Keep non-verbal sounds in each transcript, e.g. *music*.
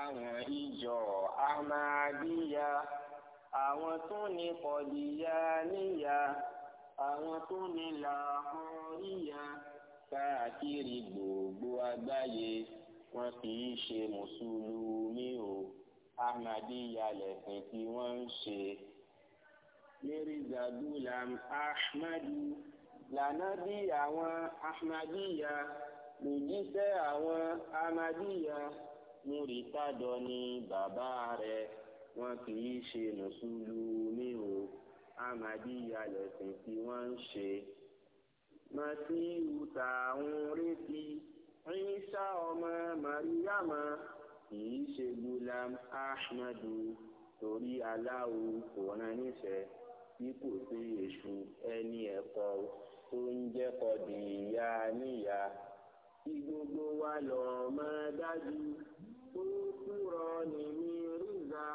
àwọn ìjọ ahmadiyya àwọn tó ní kọdíyà níyà àwọn tó ní làhóríyà káàkiri gbogbo àgbáyé wọn kì í ṣe mùsùlùmí o ahmadiyya lẹ̀sìn tí wọ́n ń ṣe. Mirza Ghulam Ahmadu lànábì àwọn ahmadiyya lòjíṣẹ́ àwọn ahmadiyya múri tádọ ni bàbá rẹ̀ wọn kì í ṣe mùsùlùmí o amadiya lẹ̀sìn tí wọ́n ń ṣe. masiu tá à ń retí Ìsá ọmọ mariama kì í ṣe gulam ahmadu torí aláwo kò rán níṣẹ́ bí kò sí èṣù ẹni ẹ̀kọ́ tó ń jẹ́kọ̀ọ́ dìyà níyà kí gbogbo wa lọ́ọ́ mọ̀ dájú akọni Mírízà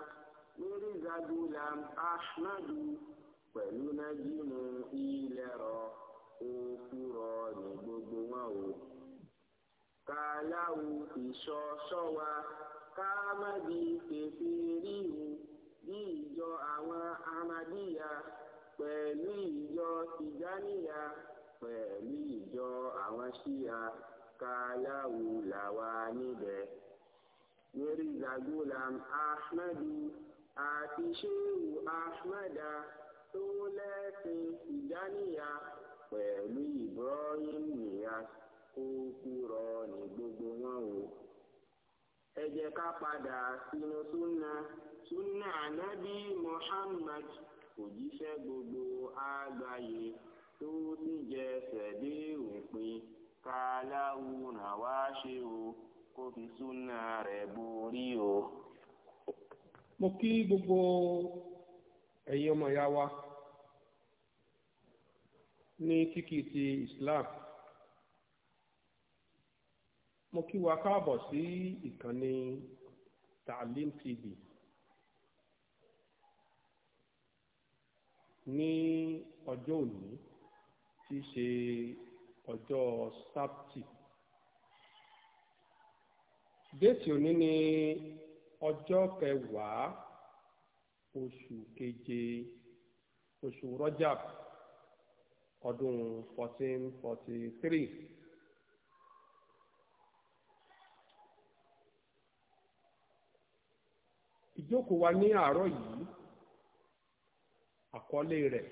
Mírízà Gulam Ahmadu pẹ̀lú nájímù ilẹ̀rọ òfurọ̀ ní gbogbo wọn o. kàláwù ìṣọ́ ṣọ́wa káàmàdì kẹfì ríhu bí ìjọ àwọn amadíyà pẹ̀lú ìjọ tìjáníyà pẹ̀lú ìjọ àwọn ṣíyà kàláwù làwa níbẹ̀ mirza Zagulam ahmadu àti shehu ahmada tó lẹ́sìn ìdáníyà pẹ̀lú ibrahim niyas kó kúrọ ní gbogbo wọn o. ẹ jẹ́ ká padà sínú súnà súnà ànábì muhammad òjíṣẹ́ gbogbo àgbáyé tó ti jẹsẹ̀ dé òpin ká láwùrán wá ṣe o kó fi súnà rẹ̀ borí o. mo kí gbogbo ẹ̀yin ọmọ ìyá wa ní kíkì ti Islam mo kí wa káàbọ̀ sí ìkànnì Taalim TV ní ọjọ́ òní tí í ṣe ọjọ́ sábtì déètì òní ni ọjọ́ kẹwàá oṣù keje oṣù rọ́jàb ọdún fourteen forty three. ìjókòó wa ní àárọ̀ yìí àkọlé rẹ̀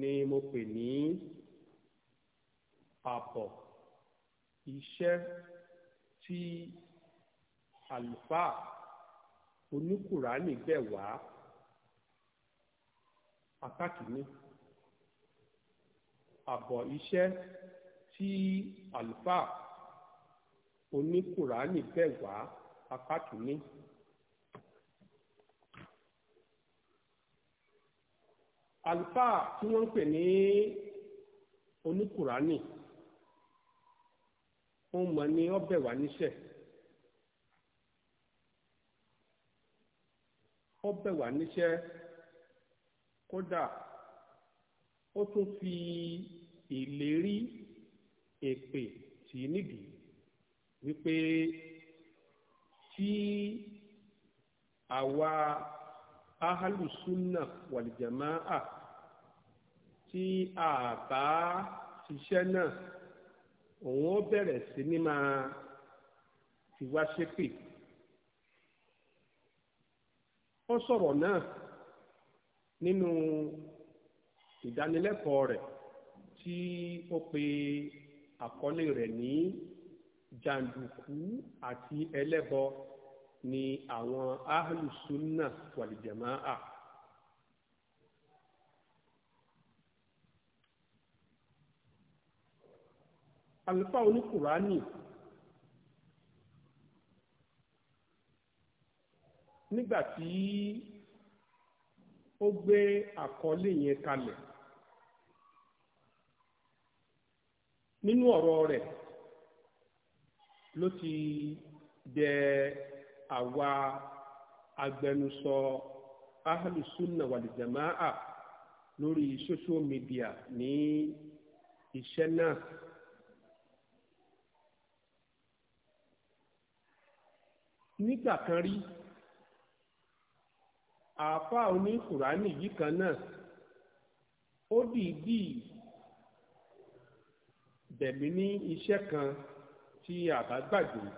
ni mo pè ní àbọ̀ iṣẹ́ tí àlùfáà oníkùránì bẹ̀ wá apá kìíní àbọ̀ iṣẹ́ tí àlùfáà oníkùránì bẹ̀ wá apá kìíní. àlùfáà tí wọ́n ń pè ní oníkùránì wọ́n mọ̀ ní ọbẹ̀ wá níṣẹ́. ó bẹ̀ wá níṣẹ́ kódà ó tún fi ìlérí èpè tì í nídìí wípé tí àwa ahalùsúnà wàlìjàmáà tí a bá ṣiṣẹ́ náà òun ó bẹ̀rẹ̀ sí ní máa fi wá ṣépè wọ́n sọ̀rọ̀ náà nínú ìdánilẹ́kọ̀ọ́ rẹ̀ tí ó pe àkọlé rẹ̀ ní jàǹdùkú àti ẹlẹ́bọ ni àwọn ahlùsúnà wàlìjàmáà. àlùfáà oníkùránì nígbà tí ó gbé àkọlé yẹn kalẹ̀ nínú ọ̀rọ̀ rẹ̀ ló ti dẹ àwa agbẹnusọ ahlùsúnà wàlìjàmáà lórí social media ní iṣẹ́ náà. nígbà kan rí àáfà oníkùránì yìí kan náà ó dìídì bẹ̀mí ní iṣẹ́ kan tí àbágbàgbé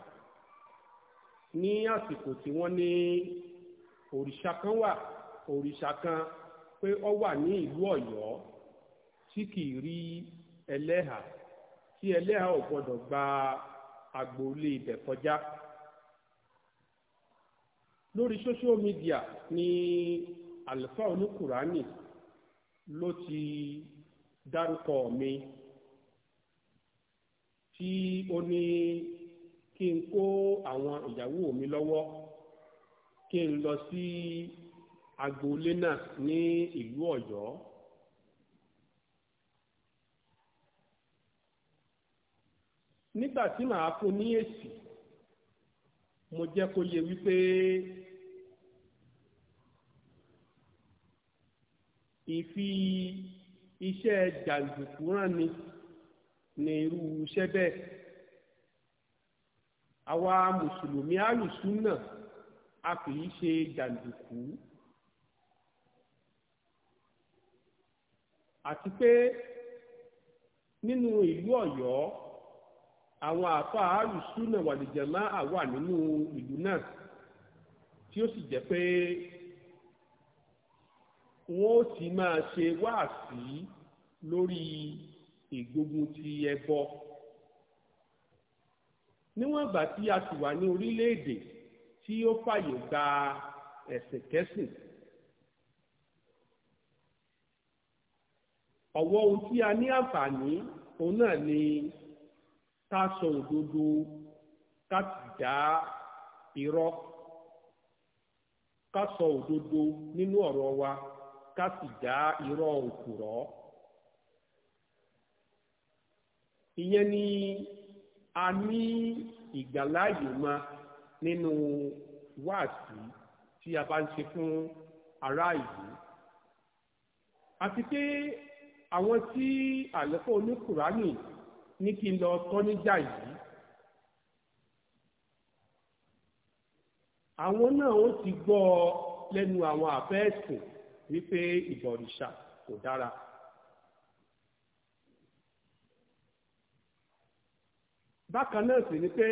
ní àsìkò tí wọ́n ní òrìṣà kan wà òrìṣà kan pé ọ wà ní ìlú Ọ̀yọ́ tí kì í rí ẹlẹ́hà tí ẹlẹ́hà ò gbọ́dọ̀ gba agboolé ibẹ̀ kọjá. lórí social media ni àlùfáà oníkùránì ló ti dárúkọ mi tí ó ní kí n kó àwọn ìyàwó mi lọ́wọ́ kí n lọ sí agboolé náà ní ìlú Ọ̀yọ́. nígbà tí màá fún ní èsì mo jẹ́ kó yé wípé ìfi iṣẹ́ jàǹdùkú rán ni ní irú iṣẹ́ bẹ́ẹ̀ àwa mùsùlùmí àlùsùnà a kì í ṣe jàǹdùkú àti pé nínú ìlú Ọ̀yọ́ àwọn àfa àlùsùnà wàlìjẹmá àwà nínú ìlú náà tí ó sì jẹ́ pé wọ́n ó sì máa ṣe wáàsí lórí ìgbógun ti ẹbọ níwọ̀n ìgbà tí a sì wà ní orílẹ̀-èdè tí ó fàyè gba ẹ̀sìnkẹ́sìn ọ̀wọ́ ohun tí a ní àǹfààní òun náà ni ká sọ òdodo ká sì dá irọ́ ká sọ òdodo nínú ọ̀rọ̀ wa. ká sì dá irọ́ òkùrọ́ ìyẹn ni a ní ìgbàláyè ma nínú wáàsí tí a bá ń ṣe fún ará ìlú àti pé àwọn tí àlọ́pọ̀ oníkùránì ní kí n lọ tọ́ níjà yìí àwọn náà ó ti gbọ́ lẹ́nu àwọn àfẹ́ẹ̀sìn wípé ìbọ̀rìṣà kò dára. bákan náà sì ni pé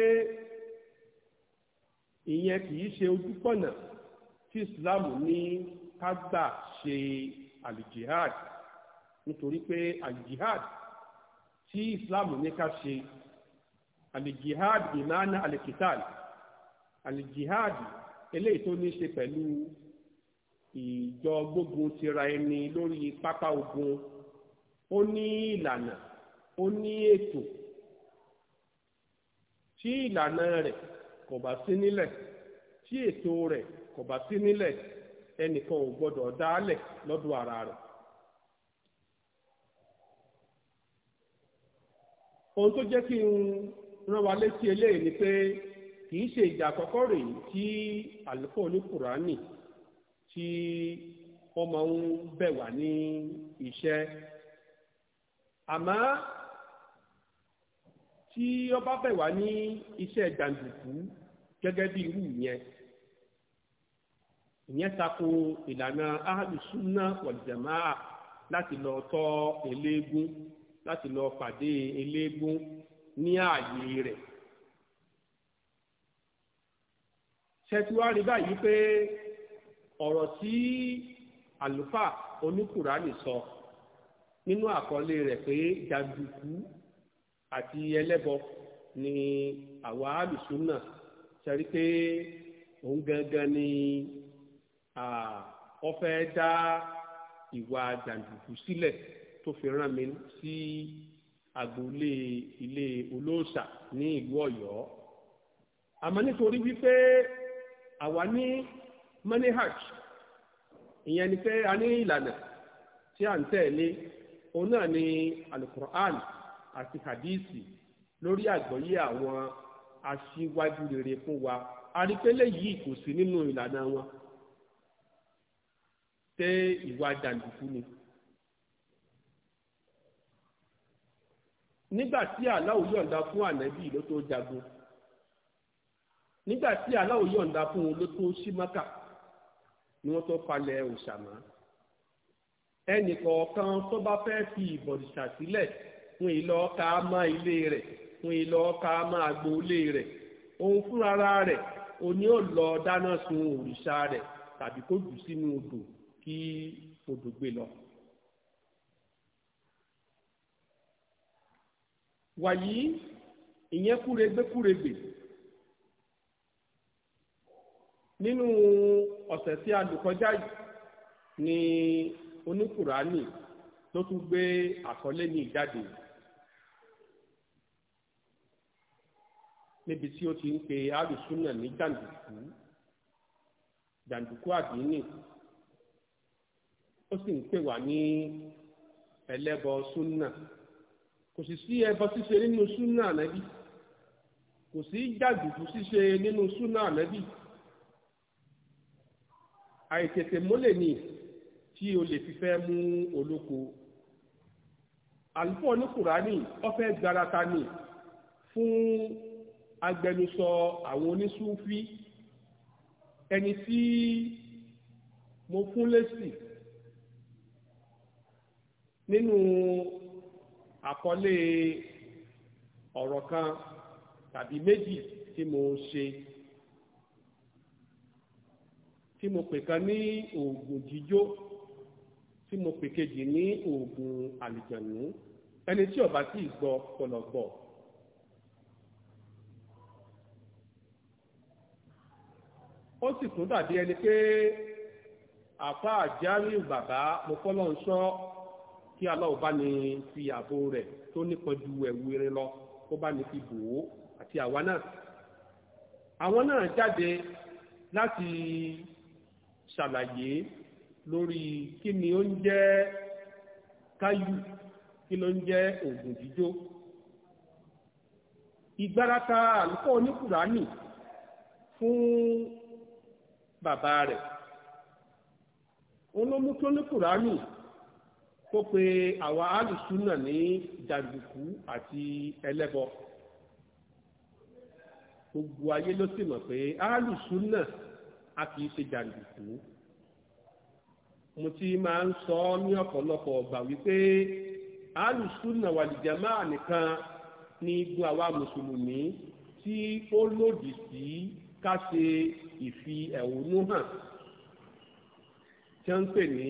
ìyẹn kì í ṣe ojúpọ̀nà tí Islam ní ká gbà ṣe Alijihad nítorí pé àlùjihad tí Islam ní ká ṣe àlùjihad ìmáàna àlùkìtàl àlùjihad eléyìí tó ní ṣe pẹ̀lú ìjọ gbógun tira ẹni lórí pápá ogun ó ní ìlànà ó ní ètò tí ìlànà rẹ̀ kò bá sí nílẹ̀ tí ètò rẹ̀ kò bá sí nílẹ̀ ẹnìkan ò gbọ́dọ̀ dálẹ̀ lọ́dọ̀ ara rẹ̀. ohun tó jẹ́ kí n rán wa létí eléyìí ni pé kì í ṣe ìjà àkọ́kọ́ rèé tí àlùfáà oníkùránì tí wọ́n máa ń bẹ̀ wá ní iṣẹ́ àmọ́ tí wọ́n bá bẹ̀ wá ní iṣẹ́ jàǹdùkú gẹ́gẹ́ bí irú yẹn ìyẹn tako ìlànà ahlùsúnà wàlìjàmáà láti lọ tọ́ eléégún láti lọ pàdé eléégún ní ààyè rẹ̀ ṣẹ́tú wá rí báyìí pé ọ̀rọ̀ tí àlùfáà oníkùránì sọ nínú àkọlé rẹ̀ pé jàǹdùkú àti ẹlẹ́bọ ni àwa àlùsúnà sẹ́rí pé òun gangan ni ó fẹ́ dá ìwà jàǹdùkú sílẹ̀ tó fi rán mi sí agboolé ilé olóòṣà ní ìlú Ọ̀yọ́ àmọ́ nítorí wípé àwa ní manihaj ìyẹn ni pé a ní ìlànà tí à ń tẹ̀lé òun náà ni alukur'an àti hadisi lórí àgbọ́yé àwọn aṣíwájú rere fún wa arípélé yìí kò sí nínú ìlànà wọn tẹ ìwà jàǹdùkú ni. nígbà tí aláwo yọ̀ǹda fún ànábì ló tó jagun nígbà tí aláwo yọ̀ǹda fún un ló tó ṣí mọ́kà ni wọ́n tó palẹ̀ òòṣà mọ́ ẹnì kọ̀ọ̀kan tó bá fẹ́ fi ìbọ̀dìṣà sílẹ̀ fún ìlọ ká mọ́ ilé rẹ̀ fún ìlọ ká mọ́ agboolé rẹ̀ òun fúnra rẹ̀ òní ò lọ dáná sun òrìṣà rẹ̀ tàbí kó jù sínú odò kí odò gbé lọ. wàyí ìyẹn kúregbé kúregbè nínú ọ̀sẹ̀ tí a lò kọjá yìí ni oníkùránì ló tún gbé àkọlé ní ìjáde níbi tí ó ti ń pe alùsùnà ní jàǹdùkú jàǹdùkú àdínì ó sì ń pè wá ní ẹlẹ́bọ súnà kò sì sí ẹbọ ṣíṣe nínú súnà ànábì kò sí jàǹdùkú ṣíṣe nínú súnà ànábì àìtètè mólè ní tí o lè fi fẹ́ mú olóko àlùfọ́ ní kùránì ọ̀fẹ́ gbarata ní fún agbẹnusọ àwọn onísúfí ẹni tí mo fún lésì nínú àkọlé ọ̀rọ̀ kan tàbí méjì tí mo ṣe tí mo pè kan ní oògùn jíjó tí mo pè kejì ní oògùn àlìjẹ̀nú ẹni tí ó bá tí ì gbọ́ pọ̀lọ̀gbọ̀. ó sì tún dàbí ẹni pé àfa àjáríù bàbá mo kọ́ lọ́n sọ kí aláwọ̀ bá ní fi ààbò rẹ̀ tó nípọn ju ẹ̀wù lọ kó bá ní fi bò ó àti àwa náà àwọn náà jáde láti ṣàlàyé lórí kí ni ó ń jẹ́ káyù kí ló ń jẹ́ oògùn jíjó ìgbárata àlùkò oníkùránì fún bàbá rẹ̀ òun ló mú kí oníkùránì kó pe àwa alùsùnà ní jàǹdùkú àti ẹlẹ́bọ gbogbo ayé ló sì mọ̀ pé alùsùnà a kì í ṣe jàǹdùkú mo ti máa ń sọ ọ́ ní ọ̀pọ̀lọpọ̀ ọgbà wípé alùsùnà wàlìjàmá nìkan ní gbogbo àwa mùsùlùmí tí ó lòdì sí ká ṣe ìfi ẹ̀hónú hàn tí wọ́n ń pè ní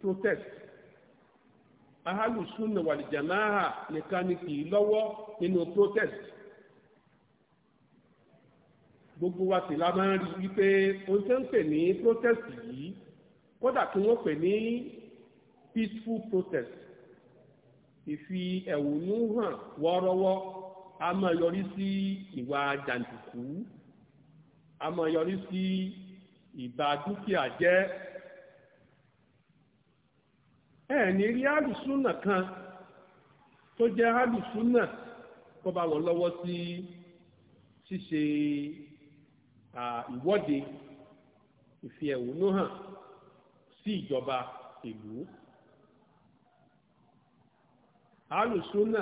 protest alùsùnà wàlìjàmá nìkan ni kì í lọ́wọ́ nínú protest gbogbo wa sì la máa ń rí wípé ohun tó ń pè ní protest yìí kódà kí wọ́n pè ní peaceful protest ìfi ẹ̀hónú hàn wọ́ọ́rọ́wọ́ a máa yọrí sí ìwà jàǹdùkú a máa yọrí sí ìbá dúkìá jẹ́ ẹ ní rí àlùsúnà kan tó jẹ́ àlùsúnà kó bá wọn lọ́wọ́ sí ṣíṣe ìwọ́de ìfi ẹ̀hónú hàn sí ìjọba ìlú alùsùnà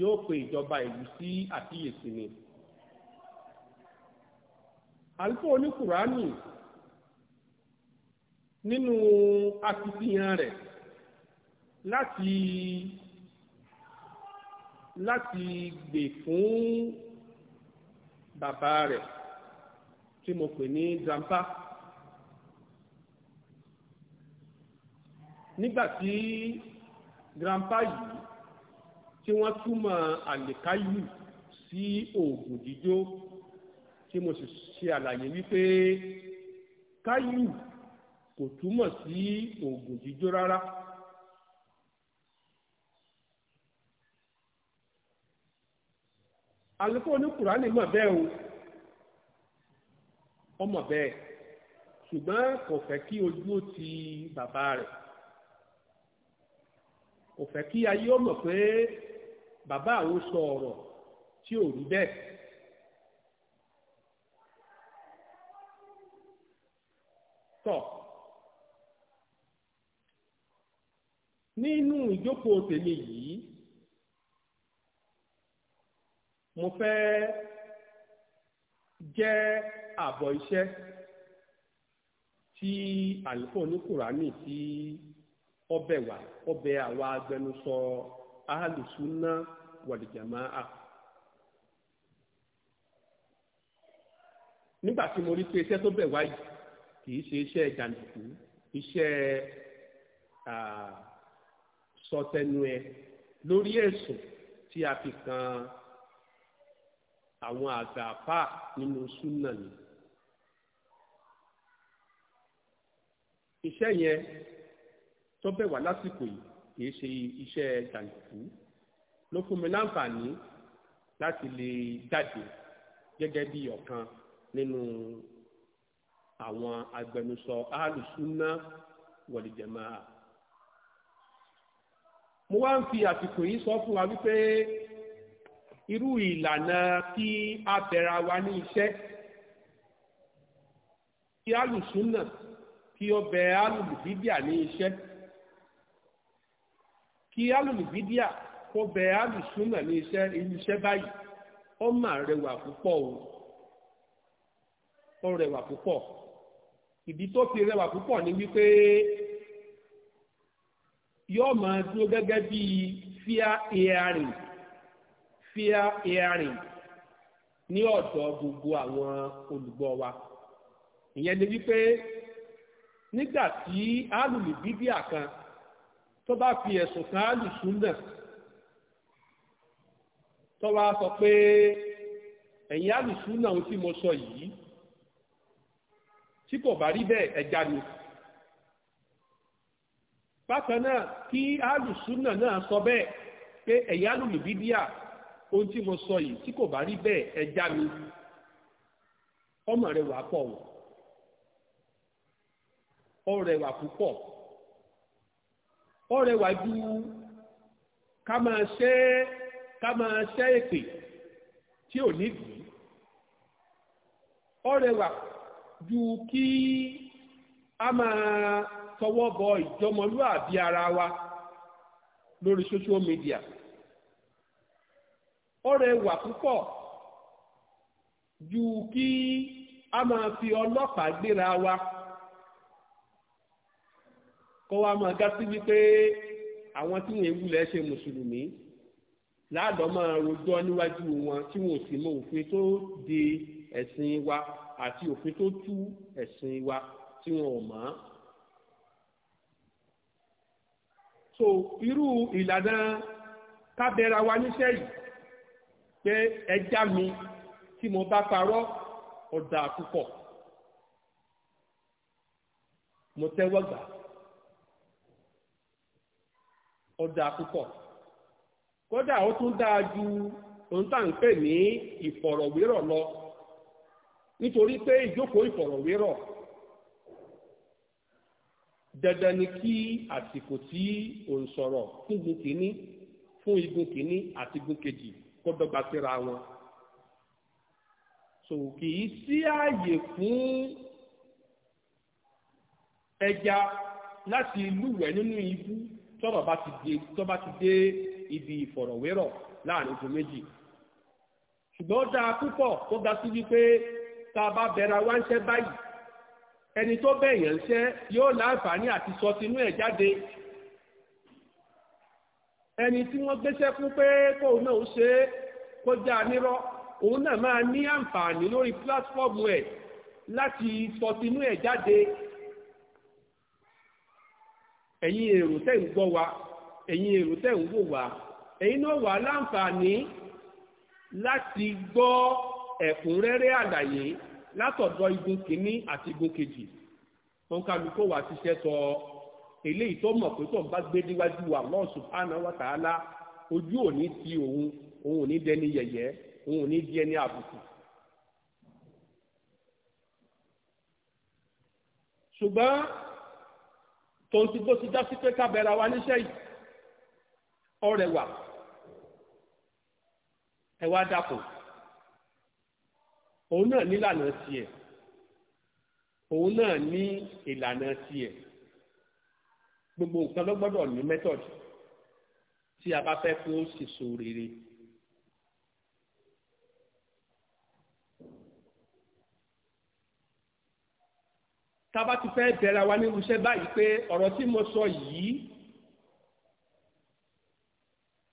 yóò pe ìjọba ìlú sí àkíyèsí ni àlùfáà oníkùránì nínú akitiyan rẹ̀ láti láti gbè fún bàbá rẹ̀ tí mo pè ní grandpa nígbà tí grandpa yìí tí wọ́n túmọ̀ àlèkáyù sí oògùn jíjó tí mo sì ṣe àlàyé wípé káyù kò túmọ̀ sí oògùn jíjó rárá. àlùkò oníkùránì mọ̀ bẹ́ẹ̀ o ọmọ bẹ́ẹ̀ ṣùgbọ́n kò fẹ́ kí ojú ó ti bàbá rẹ̀ kò fẹ́ kí ayé ó mọ̀ pé bàbá àwọn sọ ọ̀rọ̀ tí ò rí bẹ́ẹ̀. tọ̀ nínú ìjókòó tèmi yìí mo fẹ́ jẹ́ àbọ̀ iṣẹ́ tí àlùfò ní kùránì tí ọbẹ̀ wà ọbẹ̀ àwa agbẹnusọ ahàlùsúná wàlìjàmá à. nígbà tí mo rí pé iṣẹ́ tó bẹ̀ wáyé kì í ṣe iṣẹ́ jàǹdùkú iṣẹ́ sọtẹnu ẹ lórí ẹ̀sùn tí a fi kan àwọn àgbà àpá nínú súnà nìyí. iṣẹ́ yẹn tó bẹ̀ wá lásìkò yìí kìí ṣe iṣẹ́ jàǹdùkú ló fún mi láǹfààní láti lè jáde gẹ́gẹ́ bí ọ̀kan nínú àwọn agbẹnusọ alùsùnà wọ̀lìjẹ̀máà. mo wá ń fi àsìkò yìí sọ fún wa wípé irú ìlànà kí a bẹ̀rẹ̀ wa ní iṣẹ́ kí alùsùnà kí ó bẹ alùlùbídíà ní iṣẹ́ kí alùlùbídíà kó bẹ alùsúnà ní iṣẹ́ iṣẹ́ báyìí ó mà rẹwà púpọ̀ o ó rẹwà púpọ̀ ìdí tó fi rẹwà púpọ̀ ni wípé yóò máa dúró gẹ́gẹ́ bí fair hearing fair hearing ní ọ̀dọ̀ gbogbo àwọn olùgbọ́ wa ìyẹn ni wípé nígbàtí tí alùlù bíbíà kan tó bá fi ẹ̀sùn kan alùsùnà tó wá sọ pé ẹ̀yin alùsùnà ohun tí mo sọ yìí tí kò bá rí bẹ́ẹ̀ ẹ̀já ni náà kí ọmọ rẹ̀ wà ó púpọ̀ ó ju ká máa ṣe ká máa ṣe èpè tí ò nídìí ó rẹwà ju kí a máa tọwọ́ bọ ìjọmọlúàbí ara wa lórí social media ó púpọ̀ ju kí a máa fi ọlọ́pàá gbéra wa. kó wá máa gá sí wípé àwọn tí wọn ewúlẹ̀ ṣe mùsùlùmí láàdọ́ máa níwájú wọn tí wọn ò sì mọ òfin tó de ẹ̀sìn wa àti òfin tó tú ẹ̀sìn wa tí wọn ò mọ̀ so irú ìlànà kábẹ́ra wa níṣẹ́ yìí pé ẹja mi tí mo bá parọ́ ọ̀dà púpọ̀ mo tẹ́wọ́ gbà ó púpọ̀ kódà ó tún dáa ju ohun tá à ń pè ní ìfọ̀rọ̀wérọ̀ lọ nítorí pé ìjókòó ìfọ̀rọ̀wérọ̀ dandan ni kí àsìkò tí ò ń sọ̀rọ̀ fún igun kìíní fún igun kìíní àti igun kejì kó dọ́gba síra wọn so kì í sí ààyè fún ẹja láti lúwẹ̀ẹ́ nínú ibú tọ́rọ̀ bá ti dé tó bá ti dé ibi ìfọ̀rọ̀wérọ̀ láàrin oṣù méjì ṣùgbọ́n dáa púpọ̀ tó ga sí wípé tá a bá bẹ̀rẹ̀ wá ń ṣẹ́ báyìí ẹni tó bẹ̀yàn ń ṣẹ́ yóò láǹfààní àti sọ tinú ẹ̀ jáde ẹni tí wọ́n gbéṣẹ́ fún pé kóun náà ó ṣe é kó já a nírọ́ òun náà máa ní àǹfààní lórí pílátífọ́ọ̀mù ẹ̀ láti sọ tinú ẹ̀ jáde ẹ̀yin èrò tẹ́ ń gbọ́ wa ẹ̀yin èrò tẹ́ ń wò wá ẹ̀yin náà wà láǹfààní láti gbọ́ ẹ̀kúnrẹ́rẹ́ àlàyé látọ̀dọ̀ igun kìíní àti igun kejì wọn kálukó wa ti ṣẹ́ sọ eléyìí tó mọ̀ pé tó ń bá gbé níwájú wa Allah subhanahu wa ta'ala ojú òní ti òun òun òní dẹni yẹ̀yẹ́ òun òní di ẹni àbùkù. ṣùgbọ́n tòun ti tó ti já sí pé kábẹ́ra wa níṣẹ́ yìí ọrẹ wà ẹ wá dàpọ̀ òun náà nílànà tiẹ̀ òun náà ní ìlànà tiẹ̀ gbogbo nǹkan ló gbọ́dọ̀ ní method tí a bá fẹ́ kó sì so rere. tába ti fẹ́ bẹ̀rẹ̀ wa nínú iṣẹ́ báyìí pé ọ̀rọ̀ tí mo sọ yìí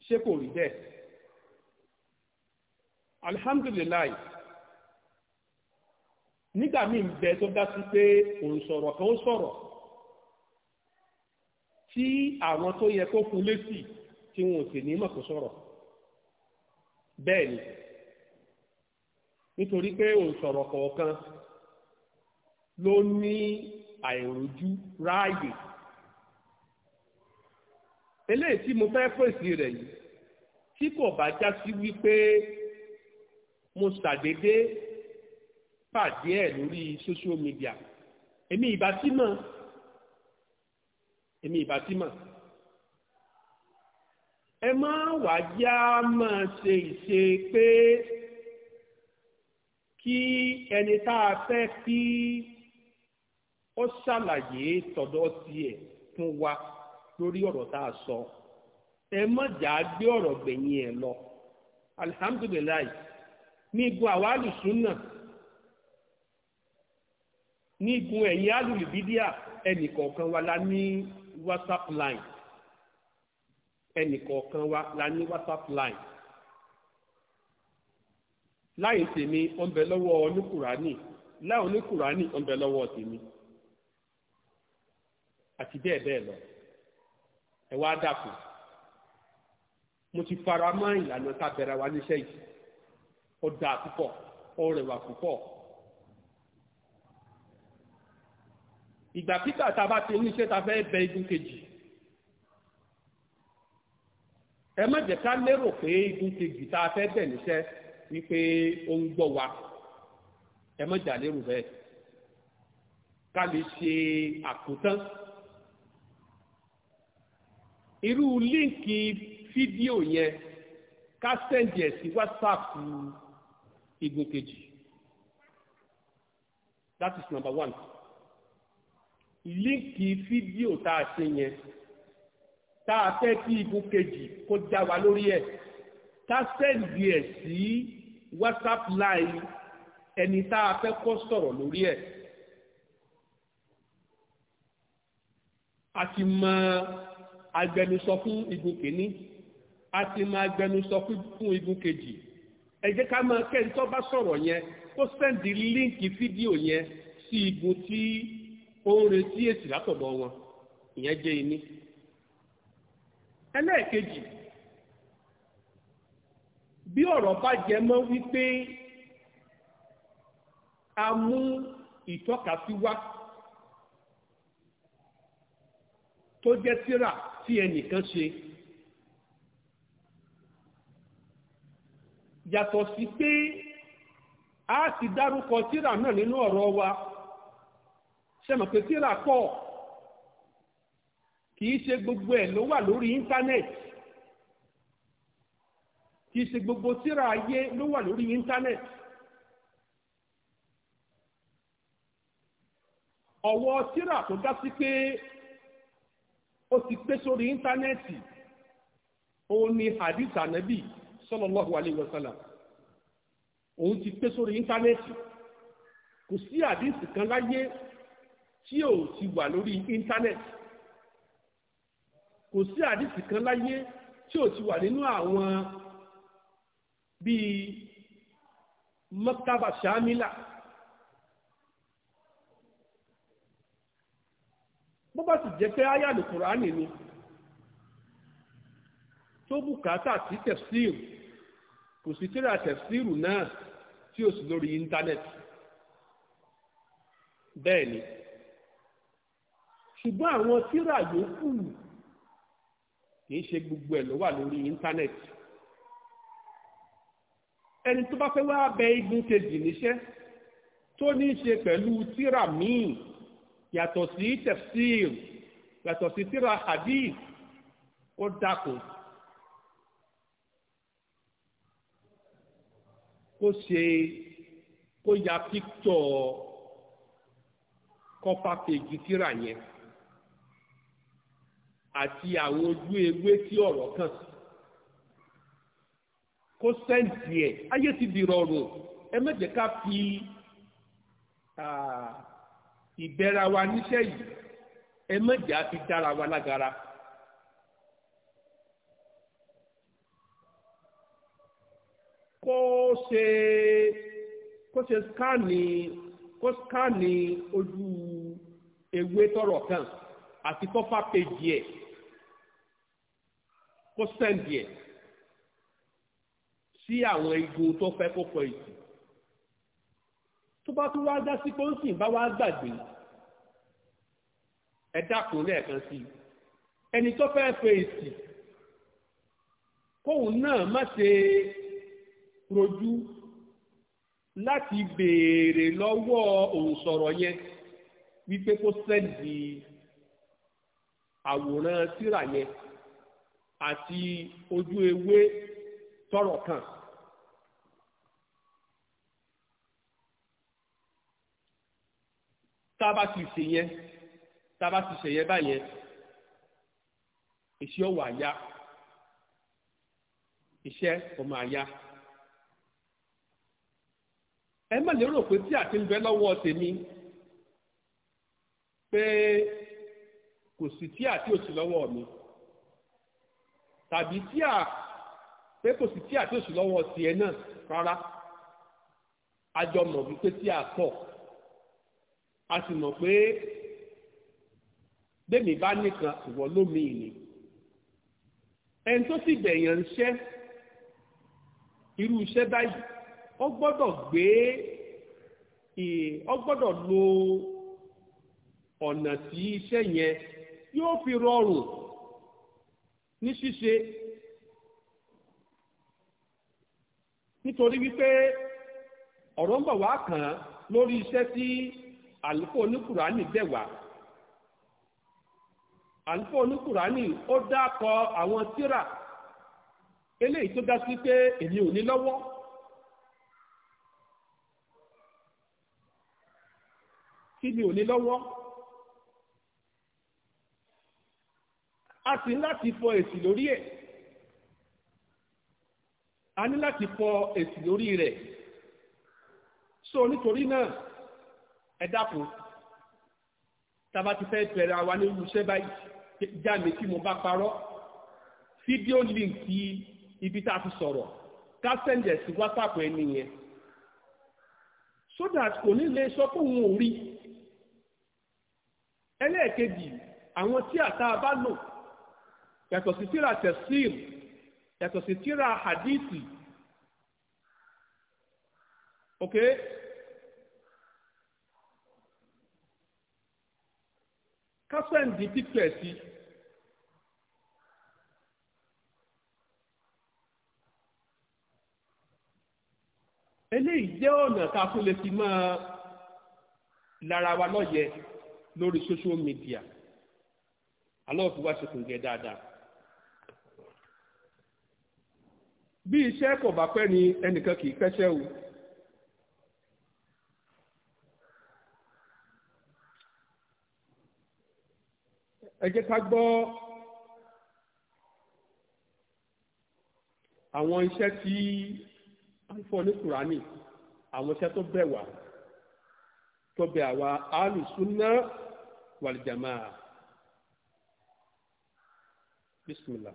ṣé kò rí bẹ́ẹ̀ alihamdulilayi nígbà míì bẹ tó dá sí pé òun sọ̀rọ̀ kan ó sọ̀rọ̀ tí àwọn tó yẹ kó fún lésì tí wọn ò sì ní mọ̀ sọ̀rọ̀ bẹ́ẹ̀ ni nítorí pé òun sọ̀rọ̀ kọ̀ọ̀kan ló ní àìrójú ráàyè eléyìí tí mo fẹ́ fèsì rẹ̀ yìí tí kò bá já sí wípé mo ṣàdédé pàdé ẹ̀ lórí social media èmi ìbá tí mọ̀ èmi ìbá tí mọ̀ ẹ má wàá já máa ṣe ìṣe pé kí ẹni tá a fẹ́ kí. ó ṣàlàyé tọ̀dọ̀ tiẹ̀ fún wa lórí ọ̀rọ̀ tá a sọ ẹ mọ̀jà gbé ọ̀rọ̀ gbẹ̀yìn ẹ̀ lọ alihamdulilayi ní igun àwa alùsùnà ní igun ẹ̀yìn alùlùbídíà ẹnìkọ̀ọ̀kan wa la ní whatsapp line ẹnìkọ̀ọ̀kan wa la ní whatsapp line láyé tèmi ọ̀nbẹ lọ́wọ́ oníkùránì láyé oníkùránì ọ̀nbẹ lọ́wọ́ tèmi. àti bẹ́ẹ̀ bẹ́ẹ̀ lọ ẹ wá dàkú mo ti fara mọ́ ìlànà tá a bẹ̀rẹ̀ wa níṣẹ́ yìí ó dáa púpọ̀ ó rẹwà púpọ̀ ìgbàkígbà tá a bá ti níṣẹ́ ta fẹ́ bẹ igun kejì ẹ má jẹ́ ká lérò pé igun kejì tá fẹ́ bẹ̀ níṣẹ́ wípé ó ń gbọ́ wa ẹ má jà lérò bẹ́ẹ̀ ká lè ṣe àkótán irú líǹkì fídíò yẹn ká sẹ́ǹdì ẹ̀ sí whatsapp igun kejì that is number one líǹkì fídíò tá a ṣe yẹn tá a fẹ́ kí igun kejì kó já wa lórí ẹ̀ ká sẹ́ǹdì ẹ̀ sí whatsapp line ẹni tá a fẹ́ kó sọ̀rọ̀ lórí ẹ̀. a ti mọ agbẹnusọ fún igun kìíní a ti máa agbẹnusọ fún igun kejì ẹ jẹ́ ká máa kẹ́ ntọ́ bá sọ̀rọ̀ yẹn kó sẹ́ndì líǹkì fídíò yẹn sí igun tí ó ń retí èsì látọ̀dọ̀ wọn ìyẹn jẹ́ iní. ẹlẹ́ẹ̀kejì bí ọ̀rọ̀ bá jẹ mọ́ wípé a mú ìtọ́kasí wá tó jẹ tírà tí ẹnìkan ṣe yàtọ̀ sí pé a ti dárúkọ tira náà nínú ọ̀rọ̀ wa ṣẹ́mọ̀ pé tírà pọ̀ kìí ṣe gbogbo ẹ̀ ló wà lórí íńtánẹ́ẹ̀tì kìí ṣe gbogbo tira ayé ló wà lórí íńtánẹ́ẹ̀tì ọwọ tírà tó dá sí pé ó ti pé sórí íńtánẹ́ẹ̀tì òun ni hadith anabi sallallahu alayhi wa sallam òun ti pé sórí íńtánẹ́ẹ̀tì kò sí hadith kan láyé tí ò ti wà lórí íńtánẹ́ẹ̀tì kò sí hadith kan láyé tí ò ti wà nínú àwọn bíi maktaba shamila bó bá sì jẹ́ pé àyà àlùkùránì ni tó bùkátà sí tẹ̀síìrù kò sí tíra tẹ̀síìrù náà tí ó sì lórí íńtánẹ́ẹ̀tì bẹ́ẹ̀ ni ṣùgbọ́n àwọn tíra yòókù kì í ṣe gbogbo ẹ̀ ló wà lórí íńtánẹ́ẹ̀tì ẹni tó bá fẹ́ wá bẹ igun kejì níṣẹ́ tó ní í ṣe pẹ̀lú tíra míì yàtọ̀ sí tafsir yàtọ̀ sí tírà hadith ó dàpọ̀ kó ṣe kó ya píktọ̀ kọ́pá péjì tírà yẹn àti àwọn ojú ewé tí ọ̀rọ̀ kàn sí kó sẹ́ǹtì ẹ̀ ayé ti dìrọ̀rùn ẹ má jẹ́ fi ìbẹ̀ra wa níṣẹ́ yìí ẹ mọ̀jà fi dára wa lágara. kó ṣe kó ṣe skáàni kó skáàni ojú ewé tọrọ kan àti kọfà péjì ẹ kó sẹ́ǹdì ẹ sí àwọn igun tó fẹ́ kó kọ ìsìn tó bá tún wá dá sí pé ó sì ń bá wá gbàgbé ẹ dákun lẹ́ẹ̀kan sí i ẹni tó fẹ́ fèsì kóun náà má ṣe rojú láti béèrè lọ́wọ́ òǹsọ̀rọ̀ yẹn wípé kó sẹ́ndì àwòrán tírà yẹn àti ojú ewé tọrọ kan. tá ti ṣe yẹn tá ti ṣe yẹn báyẹn iṣẹ́ ọ̀wọ̀ àyá iṣẹ́ ọmọ àyá ẹ má lérò pé tí àti ń bẹ lọ́wọ́ tèmi pé kò sí tí àti òsì lọ́wọ́ mi tàbí tí à pé kò sí tí àti òsì lọ́wọ́ tiẹ̀ náà rárá a jọ mọ̀ wípé tí a pọ̀. a sì mọ̀ pé bẹ́ẹ̀ni bá nìkan ìwọ lómi ìní ẹni tó sì bẹ̀yàn iṣẹ́ irú iṣẹ́ báyìí ó gbọ́dọ̀ gbé ó gbọ́dọ̀ lo ọ̀nà tí iṣẹ́ yẹn yóò fi rọrùn ní ṣíṣe nítorí wípé ọ̀rọ̀ ń bọ̀ wá kàn án lórí iṣẹ́ tí. Si, àlùfò oníkùránì dẹ̀wà àlùfò oníkùránì ó dákọ àwọn tíra eléyìí tó dá sí pé èmi ò ní lọ́wọ́ kí mi ò ní lọ́wọ́ a sì ní láti fọ èsì lórí ẹ̀ a ní láti fọ èsì lórí rẹ̀ so nítorí náà ẹ dákun tàbá ti fẹ́ bẹ̀rẹ̀ àwa ní irúṣẹ́ báyìí já mi tí mo bá parọ́ fídíò líǹkì ibi tá a ti sọ̀rọ̀ ká sẹ́ǹdẹ̀ sí wásaàpù ẹni yẹn so that kò ní lè sọ pé òun ò rí ẹlẹ́ẹ̀kejì àwọn tí àtà bá lò yàtọ̀ sí tíra tẹ̀síìl yàtọ̀ sí tíra hadithi ok kásẹ̀ǹdì pípẹ̀ sí eléyìí jẹ́ ọ̀nà tá a tún lè fi máa lára wa lọ́yẹ lórí social media aláwọ̀ fi wá ṣokùn jẹ dáadáa bí iṣẹ́ kò bá pẹ́ ni ẹnìkan kì í pẹ́ṣẹ́ o. ẹ jẹ́ ká gbọ́ àwọn iṣẹ́ tí a ń fọ ní kùránì àwọn iṣẹ́ tó bẹ̀ wá tó bẹ̀ àwa alùsùnà wàlìjàmáà bísmìlá.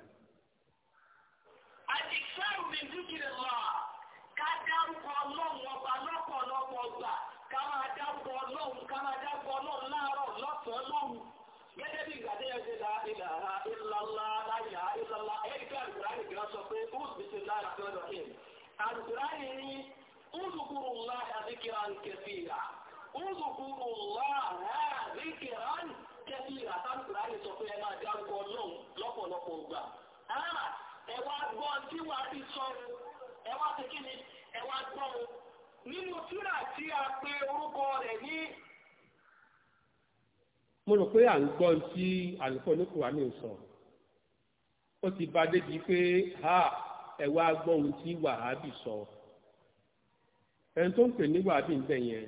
alukurani ni udukuru llaha zikiran kẹfìrà udukuru llaha zikiran kẹfìrà alukurani sọ pé ẹ máa dárúkọ ọlọ́run lọ́pọ̀lọpọ̀ gbà ah, ẹ wá gbọ́ mo rò pé à ń gbọ́ tí àlùfọ́ ní ẹ wá gbọ́ ohun tí wàhábì sọ ẹni tó ń pè ní wàhábì ń bẹ̀ yẹn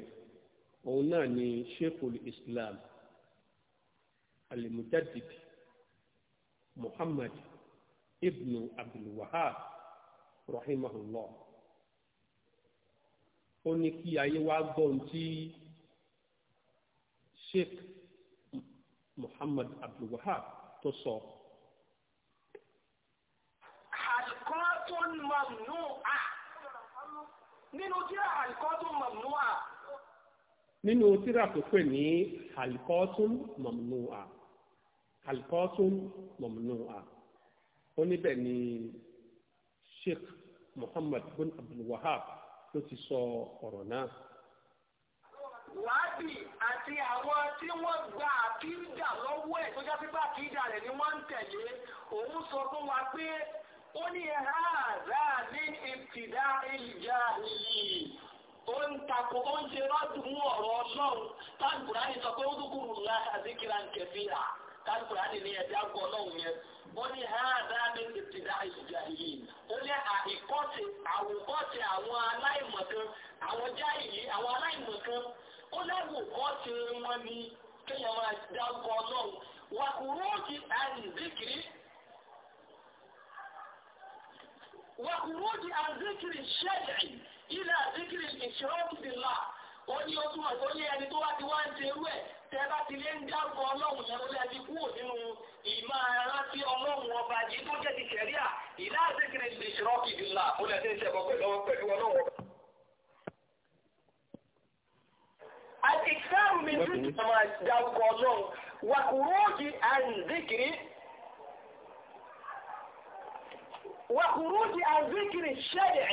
òun náà ni islam alimujaddid muhammad ibn abdulwahab rahimahullah ó ní kí ayé wá gbọ́ ohun tí sheikh muhammad abdulwahab tó sọ. So. mamnu'a nínú tíra àlìkọ́tún mamnu'a. nínú tíra tó pè ní àlìkọ́tún mamnu'a àlìkọ́tún mamnu'a ó níbẹ̀ ni sheikh muhammad bin abdul wahab ló ti sọ ọ̀rọ̀ náà wádìí àti àwọn tí wọ́n gba àkíńdà lọ́wọ́ ẹ̀ tó jẹ́ pípa àkíńdà rẹ̀ ni wọ́n ń tẹ̀lé òun sọ fún wa pé ó ní ha ní ìfìdá ìjà ìlú ó ń takò ó ń mú ọ̀rọ̀ ọlọ́run táàkùrá ní sọ pé ó dúkùrù ńlá àdíkìrà ń kẹfì à táàkùrá ní ní ẹ̀dá gbọ́ ọlọ́run yẹn ó ní ẹ̀hàrá ní ìfìdá ìjà ìlú ó ní àìkọ́sẹ̀ àwòkọ́sẹ̀ àwọn aláìmọ̀kan àwọn jáìlì àwọn aláìmọ̀kan ó wọn ni kéèyàn máa dá gbọ́ ọlọ́run وخروج عن ذكر الشرع إلى ذكر الإشراك بالله oní oṣù mọ̀ tó ní ẹni tó wá ti wá ń ṣe irú ẹ̀ tẹ́ bá ti lé ń dárúkọ ọlọ́run yẹn lórí ẹbí kúrò nínú ìmọ̀ rántí ọlọ́run ọba yìí tó jẹ́ ti kẹ̀ríà ìlà àzékèrè lè ṣọ́ ìdìlà ó lè ṣe ìṣẹ̀kọ́ pẹ̀lú ọwọ́ pẹ̀lú ọlọ́run ọba. àti ìṣàrùmí ní ìmọ̀ dárúkọ ọlọ́run wà kúrò di àǹdíkìrì وخروج عن ذكر الشرع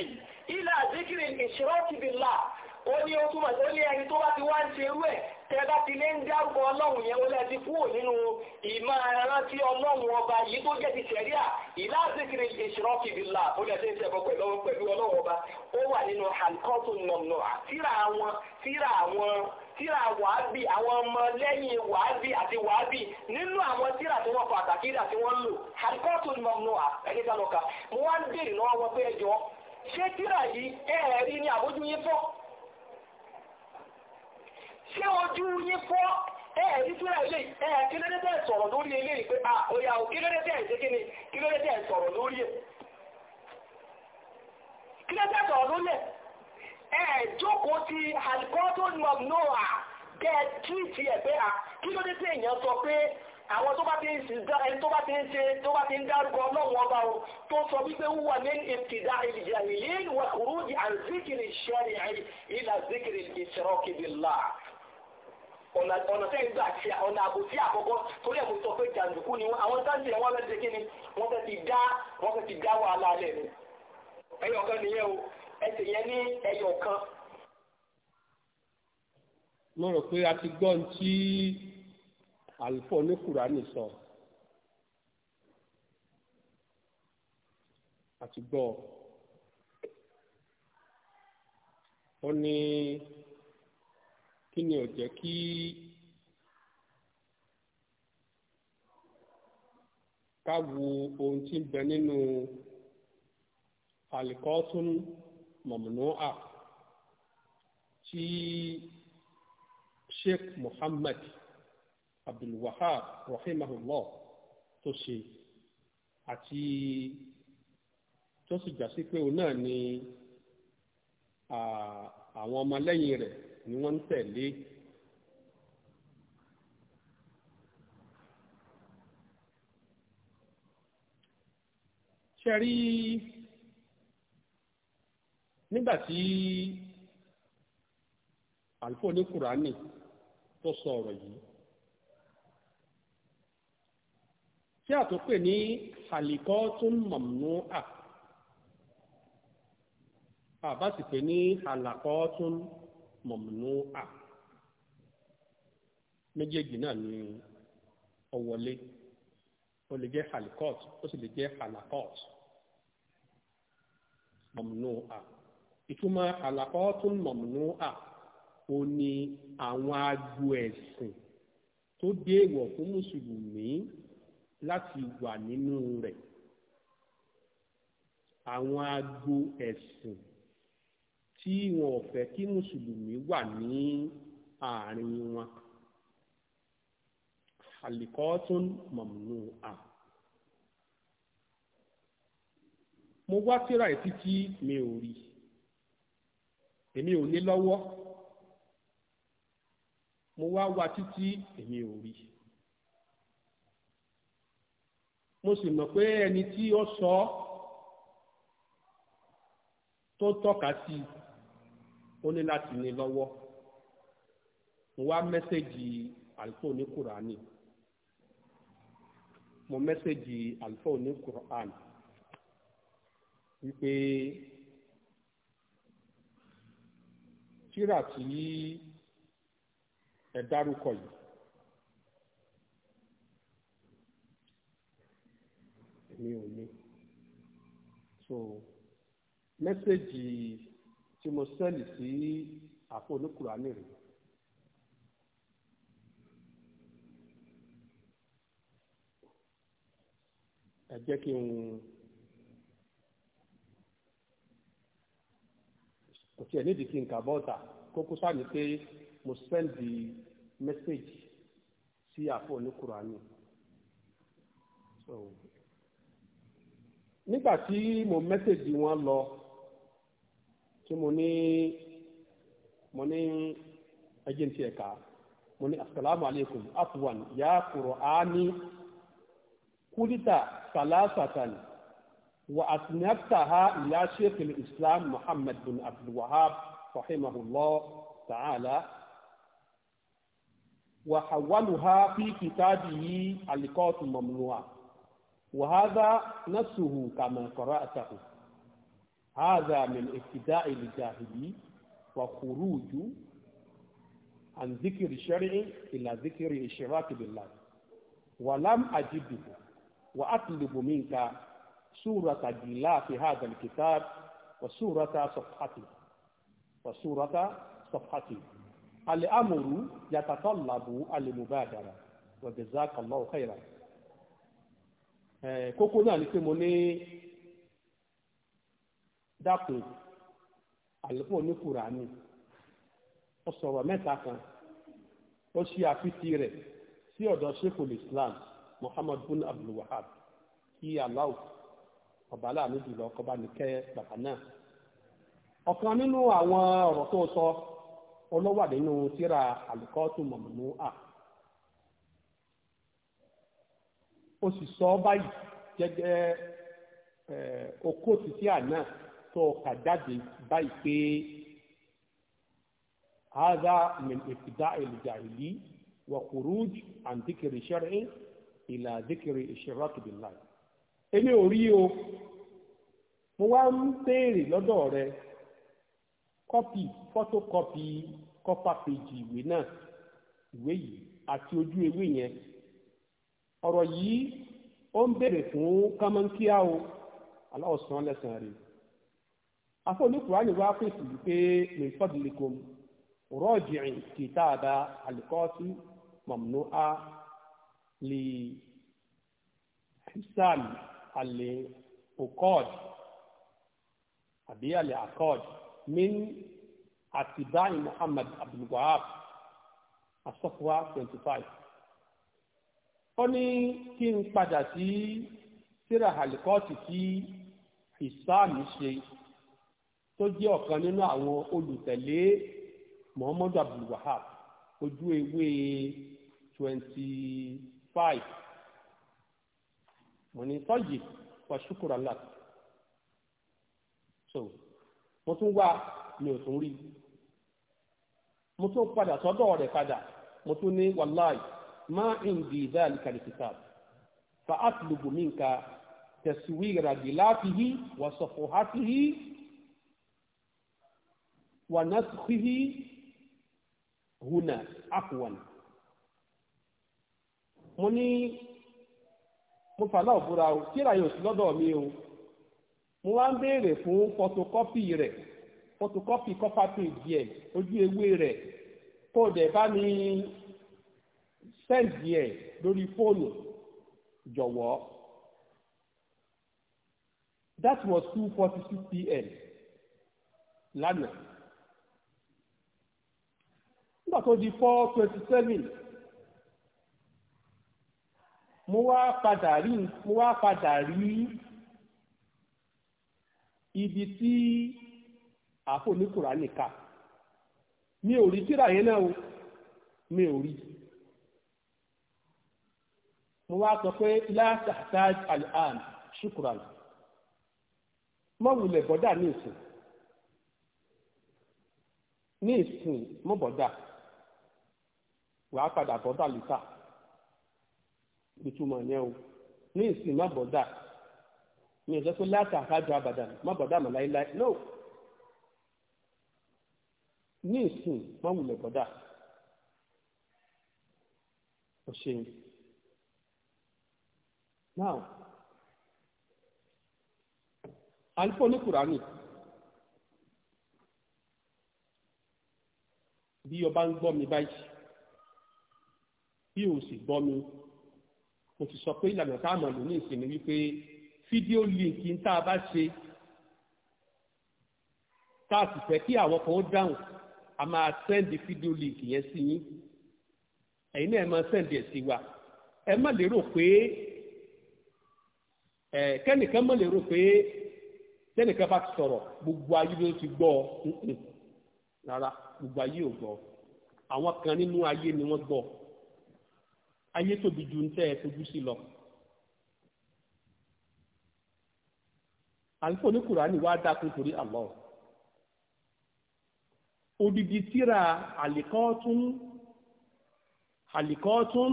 إلى ذكر الإشراك بالله ó ní ó túmọ̀ ó ní ẹni tó bá ti wá ń ṣe irú ẹ̀ tẹ bá ti lé ń dárúkọ ọlọ́run yẹn ó lẹ́ti kúrò nínú ìmọ̀ rántí ọlọ́run ọba yìí tó jẹ́ ti ṣẹ̀ríà ìlàsìkiri ìṣirọ́kì bìlà ó lẹ́ti ṣẹ̀bọ̀ pẹ̀lú pẹ̀lú ọlọ́run ọba ó wà nínú àlùkọ́tù nọ̀nà tíra àwọn tíra àwọn tíra wàábì àwọn ọmọ lẹ́yìn wàábì àti wàábì nínú àwọn tíra tí wọ́n fa àtàkìrà tí wọ́n lò àlùkọ́tù nọ̀nà ẹ̀ẹ́dẹ́gbẹ̀lọ́ka mo wá ń béèrè lọ́wọ́ pé ẹjọ́ ṣé tíra yìí ẹ̀ẹ́rí ni àbójú fọ́ ṣé ojú yín fọ́ ẹ̀ẹ̀rí túnra ilé ẹ̀ẹ̀ kí lóde tẹ́ sọ̀rọ̀ lórí ilé ìpé à òyà ò kí lóde tẹ́ ẹ̀ṣẹ́ kí ni kí lóde tẹ́ sọ̀rọ̀ lórí ẹ̀ kí lóde tẹ́ sọ̀rọ̀ lórí ẹ̀ ẹ̀ẹ̀ jókòó ti alikọ́tò nọ̀nọ́à kẹ́ẹ̀ tíìtì ẹ̀ pé à kí lóde tẹ́ èèyàn sọ pé àwọn tó bá ti ń ṣe tó bá ti ń dárúkọ ọlọ́run ọba o tó sọ wípé wúwa ní ìtìdá ìjàhìlì wà kúrú di àzíkìrì ṣẹ́rì ìlà zíkìrì ìṣẹ́rọ́kìbìlá ọ̀nà ọ̀nà tẹ́ ń gbà àti ọ̀nà àbòsí àkọ́kọ́ torí ẹ̀mú sọ pé jàǹdùkú ni àwọn sáńtì ẹ̀ wọ́n fẹ́ ti kí ni wọ́n fẹ́ ti dá wọ́n fẹ́ ti dá wàhálà alẹ́ ni ẹyọ kan nìyẹn o ẹsẹ̀ yẹn ní ẹyọ kan. mo rò pé a ti gbọ́ tí àlùfọ́ ní kùránì sọ a ti gbọ́ ọ ní kí ni ó jẹ́ kí ká wo ohun tí ń bẹ nínú alikọ́tún mọ̀mọ́nà tí sheikh muhammad abdulwahab rahimahullah tó ṣe àti tó sì jà sí pé òun náà ni àwọn ọmọlẹ́yìn rẹ̀ ni wọ́n ń tẹ̀lé ṣe rí nígbà tí àlùfáà ní kùránì tó sọ ọ̀rọ̀ yìí tí a ní àlìkọ́ tó ń mọ̀mú à àbá sì pè ní àlàkọ́ tó ń mọ̀mú à mọ̀mùnúà méjèèjì náà ni ọ̀wọ́lé ó lè jẹ́ halikọ́t ó sì lè jẹ́ halakọ́t mọ̀mùnúà ìtumọ̀ halakọ́tún mọ̀mùnúà ó ní àwọn agbo ẹ̀sìn tó dé fún mùsùlùmí láti wà nínú rẹ̀ àwọn agbo ẹ̀sìn tí wọn ò fẹ́ kí mùsùlùmí wà ní àárín wọn àlìkọ́tún mọ̀mùnú à. mo wá tírà ẹ̀ títí mi ò rí èmi ò ní lọ́wọ́ mo wá wá títí èmi ò rí mo sì mọ̀ pé ẹni tí ó sọ tó tọ́ka sí i ó ní láti ní lọ́wọ́ mo wá mẹ́sẹ̀gì àlùfáà ní kùránì mo mẹ́sẹ̀gì àlùfáà ní kùránì wípé tírà tí ẹ dárúkọ yìí èmi ò ní so mẹ́sẹ̀gì tí mo sẹ́ẹ̀lì sí àpò oníkùránì rẹ̀. ẹ jẹ́ kí n kò tiẹ̀ nídìí kí n kà bọ́ọ̀tà kókó sáà ní pé mo sẹ́ẹ̀lì mẹ́sẹ̀gì sí àpò oníkùránì. nígbà tí mo mẹ́sẹ̀gì wọn lọ tí mo ní mo ní ẹjẹ́ ti ẹ̀ka mo ní asalaamu aleykum afuwan ya qur'ani kulita salasatan wa asnaftaha ila sheikh al-islam muhammad bin abdul wahab rahimahullah ta'ala وحولها في كتابه القات الممنوع وهذا نصه كما قرأته هذا من ابتداء الجاهلي وخروج عن ذكر الشرع إلى ذكر الإشراك بالله ولم أجده وأطلب منك سورة في هذا الكتاب وسورة صفحته وسورة صفحته الأمر يتطلب المبادرة وجزاك الله خيرا كوكونا نسمونه dákun àlùkò ní kùránì ó sọ̀rọ̀ mẹ́ta kan ó ṣe àfitì rẹ̀ sí ọ̀dọ̀ islam muhammad bin abdul wahab kí aláwù ọba aláàánú jùlọ kọba nìkẹ́ bàbá náà ọ̀kan nínú àwọn ọ̀rọ̀ tó sọ ọlọ́wà nínú tíra àlùkọ́tù mọ̀mọ́nú à ó sì sọ báyìí gẹ́gẹ́ okó tó kà jáde báyìí pé hadha min ibtida al-jahili wa khuruj an dhikri shar'i ila dhikri ishrak billah èmi ò rí o mo wá ń béèrè lọ́dọ̀ rẹ kọ́pì fọ́tókọ́pì kọ́pà péjì ìwé náà ìwé yìí àti ojú ewé yẹn ọ̀rọ̀ yìí ó ń béèrè fún kámọ́nkíá o aláwọ̀sán lẹ́sàn-án rèé afọ́nìkùránì wá fèsì wípé mẹ́fọ́dìlẹ́kọ̀m rọ́ọ̀jìrìn kìtàbà àlùkọ́sí mamnu'a lè hisan àlè okọ́d àbí àlè akọ́d min àtibáyìn muhammad abdulwahab asọ́fúwa twenty five ó ní kí n padà sí síra àlùkọ́sí tí hisan ṣe. tó jẹ́ ọ̀kan nínú àwọn olùtẹ̀lé muhammadu abdul wahab ojú ewé twenty five mo ní wa wàṣúkúrà lak so mo tún wá mi ò tún rí mo tún padà sọ́dọ̀ rẹ̀ padà mo tún ní wàláì má indi dhalika alkitab fa atlubu minka taswira gilafihi wa safuhatihi. ونسخه هنا عفوا mo ní mo fàlà òbúra o kíra yóò sí lọ́dọ̀ mi o mo wá ń béèrè fún fọtokọ́pì kó o dẹ̀ bá mi sẹ́ǹdì ẹ̀ lórí fóònù jọ̀wọ́ that was two forty six pm lánàá nígbà tó di four twenty seven mo wá padà rí mo wá padà rí ibi tí àpò ní kùránì kà mi ò rí tírà yẹn náà o mi ò rí mo wá sọ pé látàtàj al'an ṣùkùràn mọ́wùlẹ̀ bọ́dà ní ìsìn ní ìsìn mọ́bọ̀dà wàá padà bọ́dà lítà ìtumọ̀ yẹn o ní ìsìn má bọ́dà mi ò sọ pé látà àkájọ àbàdà má bọ́dà mọ̀ láéláé no ní ìsìn má wulẹ̀ bọ́dà ò ṣeun now àlùfò ní kùránì bí ọba ń gbọ́ mi báyìí. tí o sì gbọ́ mi mo ti sọ pé ìlànà tá lò ní ìsinmi wípé fídíò líǹkì tá a bá ṣe tá a sì fẹ́ kí àwọn kan ó dáhùn a máa sẹ́ndì fídíò líǹkì yẹn sí yín ẹ̀yin náà ẹ máa sẹ́ndì ẹ̀ sí wa ẹ má lérò pé ẹ kẹ́nìkan má gbogbo ayé ló ti gbọ́ ọ rárá gbogbo ayé ò gbọ́ kan nínú ayé ni wọ́n gbọ́ ayé tóbi ju ń tẹ́ ẹ fojú sí lọ. àlùfáà ní kùránì wá dákun torí Allah odidi tíra àlìkọ́tún àlìkọ́tún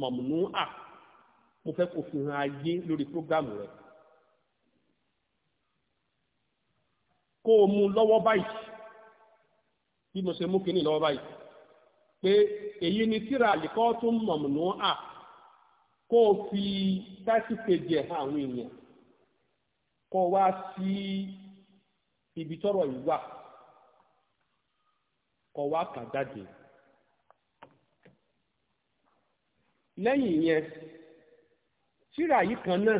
mọ̀mùnú à mo fẹ́ kó fi hàn ayé lórí prógámù rẹ̀ kó o mú lọ́wọ́ báyìí bí mo ṣe mú kínní lọ́wọ́ báyìí pé èyí ni tíra àlìkọ́ tó ń kó o fi táìsì kejì ẹ̀ hàn àwọn èèyàn kó o wá sí ibi tọ́rọ̀ yìí wà kó o wá kà jáde. lẹ́yìn yẹn tíra kan náà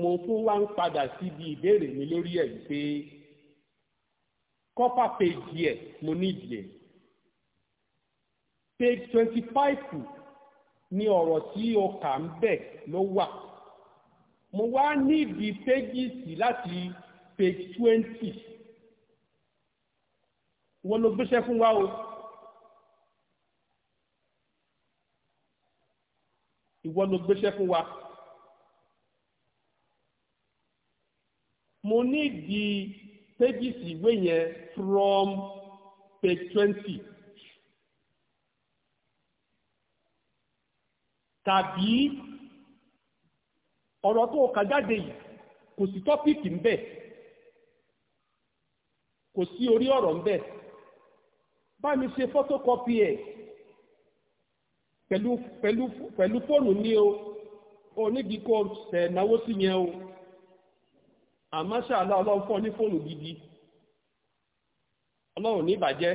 mo tún wá ń padà síbi ìbéèrè mi lórí ẹ̀ pé. kọ́pà page. ẹ̀ mo nídìí ẹ̀ page twenty five ni ọ̀rọ̀ tí o kà ń bẹ̀ ló wà mo wá nídìí pages láti page twenty wọ́n ló gbéṣẹ́ fún wa o. ìwọ ló gbéṣẹ́ fún wa. mo ní di pages ìwé yẹn from page twenty tàbí ọ̀rọ̀ tó kà jáde yìí kò sí tọ́pìkì ńbẹ̀ kò sí orí ọ̀rọ̀ ńbẹ̀ bá mi ṣe photocopy ẹ̀ pẹ̀lú pẹ̀lú pẹ̀lú fóònù ní o onídìí kò ṣẹ̀ náwó sí yẹn o. àmọ́ ala ọlọ́run fún gidi ọlọ́run ní ìbàjẹ́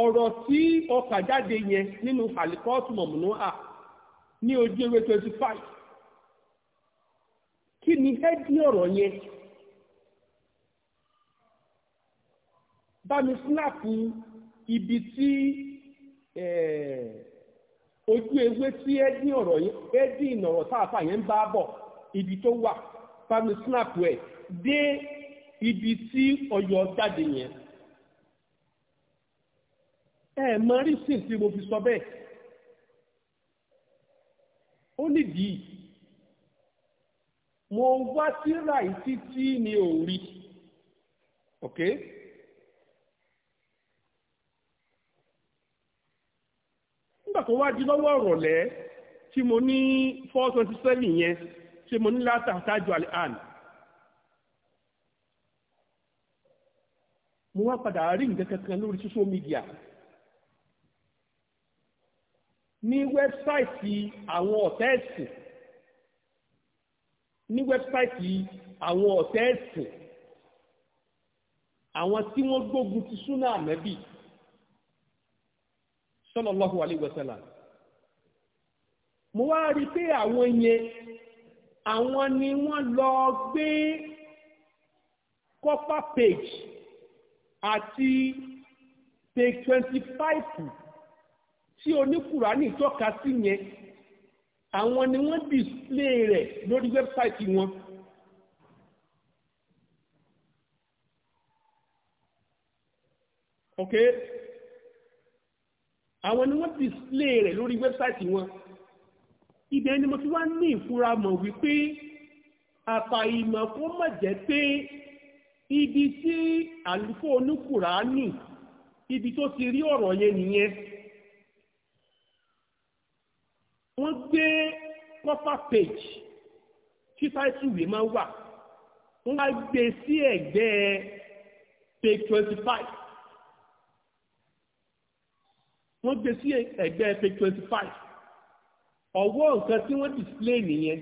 ọ̀rọ̀ tí ọkà jáde yẹn nínú àlìkọ́ọ̀tù mọ̀mùnú ní ojú ewé twenty kí ni hẹ́dí ọ̀rọ̀ yẹn bá ibi tí eh, ojú ewé tí hẹ́dí ọ̀rọ̀ yẹn hẹ́dí ìnọ̀rọ̀ táàfà yẹn ibi tó wà pàmì snap ẹ̀ dé ibi tí ọyọ jáde yẹn ẹ mọ rísìn tí mo fi sọ bẹ́ẹ̀ ó nídìí mo wá síra títí ni ò rí ok nígbà tó wá di lọ́wọ́ ọ̀rọ̀lẹ́ tí mo ní four twenty seven yẹn ṣé mo ní láti àtàjọ àlẹ́ àná mo wá padà rí nǹkan kankan lórí social media ní wẹ́bsáìtì àwọn ọ̀tẹ́ ẹ̀sìn ní wẹ́bsáìtì àwọn ọ̀tẹ́ ẹ̀sìn àwọn tí wọ́n gbógun ti súnà àmẹ́bì sallallahu alaihi wasallam mo wá rí pé àwọn yẹn àwọn ni wọ́n lọ gbé cover page àti page twenty five tí oníkùránì tọ́ka sí yẹn àwọn ni wọ́n display rẹ̀ lórí wẹ́bsáìtì wọn. ok àwọn ni wọ́n display rẹ̀ lórí wẹ́bsáìtì wọn ibẹ̀ ni mo ti wá ní ìfura mọ̀ wípé àfàìmọ̀ kó mọ̀ jẹ́ pé ibi tí àlùfò oníkùránì ibi tó ti rí ọ̀rọ̀ yẹn nìyẹn wọ́n gbé cover page tí táìtì ìwé máa wà wọ́n wá gbé sí ẹ̀gbẹ́ page twenty five wọ́n gbé sí ẹ̀gbẹ́ page twenty five. ọwọ́ nǹkan tí wọ́n display nìyẹn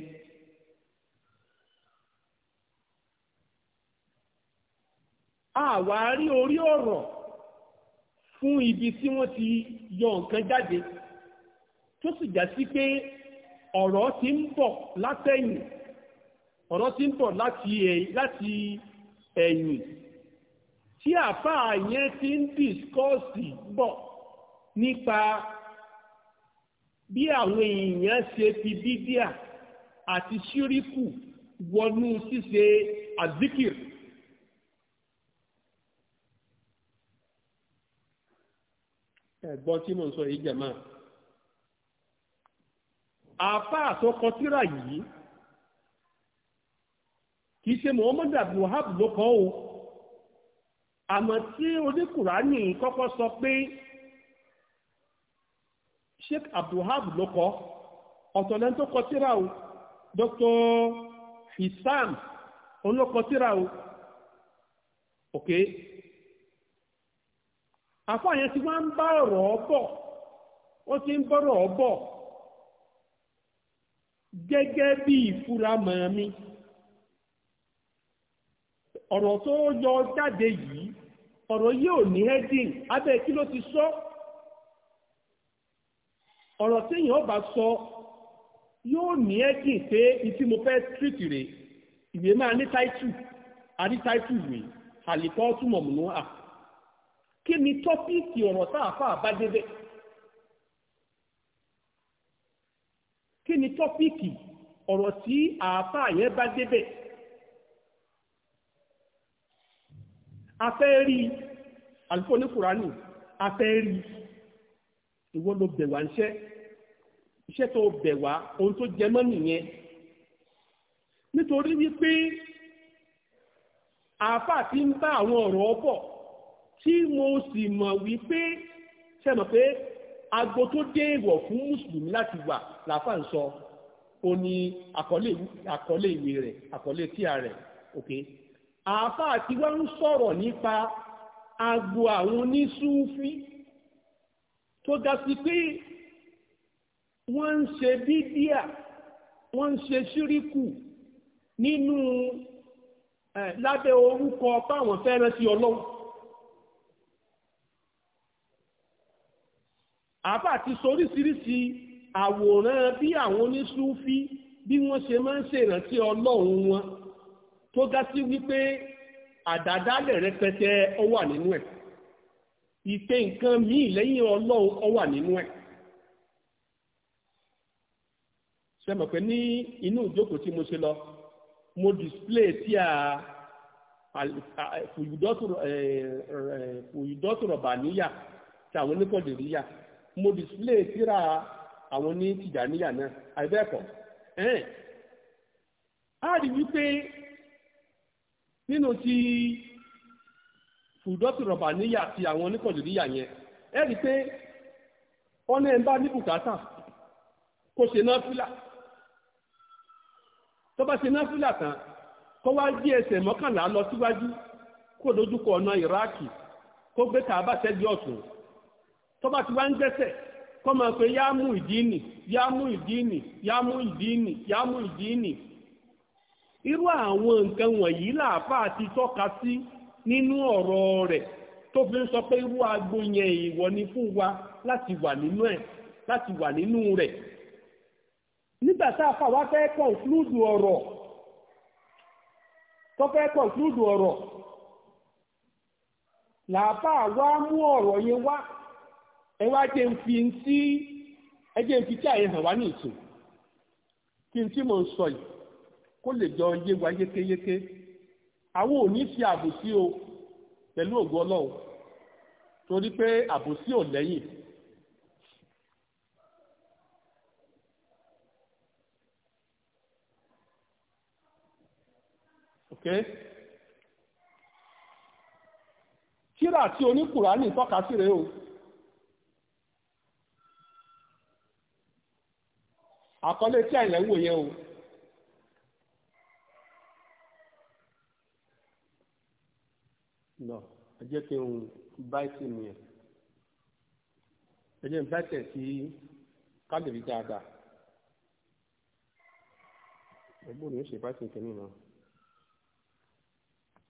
àwárí orí ọ̀rọ̀ fún ibi tí wọ́n ti yọ nǹkan jáde tó sì já sí pé ọ̀rọ̀ ti ń bọ̀ látẹ̀yìn ọ̀rọ̀ ti ń bọ̀ láti ẹ̀yìn tí àfáà yẹn ti ń dìskọ́ọ̀sì bọ̀ nípa bí àwọn èèyàn ṣe fi bídíà àti ṣíríkù wọnú ṣíṣe àzíkìr ẹ̀gbọ́n tí mo ń sọ yìí jẹ̀mọ́ àpá àtọkọ tíra yìí kì í ṣe Muhammad Abdul Wahab ló kọ́ o àmọ́ tí oníkùránì kọ́kọ́ sọ pé sheikh abdulhab ló kọ ọ̀tọ̀ lẹ́ni tó kọ tírà o dr hisam òun ló kọ tírà o ok àfọ àyẹn tí wọ́n ń bá ọ̀rọ̀ ọ bọ̀ wọ́n ti ń bọ́rọ̀ ọ gẹ́gẹ́ bí ìfura màmí ọ̀rọ̀ tó yọ jáde yìí ọ̀rọ̀ yìí ní heading abẹ́ kí ló ti sọ. So? ọ̀rọ̀ téèyàn bá sọ yóò ní ẹ́gìn pé ìtí mo fẹ́ tírìtì rè ìwé máa ní táìtù àrí táìtù rè àlìkọ́ túmọ̀ mùnú à kí ni tọ́píìkì ọ̀rọ̀ táàfà bá kí ni tọ́píìkì ọ̀rọ̀ tí àáfà yẹn bá débẹ̀ afẹ́ rí àlùfọ́ ní kùránì afẹ́ rí ìwọ ló bẹ̀ wá ńṣẹ́ iṣẹ́ tó bẹ̀ wá ohun tó jẹ mọ́ nìyẹn nítorí wípé àáfàá ti ń bá àwọn ọ̀rọ̀ bọ̀ tí mo sì mọ̀ wípé ṣe mọ̀ pé agbo tó dé ìwọ̀ fún mùsùlùmí láti wà làáfàá ń sọ ó ní àkọlé ìwé rẹ̀ àkọlé tíà rẹ̀ okay àáfàá ti wá ń sọ̀rọ̀ nípa agbo àwọn onísúfí tó ga sí pé wọ́n ń ṣe bídíà wọ́n ń ṣe ṣíríkù nínú lábẹ́ orúkọ báwọn fẹ́ràn sí ọlọ́run. àbá ti soríṣiríṣi àwòrán bí àwọn oníṣúfí bí wọ́n ṣe máa ń ṣèrántí ọlọ́run wọn tó ga sí wípé àdádálẹ̀ rẹpẹtẹ ó wà nínú ẹ̀. ìpè nǹkan míì lẹ́yìn ọlọ́run ọ nínú ẹ̀ ṣe pé ní inú ìjókòó tí mo ṣe lọ mo display tí a fòyùdọ́tòrọ̀ bà níyà tí àwọn oníkọ̀dìríyà mo display tíra àwọn ní níyà náà àìbẹ́ẹ̀kọ́ ẹ̀ẹ́n a rí wípé nínú ti. fùdọ́tù rọ̀bà níyà àti àwọn oníkọ̀dìríyà yẹn ẹ rí i pé wọ́n ní ẹ̀ ń bá ní bùkátà kó ṣe náà fílà tó bá ṣe náà tán kó wá ẹsẹ̀ mọ́kànlá lọ síwájú kó dojúkọ ọ̀nà kó gbé ọ̀tún ti wá ń gbẹ́sẹ̀ kó yá mú yá mú yá mú Si nínú ọ̀rọ̀ rẹ̀ tó fi ń sọ pé irú ni fún wa láti wà nínú ẹ̀ láti wà nínú rẹ̀ nígbà tá a fà wá fẹ́ ọ̀rọ̀ tó fẹ́ ọ̀rọ̀ làbá wá mú ọ̀rọ̀ yẹn wá ẹ wá jẹ́ ń fi sí ẹ jẹ́ ń fi tí àyè wá ní ìsìn kí n tí ń sọ yìí wa yékéyéké. àwọn ò ní fi àbòsí o pẹ̀lú ògo ọlọ́run torí pé àbòsí ò lẹ́yìn okay kíra tí oníkùránì tọ́ka sí rèé o àkọlé tí àìlẹ̀ ń o. lọ ẹ jẹ́ kí n báìtì mi ẹ̀ ẹ jẹ́ n báìtì ẹ̀ sí kálíbì dáadáa ẹgbọ́n mi ò ṣe báìtì kẹ́mi náà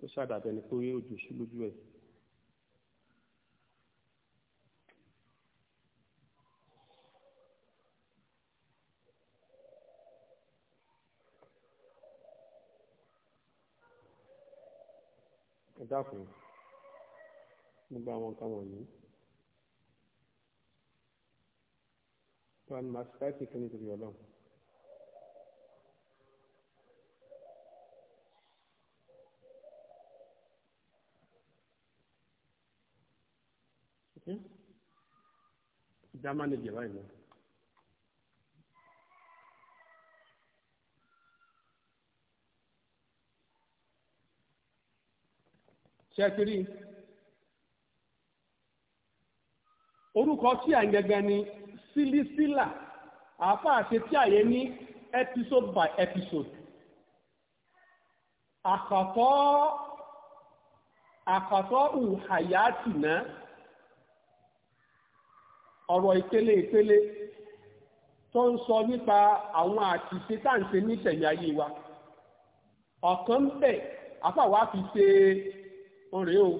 ó ṣàdàbẹ̀ ni pé ojú sí lójú ẹ̀. Exactly nígbà àwọn nǹkan wọ̀nyí. tó a ní màá ṣáìtì kí nítorí ọlọ́run. dá mánèjì báyìí lọ. ṣé ẹ ti rí i. orúkọ tí à ń gẹ́gẹ́ ni sílísílà àáfà àṣẹ tí àyè ní episode by episode àkàtọ́ àkàtọ́ ìhàyàtì náà ọ̀rọ̀ ìpele ìpele tó ń sọ nípa àwọn àtìṣe táǹṣe nítẹ̀yà yìí wa ọ̀kan ń bẹ̀ àfàwà fi ṣe orin o.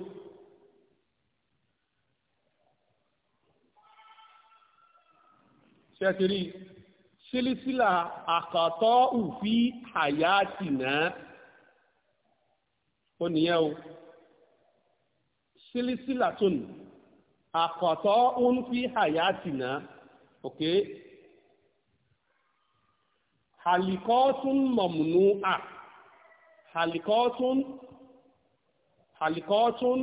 ṣẹ́tìrí sílísílà àkàtọ́ òfí àyátìná ó nìyẹn o sílísílà tó nù àkàtọ́ òfí àyátìná ok halikọ́tún mọ̀mùnú à halikọ́tún halikọ́tún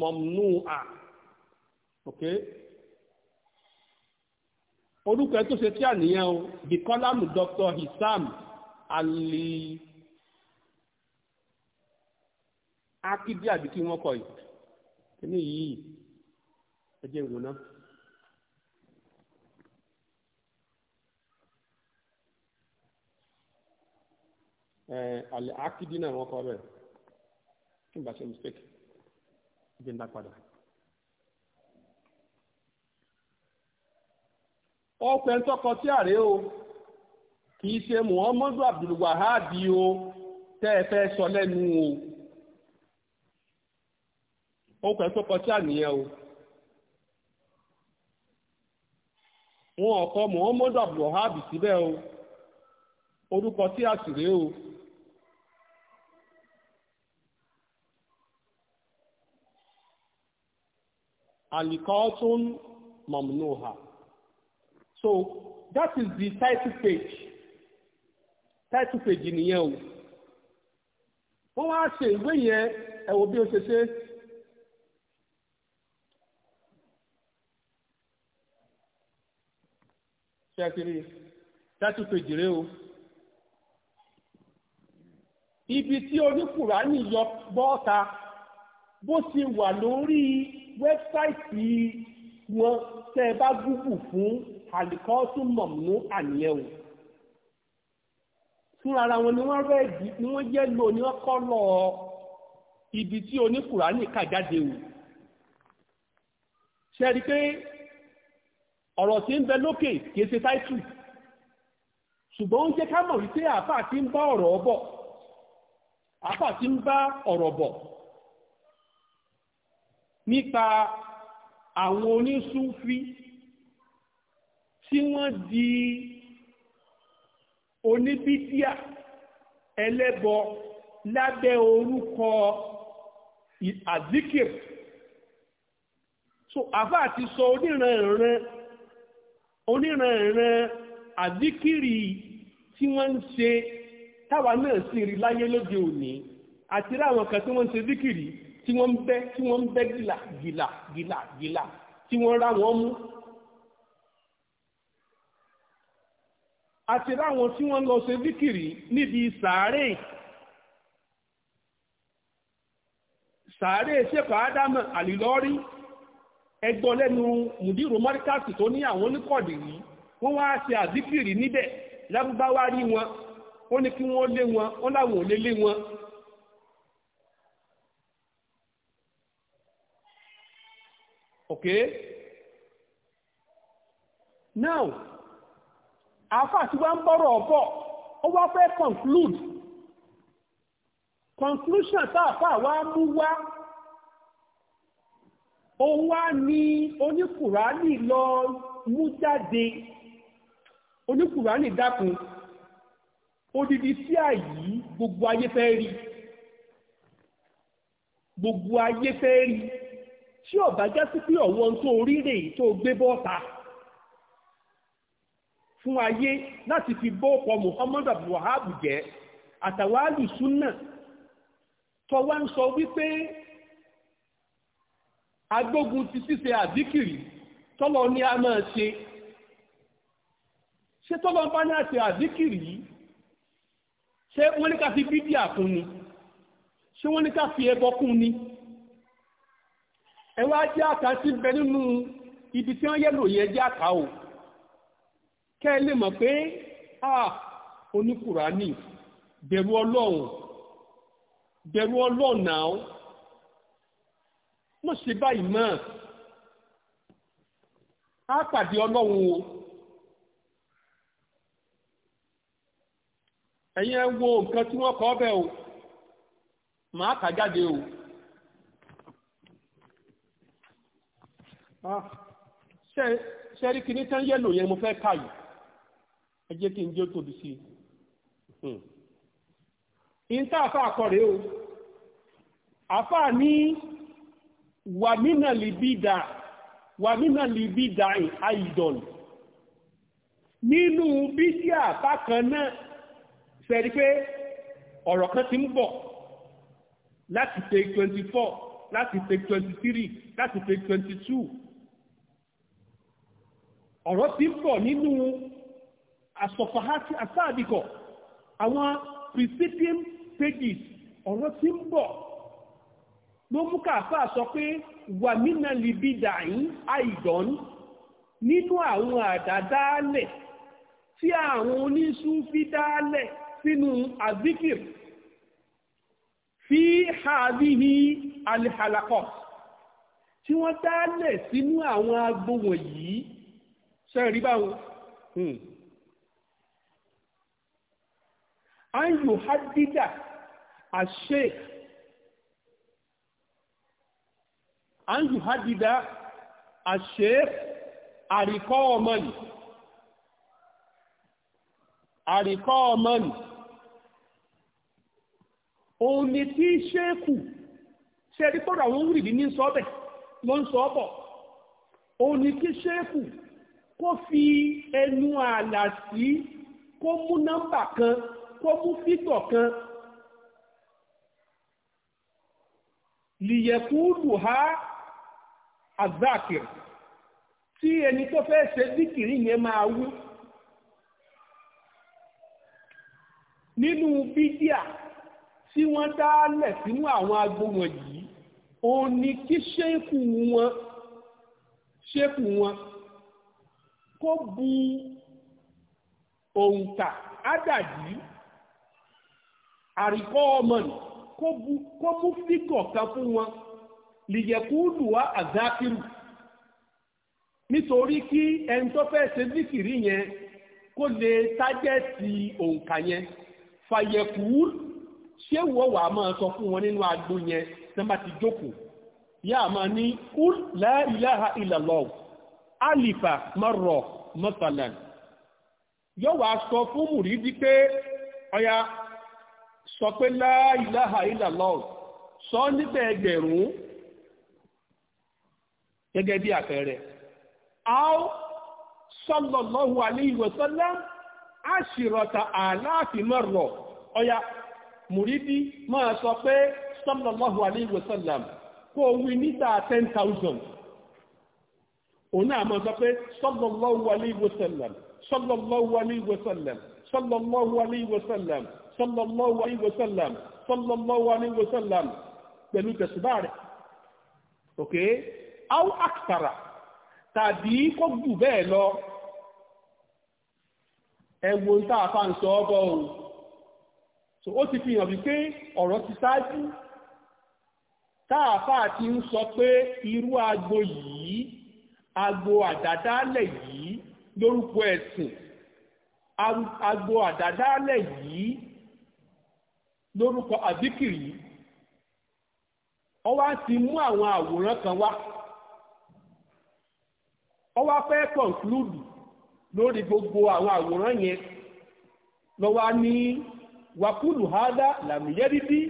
mọ̀mùnú à ok. okay orúkọ ẹ tó ṣe tí àníyàn o the column Dr. Hisam Ali akíndé àbí kí wọ́n kọ yìí kíní yìí ẹ jẹ́ ìwò náà. Àlẹ́ akíndé náà wọ́n kọ bẹ́ẹ̀ kí n bá ṣe mistake bí n dá padà. ọkọ̀ ẹ̀ ń àárẹ̀ o kì í ṣe muhammadu abdulwahadi o tẹ́ ẹ fẹ́ sọ lẹ́nu o ọkọ̀ ẹ̀ ń tọkọ tí àníyàn o wọn ọkọ muhammadu abdulwahadi síbẹ̀ o orúkọ tí àṣìrẹ́ o. alikọ́tún mamnuha So that is the title page. Title page nìyẹn o. Wọ́n wá ṣe ìwé yẹn ẹ wò bí o ṣe ṣe. Ṣé title page rẹ o ibi tí oníkùránì yọ bọ́ọ̀ta bó ti wà lórí wẹ́bsáìtì wọn tẹ́ ẹ bá gúgù fún àlìkọ́ọ̀tù mọ̀mú àníyẹ̀wò fúnra ara wọn ni wọ́n rẹ́ẹ̀dì ni wọ́n jẹ́ lò ní ọkọ́ lọ ibi tí oníkùránì kà jáde wò ṣe rí pé ọ̀rọ̀ tí ń bẹ lókè kìí ṣe táìtù ṣùgbọ́n ó jẹ́ ká mọ̀ wípé àfà tí ń bá ọ̀rọ̀ bọ̀ àfà tí ń bá ọ̀rọ̀ bọ̀ nípa àwọn onísúfí tí wọ́n di oníbídíà ẹlẹ́bọ lábẹ́ orúkọ àzíkìr so àfá àti sọ oníranran oníranran àzíkìrì tí wọ́n ń ṣe táwa náà sì rí láyé lóde òní àti ráwọn kan tí wọ́n ń ṣe zíkìrì tí wọ́n ń bẹ́ tí wọ́n ń bẹ́ gìlà gìlà gìlà tí wọ́n rá mú àti láwọn tí wọ́n lọ ṣe díkìrì níbi sàárè sàárè ṣèpà ádámù àlìlọ́rí ẹgbọ́ lẹ́nu mùdírò mọ́ríkàsì tó ní àwọn oníkọ̀dì yìí wọ́n wá ṣe àdíkìrì níbẹ̀ lábúbáwá rí wọn ó ní kí wọ́n lé wọn ó láwọn ò lé wọn now àáfà tí wọ́n ń bọ̀rọ̀ ọ̀bọ̀ ó wá fẹ́ conclude conclusion táàfà wá mú wá ó wá ní oníkùránì lọ mú jáde oníkùránì dákun odidi sí àyí gbogbo ayé fẹ́ rí gbogbo ayé fẹ́ rí tí ó bá já sí pé ọ̀wọ́n tó oríire tó gbé bọ́ta. fún ayé láti fi bó ọkọ̀ Muhammadu abdulwahab jẹ́ àtàwọn alùsúnà tó wá ń sọ wípé agbógun ti ṣíṣe àdíkìrì tọ́lọ ní a máa ṣe ṣé tọ́lọ bá ní àṣẹ àdíkìrì yìí ṣé wọ́n ní ká fi bídíà kún ni ṣé wọ́n ní ká fi ẹbọ ni ẹwà jẹ́ àkà sí bẹ nínú ibi tí wọ́n yẹ́lò yẹ jẹ́ àkà o. kẹ́ ẹ lè mọ̀ pé oníkùránì bẹ̀rù ọlọ́run bẹ̀rù ọlọ́run náà mọ̀ ṣe báyìí mọ́ á pàdé ọlọ́run o ẹ̀yin ẹ wo nǹkan tí wọ́n kọ́ bẹ́ẹ̀ o màá kà jáde o. Ah, ṣé ṣé rí kinní tán yẹ́lò yẹn mo fẹ́ kà yìí jẹ́ kí n jẹ́ tóbi sí i ìta àfa àkọrẹ́ o àfa ní wàmínà libida wàmínà libida àìdọ̀n nínú bídíà bákan náà sẹ́rí pé ọ̀rọ̀ kan ti ń bọ̀ láti take twenty four láti take twenty three láti take twenty two ọ̀rọ̀ ti ń bọ̀ nínú asọ̀fàhátì asáàdìkọ̀ àwọn precipient pages ọ̀rọ̀ tí ń bọ̀ ló mú kàfà sọ pé wà nínà libi dàín àìdán nínú àwọn àdádálẹ̀ tí àwọn oníṣúfí dálẹ̀ sínú azikir fi hàbíhi alìhàlàkọ̀t tí wọ́n dálẹ̀ sínú àwọn agbóhùn yìí ṣẹ́rí báwọn hmm. an yu haddida a sheik an yu haddida a sheik a ọmọnì a ọmọnì òun ni tí ṣéèkù ṣe rí pọ́dọ̀ àwọn òwúrìdí ní sọ́bẹ̀ ló ń sọ́bọ̀ òun ni tí ṣéèkù kó fi ẹnu ààlà sí kó mú nọ́mbà kan kó mú fítọ̀ kan lìyẹ̀kúlù ha azakir tí ẹni tó fẹ́ ṣe díkìrí yẹn máa wú nínú bídíà tí wọ́n dálẹ̀ sínú àwọn agbóhùn yìí òun ni kí ṣéèkù wọn ṣéèkù wọn kó bu òǹkà ádàdì àríkọ́ ọmọ nì kó mú fíkọ̀ kan fún wọn lìyẹ̀kúlù wá àzákìrù nítorí kí ẹni tó fẹ́ ṣe zikiri yẹn kó lè tájẹ́ẹ̀tì òǹkà yẹn fàyẹ̀kúlù ṣé wọ́n wàá máa sọ fún wọn nínú agbo yẹn tí wọ́n bá ti jókòó yá a máa ní kúl la ilaha illallah alifa marra mọ́tàlán yóò wàá sọ fún mùrídìí pé ọ̀ya sọ pé la ilaha illallah sọ nípa ẹgbẹ̀rún gẹ́gẹ́ bí àpẹẹrẹ aw sallallahu alayhi wa sallam ashirata alafi marra ọya mùrídí máa sọ pé sallallahu alayhi wa sallam kó wí níta 10,000 òun náà máa sọ pé sallallahu alayhi wa sallam sallallahu alayhi wa sallam sallallahu sallallahu alayhi wa sallam sallallahu alayhi wa sallam pẹ̀lú tẹ̀síbá rẹ̀ ok aw akitara tàbí kó jù bẹ́ẹ̀ lọ ẹ̀wọ̀n tá a fa ń sọ ọ́ bọ́ o so ó ti fi hàn wípé ọ̀rọ̀ ti ṣáájú táàfáà ti ń sọ pé irú agbo yìí agbo àdádálẹ̀ yìí lórúkọ ẹ̀sìn agbo àdádálẹ̀ yìí lórúkọ àdíkìrì yìí ó wá ti mú àwọn àwòrán kan wá ó wá fẹ́ kọ̀ǹklúdù lórí gbogbo àwọn àwòrán yẹn ló wá ní wàkúlù hádá làmìyẹ́dídí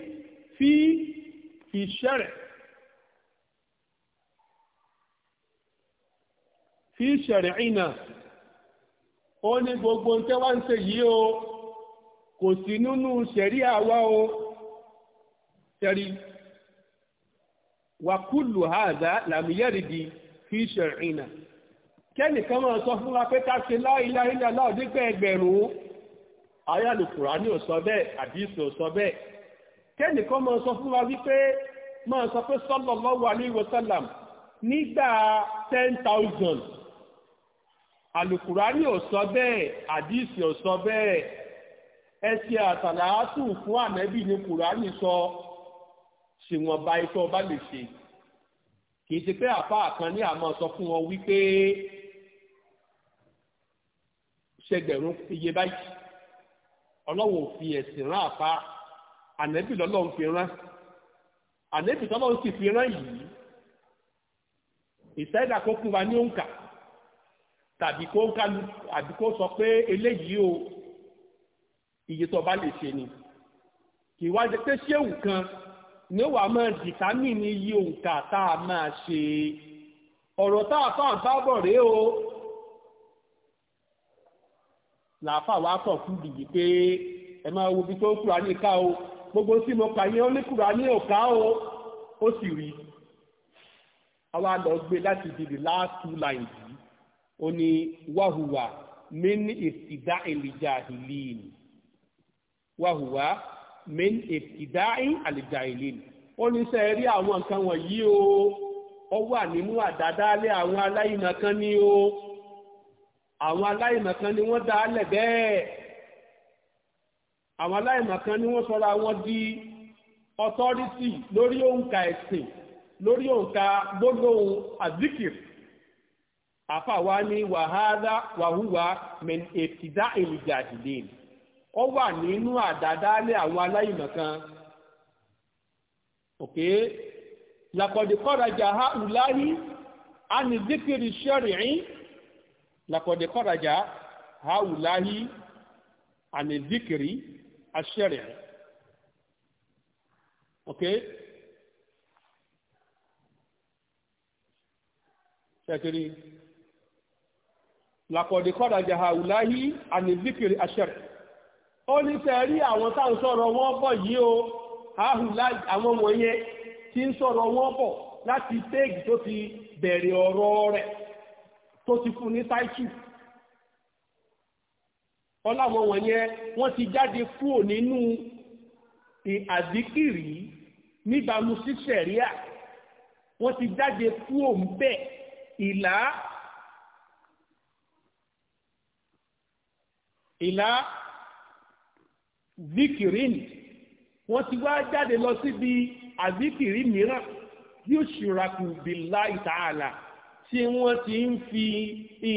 fi ìṣẹ̀rẹ̀ fi ìṣẹ̀rẹ̀ ìnà ó ní gbogbo ń tẹ́wá ń ṣe yìí o. kò sí nínú ṣẹ̀rí àwa o ṣẹ̀rí wàkúlù hàdá làmìyẹ́rìdì fi ṣẹ̀rìnà kẹ́nìkan máa sọ fún wa pé ká ṣe láìláìlá láòdípẹ́ ẹgbẹ̀rún ayálùkùrá ní ò sọ bẹ́ẹ̀ àdìsí ò sọ bẹ́ẹ̀ kẹ́nìkan máa sọ fún wa wípé máa sọ pé sallallahu alaihi wasallam nígbà ten thousand àlùkùrá ní ò sọ bẹ́ẹ̀ àdìsí ò bẹ́ẹ̀ ẹ ṣe àsàlátù fún ànábì ní kùránì sọ ṣèwọ̀nba iṣẹ́ ọba lè ṣe kì í ṣe pé àpá kan ní àmọ́ sọ fún wọn wípé ṣẹgbẹ̀rún iye báyìí ọlọ́wọ́ fi ẹ̀sìn rán àpá ànábì lọ́lọ́run fi rán ànábì tọ́lọ́run sì fi rán yìí ìṣẹ́dà kó fún wa ní òǹkà tàbí kó sọ pé eléyìí o iye tó bá lè ṣe ni kì í wá jẹ pé ṣéwù kan ni ó wà máa dìtámì ní iye òǹkà tá a máa ṣe ọ̀rọ̀ tá a fà ń bábọ̀ rèé o làáfà wa kọ̀ fún bìbí pé ẹ máa wo ibi tó kúra ní ìka o gbogbo tí mo kà yẹn ó ní kúra ní òka o ó sì rí àwa lọ gbé láti di last two lines yìí ó ní wàhùwà mí ní ìsìdá èlìjà ìlíìnì wàhùwà min ìdáhìn àlìjàìlín ó ní sẹ́ rí àwọn nǹkan wọ̀nyí o ó wà nínú àdádálẹ̀ àwọn aláìmọ̀kan ni o àwọn aláìmọ̀kan ni wọ́n dálẹ̀ bẹ́ẹ̀ àwọn aláìmọ̀kan ni wọ́n sọra wọn di ọtọ́rítì lórí òǹkà ẹ̀sìn lórí òǹkà gbólóhùn àzíkìrì àfàwa ni wàhálà wàhùwà min ìdáhìn àlìjàìlín ó wà nínú àdádálẹ̀ àwọn aláìmọ̀kan òkè làkọ̀dẹ̀kọ́rajà ha ùláyí a ní díkìrì ṣẹ́rìín làkọ̀dẹ̀kọ́rajà ha ùláyí a ní díkìrì aṣẹ́rìín òkè ṣẹ́kiri làkọ̀dẹ̀kọ́rajà ha ùláyí a ní díkìrì aṣẹ́rìín ó ní fẹ́ rí àwọn táwọn sọ̀rọ̀ wọn bọ̀ yìí o àwọn ọmọ yẹn tí ń sọ̀rọ̀ wọn bọ̀ láti téèkì tó ti bẹ̀rẹ̀ ọ̀rọ̀ rẹ̀ tó ti fún ní táìtù ọláwọn wọ̀nyẹn wọ́n ti jáde kúrò nínú àdíkìrì níbàámu sí sẹ̀ríà wọ́n ti jáde kúrò ń bẹ̀ ìlà ìlà zikirin wọ́n ti wá jáde lọ síbi àzikiri mìíràn yushraku billahi ta'ala tí wọ́n ti ń fi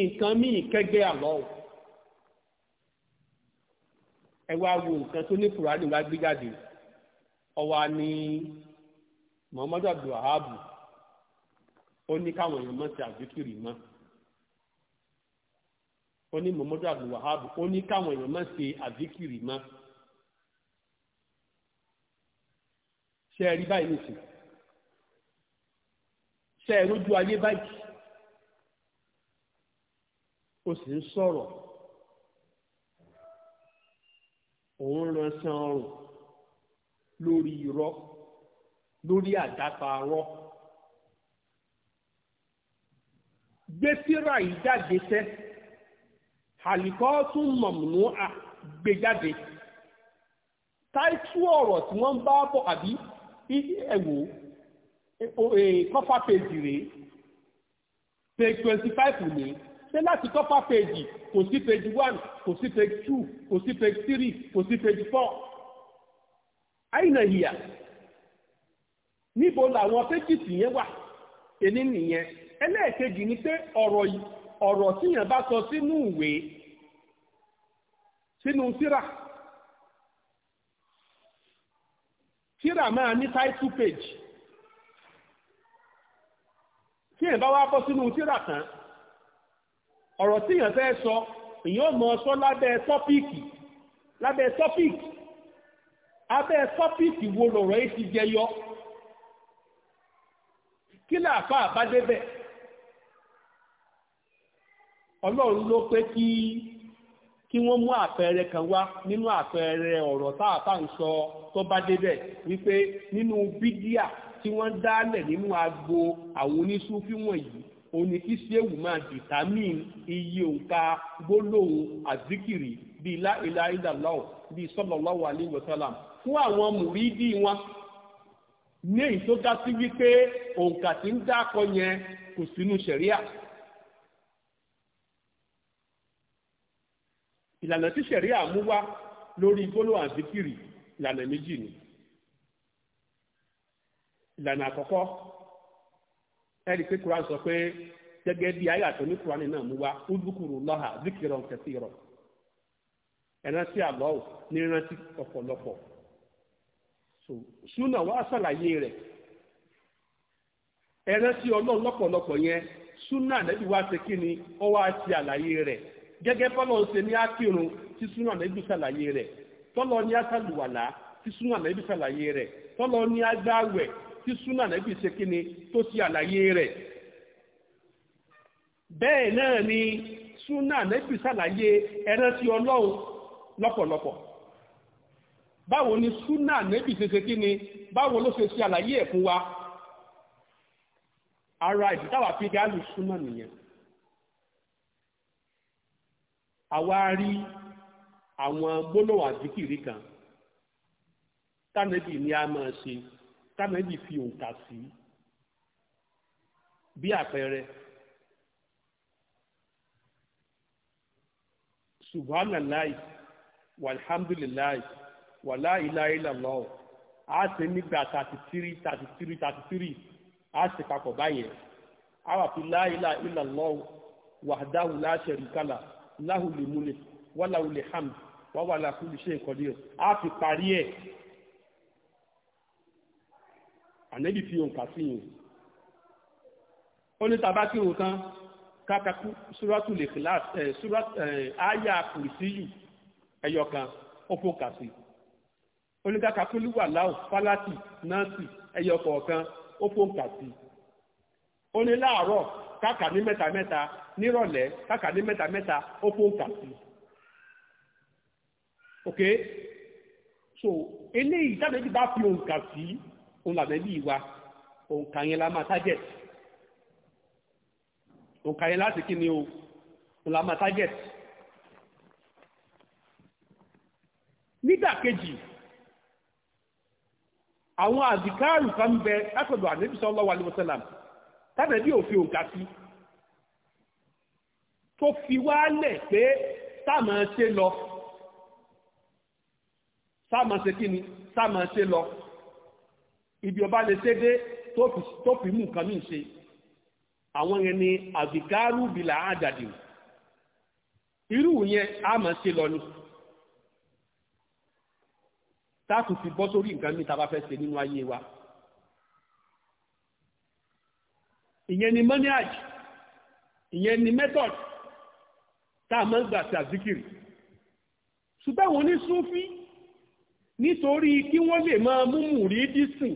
nǹkan míì kẹ́gbẹ́ Allah ẹ wá wo nǹkan tó ní kùránì wá gbé jáde ọwá ní muhammadu abdulhabu ó ní káwọn èèyàn mọ́ sí àzikiri mọ́ ó ní muhammadu abdulhabu ó ní káwọn èèyàn mọ́ sí àzikiri mọ́. ṣe rí báyìí nìsín ṣe rójú ayé báyìí o sì ń sọ̀rọ̀ òun ran san ọrùn lórí irọ́ lórí àdápa arọ́ gbèsèrà yìí jáde sẹ́ àlìkọ́ tún mọ̀mùnú à gbé jáde táìtú ọ̀rọ̀ tí wọ́n ń bá bọ̀ àbí ẹ̀wò kọ́fà péjì rèé page twenty five ni ṣé láti kọ́fà péjì kò sí page one kò sí page two kò sí page three kò sí page four àyìnà ìyà níbo làwọn péjìtì yẹn wà èní nìyẹn ẹlẹ́ẹ̀kejì ni pé ọ̀rọ̀ yìí ọ̀rọ̀ tíyàn bá sọ sínú ìwé sínú síra. tíra máa ní title page tí èèyàn bá wá bọ́ sínú tíra tán ọ̀rọ̀ tí èèyàn fẹ́ sọ èèyàn mọ̀ sọ lábẹ́ tọ́píìkì lábẹ́ tọ́píìkì abẹ́ tọ́píìkì wo lọ̀rọ̀ yìí ti jẹyọ kí làáfà bá débẹ̀ ọlọ́run ló pé kí kí wọ́n mú àpẹẹrẹ kan wá nínú àpẹẹrẹ ọ̀rọ̀ táàtà ń sọ tó bá débẹ̀ wípé nínú bídíà tí wọ́n dálẹ̀ nínú agbo àwọn oníṣúfí wọ̀nyí òní kí séwù máa dìtámìn iye òǹkà gbólóhùn àzíkìrì bíi láìlá ìdàláwọ̀ bíi sallallahu alaihi wasallam fún àwọn mùrídìí wọn ní èyí tó dá sí wípé òǹkà tí ń dákọ yẹn kò sínú ṣẹ̀ríà ìlànà tí sẹ̀rí àmúwá lórí gbólóhùn àzíkìrì ìlànà méjì ni ìlànà àkọ́kọ́ ẹ̀rí pé kura sọ pé gẹ́gẹ́ bí ayé àtọ́ ní Quran náà mú udukuru lọ́hà zikiran kẹsìrọ̀ ẹ̀rántí àlọ́ ní rántí ọ̀pọ̀lọpọ̀ súnà wá sàlàyé rẹ̀ ẹ̀rántí yẹn súnà nẹ́bí wá ṣe kí ni gẹ́gẹ́ bọ́lọ̀ ṣe ní ákírun tí súnà lẹ́bí sàlàyé rẹ̀ tọ́lọ ní àṣàlùwàlá tí súnà lẹ́bí sàlàyé rẹ̀ tọ́lọ ní agbáwẹ̀ tí súnà lẹ́bí ṣe tó ṣe àlàyé rẹ̀. bẹ́ẹ̀ náà ni súnà lẹ́bí ṣàlàyé ẹran ọlọ́run lọ́pọ̀lọpọ̀ báwo ni súnà lẹ́bí ṣe báwo ló ṣe ṣe àlàyé ẹ̀ fún wa ara ìdítàwà fi àwa rí àwọn gbólóhùn àdìkìrí kan tánẹ́bì ni a máa ṣe tánẹ́bì fi òǹkà sí bí àpẹẹrẹ subhanallah walhamdulillah wàlá ilaha illallah a ṣe nígbà thirty three thirty three thirty three a ṣe papọ̀ báyẹn a wà fi la ilaha illallah wahdahu la sharika láhùlì múlẹ̀ wàláhùlì hàm wàwàlà kúlù ṣe nǹkan díẹ̀ á fi parí ẹ̀ ànẹ́bí fi òǹkà sí yìí ó ní tàbá kí òun tán kákakú súrọ́tù lè kíláàsì ẹ̀ súrọ́tù ẹ̀ áyà kùrìsíyù ẹ̀yọ̀ kan ó fòǹkà sí ó ní kákakú lúwà láò fálátì náàsì ẹ̀yọ̀ kọ̀ọ̀kan ó fòǹkà sí ó ní láàárọ̀ káàkà ní mẹ́ta mẹ́ta nírọ̀lẹ́ káàkà ní mẹ́ta ó kó kà ok so eléyìí tábìlì bá fi òǹkà sí òun làbẹ́lì wa òǹkà yẹn la máa target òǹkà yẹn láti kí ni o òun la máa target. nígbà kejì àwọn àdìkáàrù kan bẹ látọ̀dọ̀ àníbísọ́ lọ́wọ́ alẹ́ wọ́sálàmù tàbí bí òfin òǹkà sí tó fi wálẹ̀ pé sáàmà ṣe lọ sáàmà ṣe kí ni sáàmà ṣe lọ ibi ọba lè ṣe dé tó fi mú nǹkan míì ṣe àwọn yẹn ni àbíkárù bìlà àdàdì irú yẹn a máa ṣe lọ ni táàkù fi bọ́ sórí nǹkan míì tá a bá fẹ́ ṣe nínú ayé wa. ìyẹn ni manhaj ìyẹn ni method tá a máa ń gbà sí àzíkìrì ṣùgbọ́n àwọn oníṣúfí nítorí kí wọ́n lè máa mú mùrídìsìn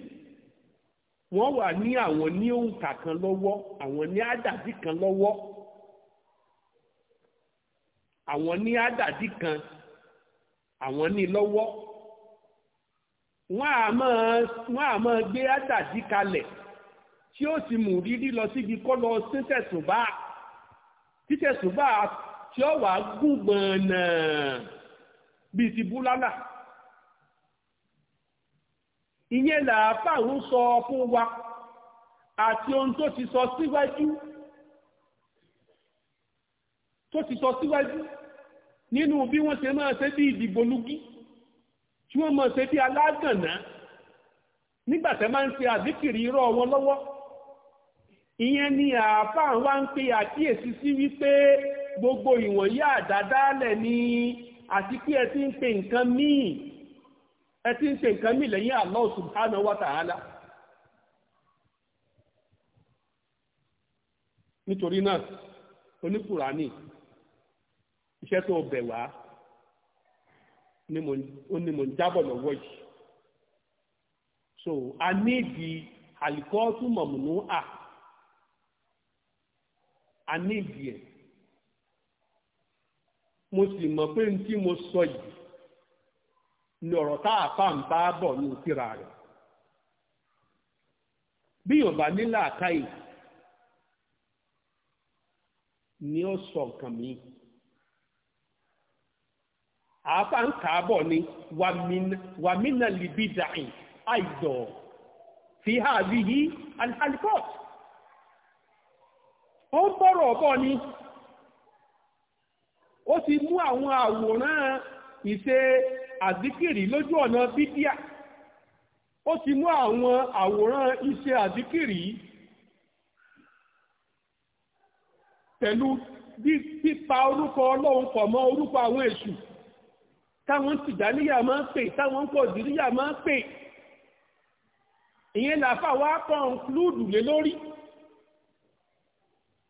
wọ́n wà ní àwọn ní òǹkà kan lọ́wọ́ àwọn ní àdàdì kan lọ́wọ́ àwọn ní àdàdì kan àwọn ní lọ́wọ́ wọ́n á máa gbé àdàdì kalẹ̀ tí ó sì mú rírí lọ síbi kọ́ lọ sí tẹ̀sùbá títẹ̀sùbá tí ó wà gúngbọ̀n náà bíi ti búlálà ìyẹn làáfà ń sọ fún wa àti ohun tó ti sọ síwájú tó ti sọ síwájú nínú bí wọ́n ṣe máa ṣe bí ìdìbò lúgí tí wọ́n máa ṣe bí alágànná nígbàtẹ́ máa ń ṣe àdíkìrì irọ́ wọn lọ́wọ́ ìyẹn ni àáfàá wa ń pe àkíyèsí sí wípé gbogbo ìwọ̀nyí àdádálẹ̀ ni àti pé ẹ ti ń pe nǹkan míì ẹ ti ń pe nǹkan míì lẹ́yìn Allah subhanahu wa ta'ala. nítorí náà oníkùránì iṣẹ́ tó bẹ̀ wá ó ní mò ń jábọ̀ lọ́wọ́ yìí so a ní ìdí àlìkọ́ tún mọ̀mùnú à a ní ìdí ẹ̀ mo sì mọ̀ pé n tí mo sọ yìí ni ọ̀rọ̀ tá a fà ń bá bọ̀ ní òkìra rẹ̀ bí yorùbá ní làákàyè ni ó sọ nǹkan mi àáfà ń kà á bọ̀ ni wàmínà libidàín àìdọ̀ fi hàbí yí alikọ́tù ó ń bọ̀rọ̀ ọ̀bọ̀ ni ó ti mú àwọn àwòrán ìṣe àdíkìrì lójú ọ̀nà bídíà ó ti mú àwọn àwòrán ìṣe àdíkìrì pẹ̀lú pípa orúkọ ọlọ́run pọ̀ mọ́ orúkọ àwọn èṣù táwọn tìjáníyà máa ń pè táwọn kọ̀dìríyà máa ń pè ìyẹn làfà wá kọ̀ǹklúdù lé lórí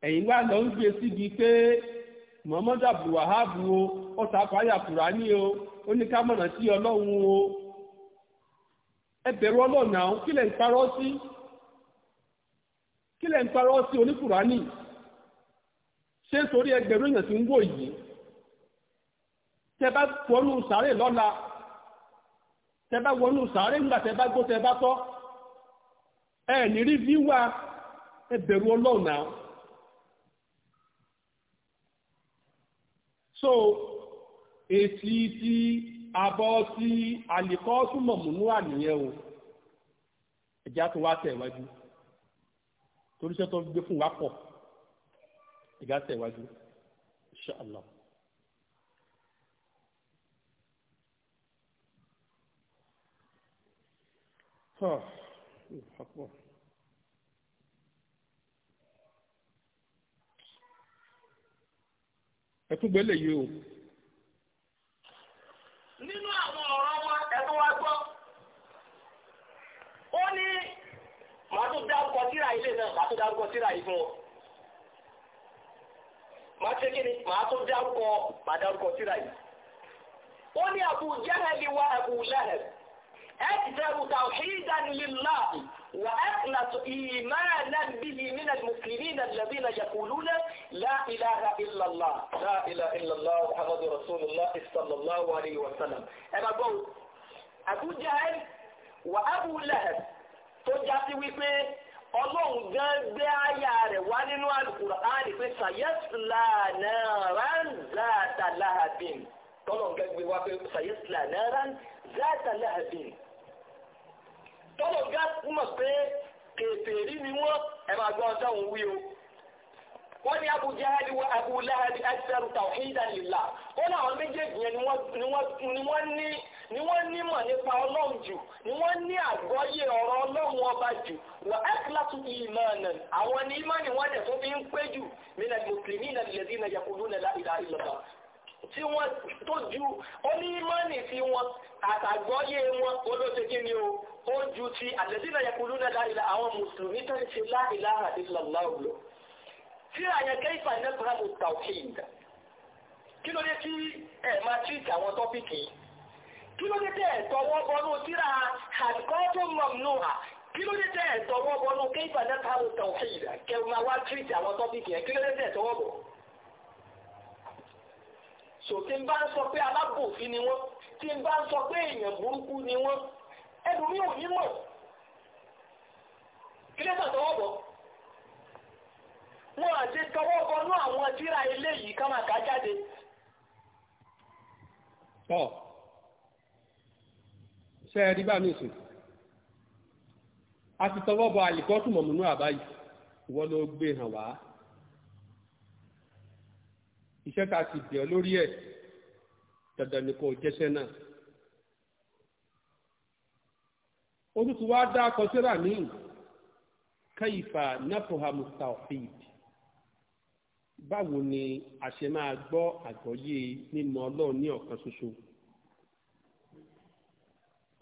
ẹ̀yin wá lọ ń gbé síbi pé muhammadu abdulwahab o ó takọ kùránì o ó o ẹ bẹ̀rù ọlọ́run àwọn kí ń parọ́ sí kí ń parọ́ sí oníkùránì ṣé ẹgbẹ̀rún èèyàn ti ń wò yìí lọla wọnú sàárè lọ́la tẹ wọnú sàárè ńgbà gbó tọ́ so èsì tí abọ́ sí àlìkọ́sù mọ̀mùnú àníyẹn o ẹ̀já tó wá tẹ̀wájú toríṣẹ́ tó gbé fún wa pọ̀ ẹ̀já tẹ̀wájú insha Allah. Huh. Oh, ẹtúgbẹ́lẹ̀ yìí o. nínú àwọn ọ̀rọ̀ wa ẹ̀tọ́ wa gbọ́ ó ní màá tún dárúkọ síra ilé náà màá tún dárúkọ síra yìí fún ọ màá ṣe kí ni màá tún dárúkọ màá dárúkọ síra yìí ó ní Abu Jahali wa Abu Lahab أكثر توحيدا لله وأخلص إيمانا به من المسلمين الذين يقولون لا إله إلا الله لا إله إلا الله محمد رسول الله صلى الله عليه وسلم أما بو أبو جهل وأبو تجاتي ويبي ọlọ́run gan gbé àyà rẹ̀ wá nínú Al-Qur'ani pé sayesla naran zata lahabin tọ́lọ́run gan gbé wá pé sayesla naran zata lahabin tọ́lọ́run gan mọ̀ pé kèfèrí ni wọ́n ẹ̀ gbọ́ ọjọ́ òun wí o wọ́n ní Abu Jahali wa Abu Lahab akthar tawhidan lillah ó ní àwọn méjèèjì yẹn ni wọ́n ní ni wọ́n nímọ̀ nípa ọlọ́run jù ni wọ́n ní àgbọ́yé ọ̀rọ̀ ọlọ́run ọba jù wà ẹ́kìlátù ìmọ̀ọ̀nà àwọn ní ìmọ̀ ni wọ́n dẹ̀ tó fi ń pé jù nínú mùsùlùmí ìnà ìlẹ̀dí ìnà yàkùnú ìnà ìlà ìlọ́ba tí wọ́n tó ju ó ní ìmọ̀ ní ti àtàgbọ́yé wọn olóṣè kí ni o ó ju ti àlẹ́dí ìnà yàkùnú ìnà ìlà àwọn mùsùlùmí tó ń ṣe láìláhà ìlọ́lá síra yẹn kẹ́yìfà iná tó rábò tawhid kí ló dé tí ẹ̀ máa tíìtì àwọn tọ́pìkì kí ló dé tẹ́ ẹ̀ tọwọ́ bọnú síra àkọ́tún mamnuha kí ló dé tẹ́ ẹ̀ tọwọ́ bọnú kẹ́yìfà iná tó rábò tawhid kẹ́ máa wá tíìtì àwọn tọ́pìkì yẹn kí ló dé tẹ́ ẹ̀ tọwọ́ bọ̀ sòtí ń bá ń sọ pé alábòfin ni wọ́n tí ń bá ń sọ pé èèyàn burúkú ni wọ́n ẹnu mi ò ní mọ̀ kí ló dé tọwọ́ bọ̀ wọn ti tọwọ́ bọnú àwọn tíra ilé yìí ká máa kà jáde. ọ ṣe ẹ rí bá mi sùn a ti tọwọ́ bọ àlìkọ́tù mọ̀mọ́nú àbáyé ìwọ ló gbé hàn wá iṣẹ́ a ti bẹ̀ ọ́ lórí ẹ̀ dandan ni kò jẹ́sẹ́ náà. ó tún ti wá dá báwo ni a ṣe máa gbọ́ àgbọ́yé mímọ̀ ọlọ́run ní ọ̀kan ṣoṣo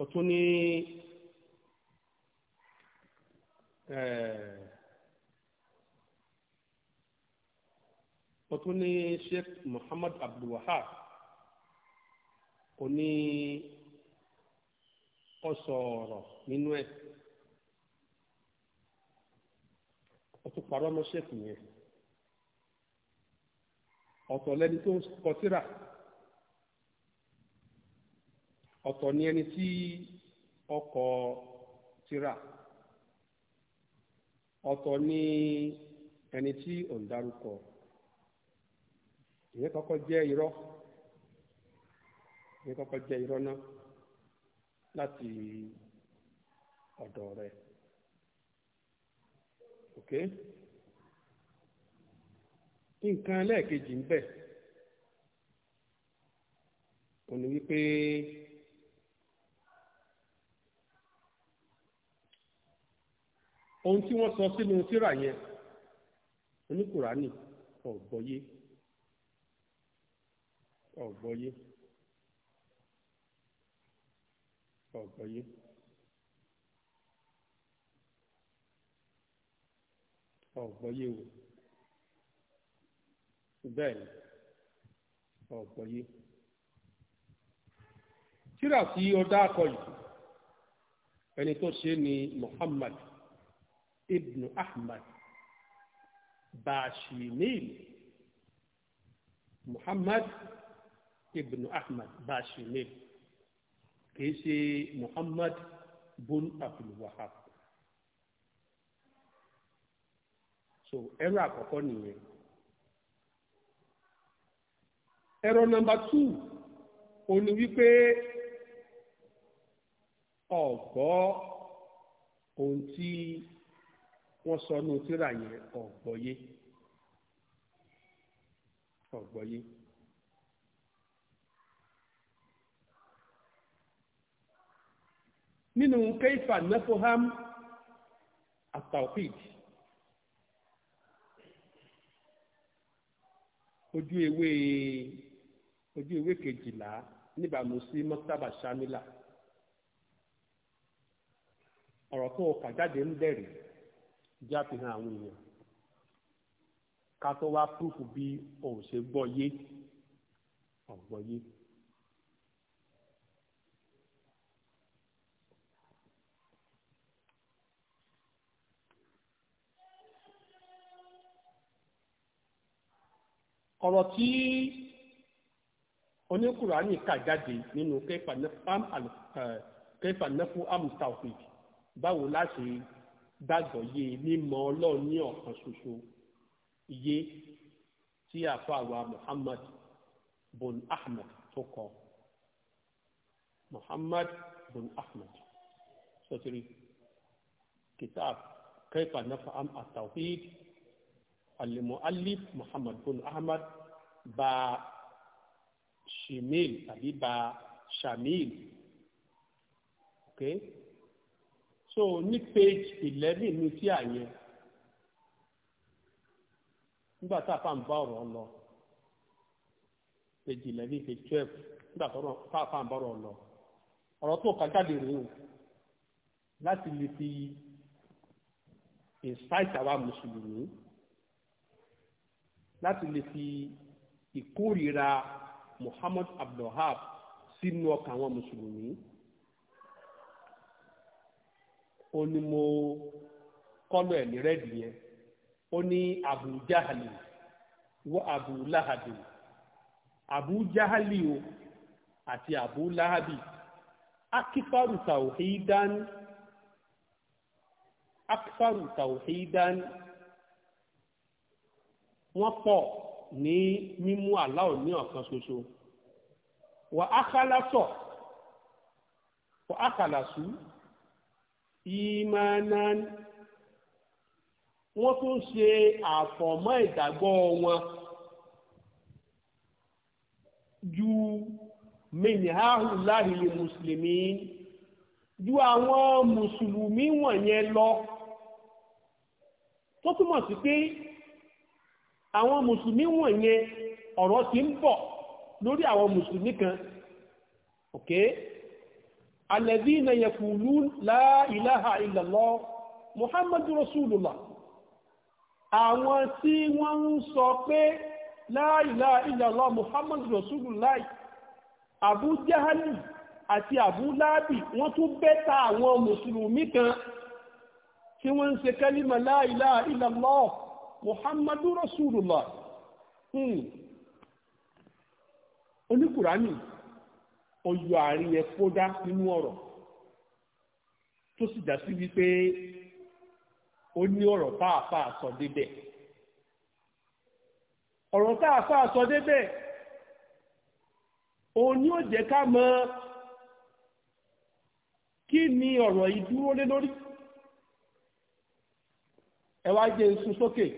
ó tún ní ó ní Sheikh Muhammad Abdulwahab ó ní ó sọ ọ̀rọ̀ nínú ẹ̀ ó parọ́ mọ́ Sheikh yẹn ọ̀tọ̀ lẹni tó ń kọ tírà ọ̀tọ̀ ni ẹni tí ọkọ tírà ọ̀tọ̀ ni ẹni tí ò ń dárúkọ ìyẹn kọ́kọ́ jẹ́ irọ́ ìyẹn kọ́kọ́ jẹ́ irọ́ náà láti ọ̀dọ̀ rẹ̀ ok nǹkan ẹlẹ́ẹ̀kejì ń bẹ ó ní wípé ohun tí wọ́n sọ sínú tírà yẹn oníkùránì ọ̀gbọ́yé ọ̀gbọ́yé ọ̀gbọ́yé. ọ̀gbọ́yé o bẹ́ẹ̀ ni ọ̀pọ̀ yìí tíra tí ó dákọ̀ yìí ẹni tó ṣe ni Muhammad ibn Ahmad Bashimil Muhammad ibn Ahmad Bashimil kìí ṣe Muhammad bun Abdul so ẹrọ àkọ́kọ́ nìyẹn ẹ̀rọ nọ́mbà tù òun ni wípé ọ̀gbọ́ ohun tí wọ́n sọ ní tíra yẹn ọ̀gbọ́yé ọ̀gbọ́yé. nínú kẹ́fà nẹ́fọ́hám àtàwíìd ojú ewé. ojú ìwé kejìlá níbàámu sí mọ́tàbà shamila ọ̀rọ̀ tó o kà jáde ń bẹ̀rẹ̀ jẹ́ àfihàn àwọn èèyàn ká tó wá púrúfù bí o ò ṣe gbọ́ yé ọ̀gbọ́ yé. ọ̀rọ̀ tí oníkùránì kà jáde nínú kẹfà nẹ́fù amustafid báwo láti gbàgbọ́ yé mímọ̀ ọlọ́run ní ọ̀kan ṣoṣo iye tí àfàwà muhammad bun ahmed tó kọ muhammad bun ahmed sotiri kitab kẹfà nẹ́fù amustafid alimu alif muhammad bun ahmed bá shemil tàbí ba shamil ok so ní page eleven ní tí a yẹn nígbà tá a fà ń bá ọ̀rọ̀ lọ page eleven page twelve nígbà tá a fà ń bá ọ̀rọ̀ lọ ọ̀rọ̀ tó kà jáde rèé o láti lè fi incite àwa mùsùlùmí láti lè fi ìkórìíra. Muhammad abdulhab sínú ọkàn àwọn mùsùlùmí ó ní mo kọ́lọ̀ ẹ̀ ní rẹ́ẹ̀dì yẹn ó ní Abu Jahali wọ́n Abu Lahabi Abu Jahali o àti Abu Lahabi akifaru tawhidan akifaru tawhidan wọ́n pọ̀ ní mímú aláwọ̀ ní ọ̀kan ṣoṣo wà á kálásọ̀ wà á kálásù ìmánan wọ́n tún ṣe àfọ̀mọ́ ìdàgbọ́ wọn ju mìnìhàhù láhìlì mùsùlùmí ju àwọn mùsùlùmí wọ̀nyẹn lọ tó túmọ̀ sí pé àwọn mùsùlùmí wọ̀nyẹn ọ̀rọ̀ ti ń bọ̀ lórí àwọn mùsùlùmí kan ok alladhina yaqulun la ilaha illallah muhammadu rasulullah àwọn tí wọ́n ń sọ pé la ilaha illallah muhammadu rasulullah abu jahali àti abu labi wọ́n tún bẹ́ta àwọn mùsùlùmí kan tí wọ́n ń kalima kẹ́límà la ilaha illallah muhammadu rasulullah hmm. oníkùránì ọyọ àárín yẹn kódá nínú ọ̀rọ̀ tó sì dá sí wípé ó ní ọ̀rọ̀ pàápàá sọ débẹ̀ ọ̀rọ̀ pàápàá sọ débẹ̀ òun ni ó jẹ ká mọ kí ni ọ̀rọ̀ yìí dúró lé lórí ẹ wá jẹ́ nsú sókè. Okay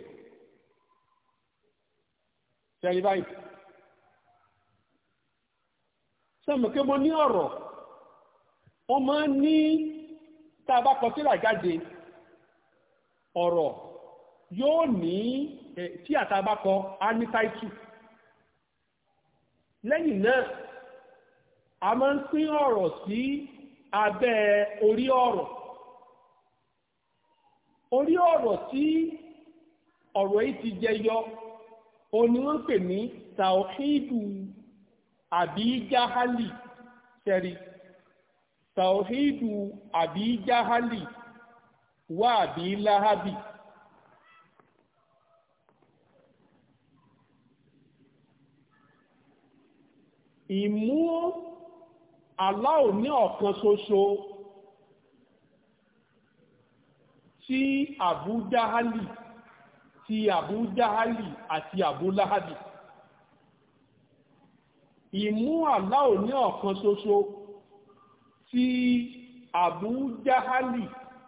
sẹ́rí báyìí sẹ́mùké mo ní ọ̀rọ̀ ó máa ń ní tá a bá kọ sílà jáde ọ̀rọ̀ yóò ní tí àtàbákọ á ní táìtù lẹ́yìn náà a máa ń pín ọ̀rọ̀ sí abẹ́ orí ọ̀rọ̀ orí ọ̀rọ̀ tí ọ̀rọ̀ yìí ti jẹyọ òun ni wọ́n ń pè ní tàwíìdù àbíjáhálì sẹ́rí tàwíìdù àbíjáhálì wà àbíláhábì. ìmú aláò ní ọ̀kan ṣoṣo tí àbújáhálì ti àbú jáhálì àti àbú láhàbì ìmú àláò ní ọ̀kan ṣoṣo ti àbú jáhálì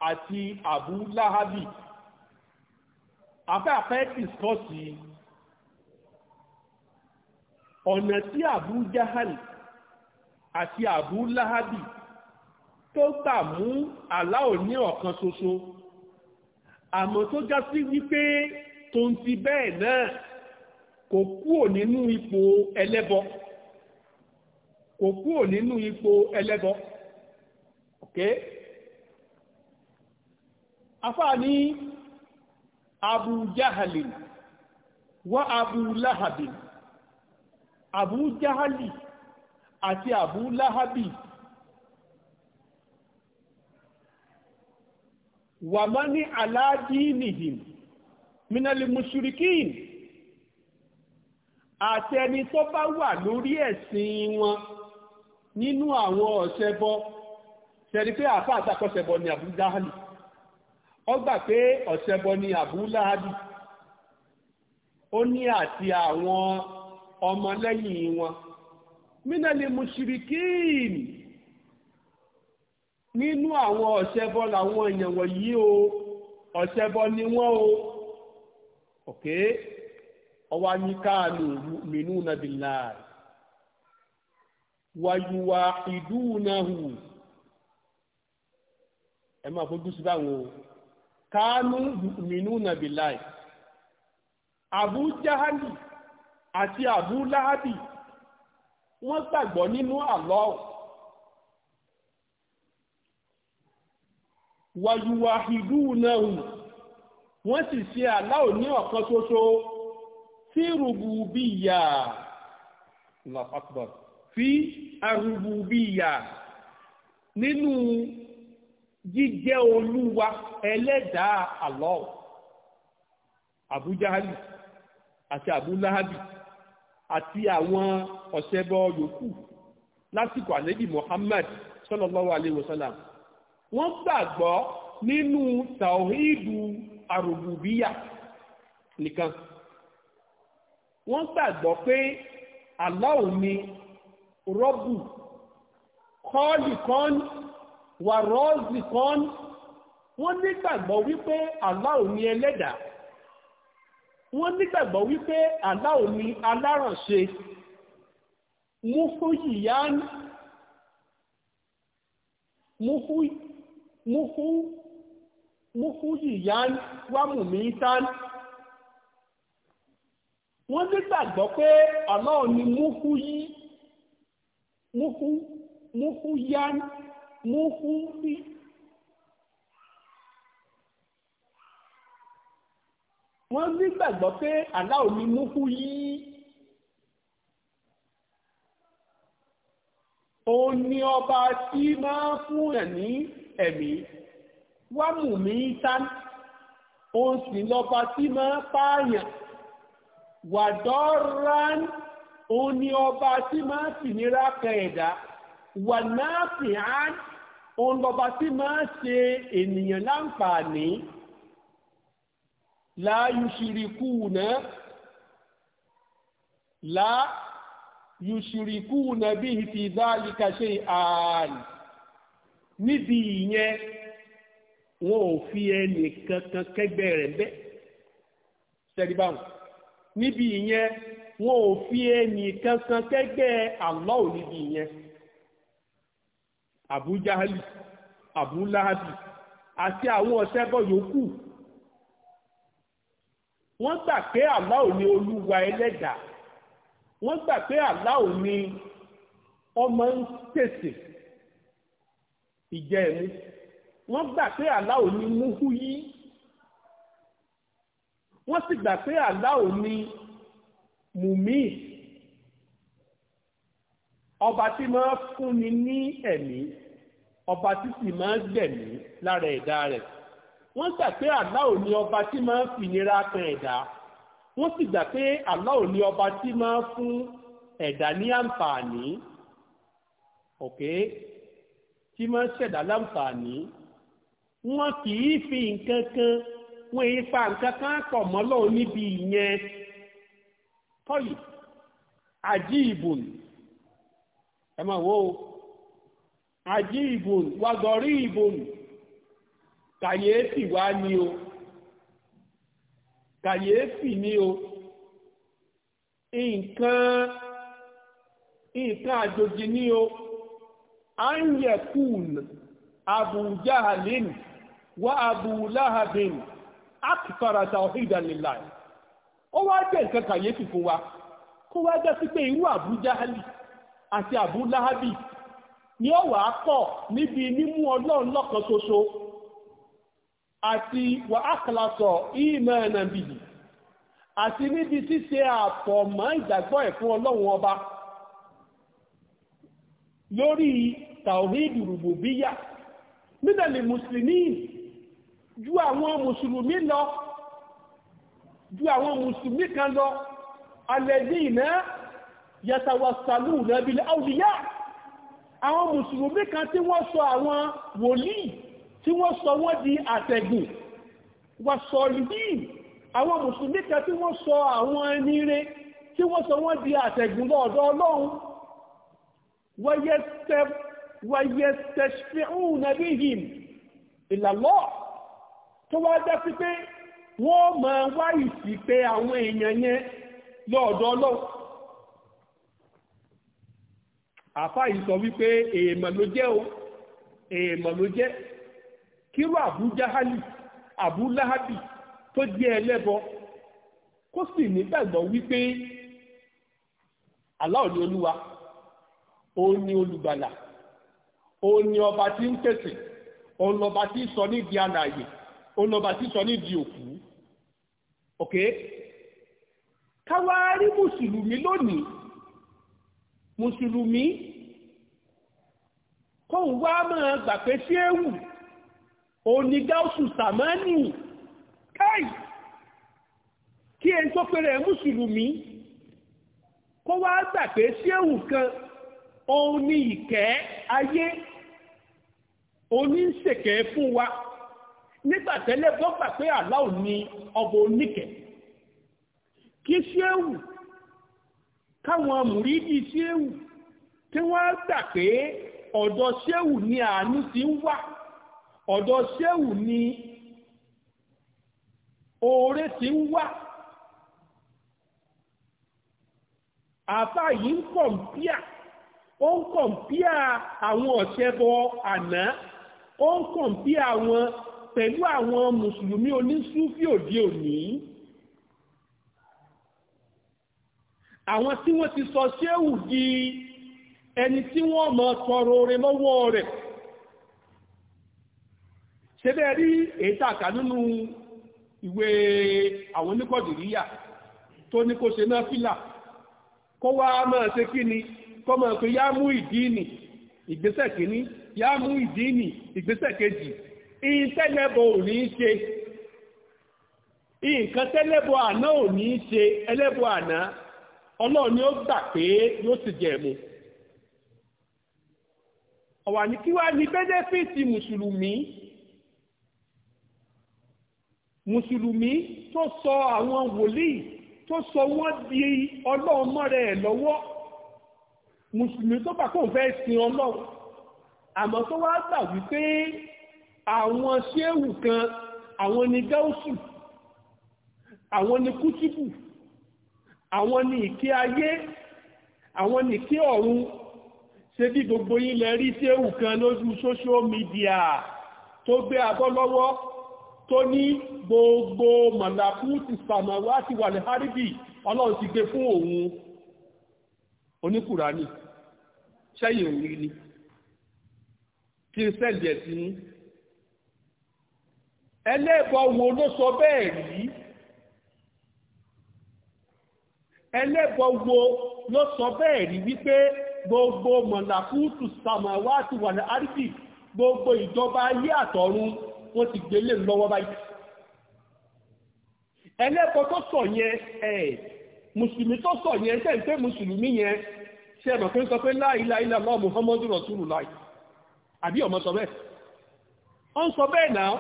àti àbú láhàbì afẹ́fẹ́ dìskọ́sì ọ̀nà tí àbú jáhálì àti àbú láhàbì tó gbà mú àláò ní ọ̀kan ṣoṣo àmọ́ tó já sí wípé tó ń ti bẹ́ẹ̀ náà kò kúò nínú ipò ẹlẹ́bọ kò kúò nínú ipò ẹlẹ́bọ ok afáàní abu jahalin wa abu lahabin abu jahali àti abu lahabi wàmání aládìí nìyí minali mushrikin àti ẹni tó bá wà lórí ẹ̀sìn wọn nínú àwọn ọ̀ṣẹbọ ṣẹ̀rí pé àáfà àtàkọ́ṣẹbọ ni Abu Jahali ó gbà pé ọ̀ṣẹbọ ni Abu Lahabi ó ní àti àwọn ọmọlẹ́yìn wọn minali mushrikin nínú àwọn ọ̀ṣẹbọ làwọn èèyàn wọ̀nyí o ọ̀ṣẹbọ ni wọ́n o òkè ọwọ́ anyíkáàlù mìínú nàbìlá wàyùwà ìdúnàhù ẹ máa fojú sí báwọn o kánú mìínú nàbìlá Abu Jahali àti Abu Lahabi wọ́n gbàgbọ́ nínú Allah wàyùwà ìdúnàhù wọ́n sì ṣe aláwò ní ọ̀kan ṣoṣo fi rububiyya Allahu Akbar fi arububiyya nínú jíjẹ́ olúwa ẹlẹ́dàá Allah Abu Jahali àti Abu Lahabi àti àwọn ọ̀sẹ̀bọ yòókù lásìkò ànábì Muhammad sallallahu alaihi wasallam wọ́n gbàgbọ́ nínú tàwíìdù àrùbùbíyà nìkan wọ́n gbàgbọ́ pé Allah ni rọ́bù kọ́ọ̀lìkan wà rọ́ọ̀sìkan wọ́n nígbàgbọ́ wípé Allah ni ẹlẹ́dàá wọ́n nígbàgbọ́ wípé Allah ni alárànṣe mufuyiyan mufu mufu mukuyiyan wàmùmíìtàn wọ́n nígbàgbọ́ pé ọlọ́run ni mukuyi muku mukuyan mukuyi. wọ́n nígbàgbọ́ pé aláwo ni mukuyi. òun ni ọba tí máa fún ẹ̀ ẹ̀mí wámù mi tán òun sì lọ́ba tí máa pààyàn wàdọ́rán òun ni ọba tí máa sì nira kan ẹ̀dá wà náà sì án òun lọ́ba tí máa ṣe ènìyàn láǹfààní láàyù ṣìrìkú náà láà yùṣìrìkú nàbí ìfìdálìkà ṣe ààrì níbi ìyẹn wọn ò fi ẹnì kankan kẹgbẹ́ rẹ̀ bẹ́ sẹ́rí báwọn níbi ìyẹn wọn ò fi ẹnì kankan kẹgbẹ́ Allah níbi ìyẹn Abu Jahali Abu Lahabi àti àwọn ọ̀sẹ́bọ̀ yòókù wọ́n gbà pé Allah ni olúwa ẹlẹ́dàá wọ́n gbà pé Allah ni ọmọ ń pèsè ìjẹ́ ẹ̀mú. wọ́n gbà pé aláwo ni múhú yí wọ́n sì gbà pé aláwo ni mùmí ọba tí máa fúnni ní ẹ̀mí ọba tí sì máa gbẹ̀mí lára ẹ̀dá rẹ̀ wọ́n gbà pé aláwo ni ọba tí máa fìnira kan ẹ̀dá wọ́n sì gbà pé aláwo ni ọba tí máa fún ẹ̀dá ní àǹfààní òkè tí máa ń ṣẹ̀dá láǹfààní. Okay? wọn kì í fi nǹkan kan wọn ìfa nǹkan kan pọ̀ mọ́ lọ́wọ́ níbi ìyẹn tọ́yì àjí ìbùn ẹ àjí ìbùn ìbùn wá ní o ní o nǹkan nǹkan àjòjì ní wa abu lahabin akitara tawhida lillah ó wá jẹ́ nǹkan kàyéfì fún wa kó wá jẹ́ sí pé irú abu jahali àti abu lahabi ni ó wà á pọ̀ níbi mímú ọlọ́run lọ́kan ṣoṣo àti wà ati n'ibi ẹ̀nàbìyì àti níbi ṣíṣe àfọ̀mọ́ ìgbàgbọ́ ẹ̀ fún ọlọ́run ọba lori tawhid rububiyya nílẹ̀ lè mùsùlùmí ju àwọn mùsùlùmí lọ ju àwọn mùsùlùmí kan lọ alẹ́dí iná yàtàwàsàlù rẹ̀bílẹ̀ àwùyá àwọn mùsùlùmí kan tí wọ́n sọ àwọn wòlíì tí wọ́n sọ wọ́n di àtẹ̀gùn wà sọ̀lìbí àwọn mùsùlùmí kan tí wọ́n sọ àwọn ẹni rẹ̀ tí wọ́n sọ wọ́n di àtẹ̀gùn lọ́dọ̀ ọlọ́run wọ́yẹ́sẹ̀ṣfẹ́ tó wá já sí pé wọ́n máa wá ìsìpẹ̀ àwọn èèyàn yẹn lọ́ọ̀dọ̀ ọlọ́run àfáà yìí sọ wípé èèmọ̀ ló jẹ́ o èèmọ̀ ló jẹ́ kírú Abu Jahali Abu Lahabi tó jẹ́ ẹlẹ́bọ kó sì nígbàgbọ́ wípé Allah ni olúwa òun ni olùgbàlà òun ni ọba tí ń pèsè òun lọba tí ń sọ nídìí alààyè olọba sísọ nídìí òkú ok káwa rí mùsùlùmí lónìí mùsùlùmí kóun wá máa gbà pé sí ewu òní gáúsù sàmánì káì kí ẹni tó pé rẹ̀ mùsùlùmí kó wá gbà pé sí ewu kan òun ìkẹ́ ayé òun ń ṣèkẹ́ fún wa nígbà tẹ́lẹ̀ bọ́ gbà pé aláwọ̀ ni ọba oníkẹ̀ kí ṣéwù káwọn mùrídìí ṣéwù tí wọ́n gbà pé ọ̀dọ̀ ṣéwù ni àánú ti ń wà ọ̀dọ̀ ṣéwù ni oore ti ń wà àbá yìí ń kọ̀m̀píà ó ń kọ̀m̀píà àwọn ọ̀ṣẹ́bọ àná ó ń kọ̀m̀píà àwọn pẹ̀lú àwọn mùsùlùmí onísúfí òde òní àwọn tí wọ́n ti sọ ṣéhù di ẹni tí wọ́n mọ̀ tọrọ rẹ lọ́wọ́ rẹ̀ ṣe bẹ́ẹ̀ rí èyíta àkà nínú ìwé àwọn oníkọ̀dìríyà tó ní kó ṣe náà fìlà kó wá máa ṣe kí ni kó máa pé yá mú ìdí ìgbésẹ̀ kìíní ìtẹ́lẹ́bọ̀ ò ní ṣe nǹkan tẹ́lẹ́bọ̀ àná ò ní ṣe ẹlẹ́bọ̀ àná ọlọ́run ni ó gbà pé yóò sì jẹ mu ọ̀wà ní kí wá ní bẹ́nẹ́fíìtì mùsùlùmí mùsùlùmí tó sọ àwọn wòlíì tó sọ wọ́n di ọlọ́run mọ́rẹ̀ ẹ̀ lọ́wọ́ mùsùlùmí tó bá kóun fẹ́ sin ọlọ́run àmọ́ tó wá gbà wípé àwọn ṣéwù kan àwọn ni gáúsù àwọn ni kútùbù àwọn ni ìké ayé àwọn ni ìké ọ̀run ṣe bí gbogbo yín lẹ rí ṣéwù kan lójú social media tó gbé abọ́ lọ́wọ́ tó ní gbogbo mọ̀láfú ti sàmàwá àti wàlẹ̀ hárìbì ọlọ́run ti gbé fún òun oníkùránì sẹ́yìn òun ni kí n sẹ́lẹ̀ sí yín ẹlẹ́bọ wo ló sọ bẹ́ẹ̀ rí ẹlẹ́bọ wo ló sọ bẹ́ẹ̀ rí wípé gbogbo mọ̀làkútù sàmàwátì wà ní àríkì gbogbo ìjọba ayé àtọ̀run wọ́n ti gbélé lọ́wọ́ báyìí ẹlẹ́bọ tó sọ yẹn ẹ̀ mùsùlùmí tó sọ yẹn ṣe ń pé mùsùlùmí yẹn ṣe ẹ̀mọ̀ pé sọ pé la ilaha illallah muhammadu rasulullah àbí ọmọ sọ bẹ́ẹ̀ ọ ń sọ bẹ́ẹ̀ náà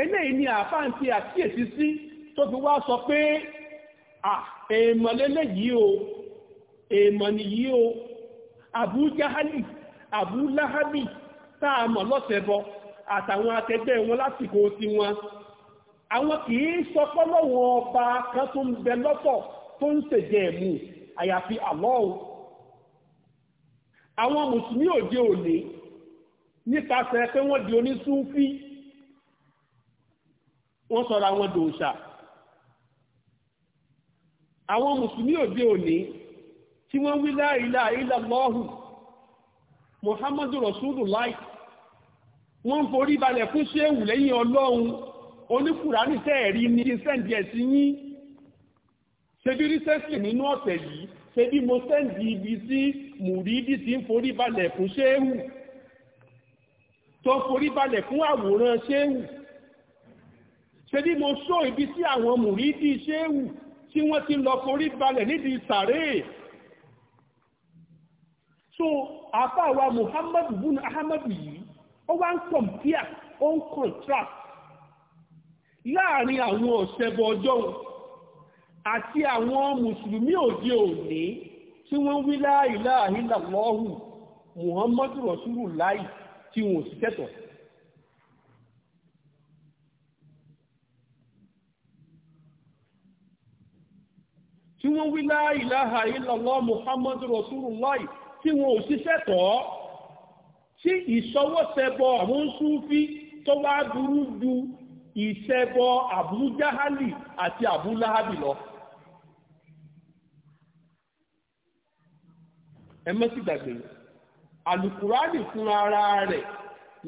eléyìí ni àáfàá ń fi àkíyèsí sí tó fi wá sọ pé èèmọ̀ lélẹ́yìí o èèmọ̀ nìyí o Abu Jahali Abu Lahabi tá a mọ̀ lọ́sẹ̀ bọ àtàwọn akẹgbẹ́ wọn lásìkò tiwọn àwọn kì í sọ pọ́lọ́wọ́n ọba kan tó ń bẹ lọ́tọ̀ tó ń ṣèjẹ́ ẹ̀mú àyàfi Allah àwọn mùsùlùmí òde òní nípasẹ̀ pé wọ́n di onísúfí wọ́n sọ̀rọ̀ àwọn dòòṣà àwọn mùsùlùmí òde òní tí wọ́n wí la ilaha illallahu muhammadu rasulullah wọ́n ń forí balẹ̀ fún ṣéwù lẹ́yìn ọlọ́run oníkùránì tẹ́ẹ̀rí ní sẹ́ǹdì ẹ̀sí yín ṣebí rísẹ́sì nínú ọ̀sẹ̀ yìí ṣebí mo sẹ́ǹdì ibi sí mùrídì tí ń forí balẹ̀ fún ṣéwù tó forí balẹ̀ fún àwòrán ṣéwù ṣe bí mo sọ ibi tí àwọn mùrídì ṣéwù tí wọ́n ti lọ forí balẹ̀ nídìí sàréè so àfáàwà Muhammad bun Ahmad yìí ó wá ń compare ó ń contrast láàrin àwọn ọ̀sẹ̀bọ̀ ọjọ́ àti àwọn mùsùlùmí òde òní tí wọ́n wí la ilaha illallahu Muhammadu Rasulullahi tí wọ́n sì tẹ́tọ̀ọ́ tí wọ́n wí la ilaha illallah muhammadu rasulullah tí wọn ò ṣiṣẹ́ tọ́ tí ìṣọwọ́sẹbọ àwọn súnfí tó wá burú ju ìṣẹbọ àbújáhálì àti àbúláhábì lọ ẹmọ́ sì gbàgbé alùkùránì fún ara rẹ̀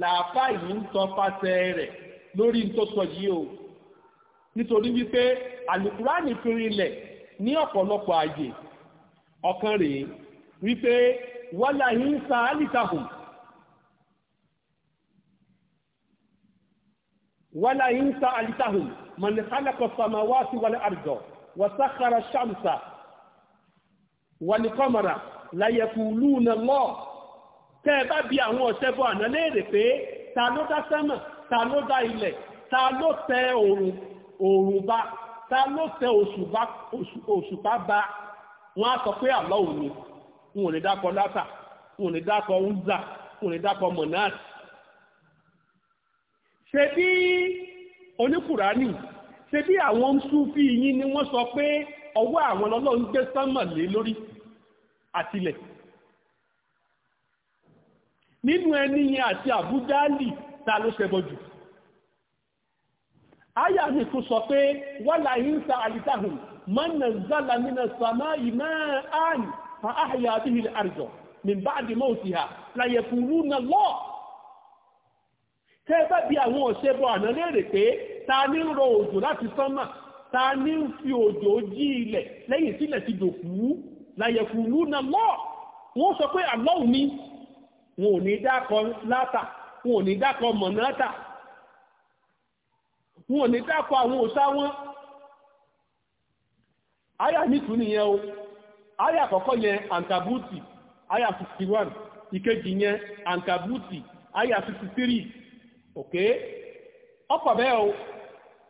làáfà yìí ń tọpasẹ̀ rẹ̀ lórí ń tó sọ yìí o nítorí wípé alùkùránì fi rinlẹ̀ ní ọ̀pọ̀lọpọ̀ àyè ọ̀kan rèé wípé wọ́lá yìí ń sa alìtahùn wọ́lá yìí ń sa alìtahùn mọ̀nì kálákọ̀ sàmáwá sí wọlé àrùjọ wọ́sákàrà ṣàmùsà wọlé kọ́mọ̀rà láyẹ̀kù lúùnà lọ́ tẹ́ ẹ bá bi àwọn ọ̀sẹ̀ bọ́ àná léèrè pé ta ló dá sẹ́mà ta ló dá ilẹ̀ ta ló tẹ òòrùn òòrùn bá ta ló tẹ òṣùpá ba wọ́n á sọ pé àlọ́wù ni wọn ò ní dákọ látà wọn ò ní dákọ uzza wọn ò ní dákọ monad ṣe bí oníkùránì ṣe bí àwọn súfì yín ni wọ́n sọ pé ọwọ́ àwọn ọlọ́run gbé sánmà lé lórí àtìlẹ̀ nínú ẹni yẹn àti àbújálì ta ló ṣẹbọ jù Aya mi tún sọ pé wọ́lá yìí ń sa àlítàhùn, mọ́nà zálà nínú sàmá ìmọ̀ àánì fa áhàyà àbíhì àrìjọ, ní bá àdì mọ́ òsì ha, láyẹ̀ fúrú na lọ́. Tẹ́ bá bí àwọn ọ̀ṣẹ́ bọ̀ àná léèrè pé ta ní ń rọ òjò láti sánmà, ta ní ń fi òjò jí ilẹ̀ lẹ́yìn sílẹ̀ ti dòkú, láyẹ̀ fúrú na lọ́. Wọ́n sọ pé àlọ́ òní, wọn ò ní dákọ látà, wọn ò ní dákọ mọ̀nátà, wọn ò ní dákọ̀ àwọn òṣà wọn aya nìtú nìyẹn o aya àkọ́kọ́ yẹn ankabuti aya 61 ìkejì yẹn ankabuti aya 63 ok ọ̀pọ̀ bẹ́ẹ̀ o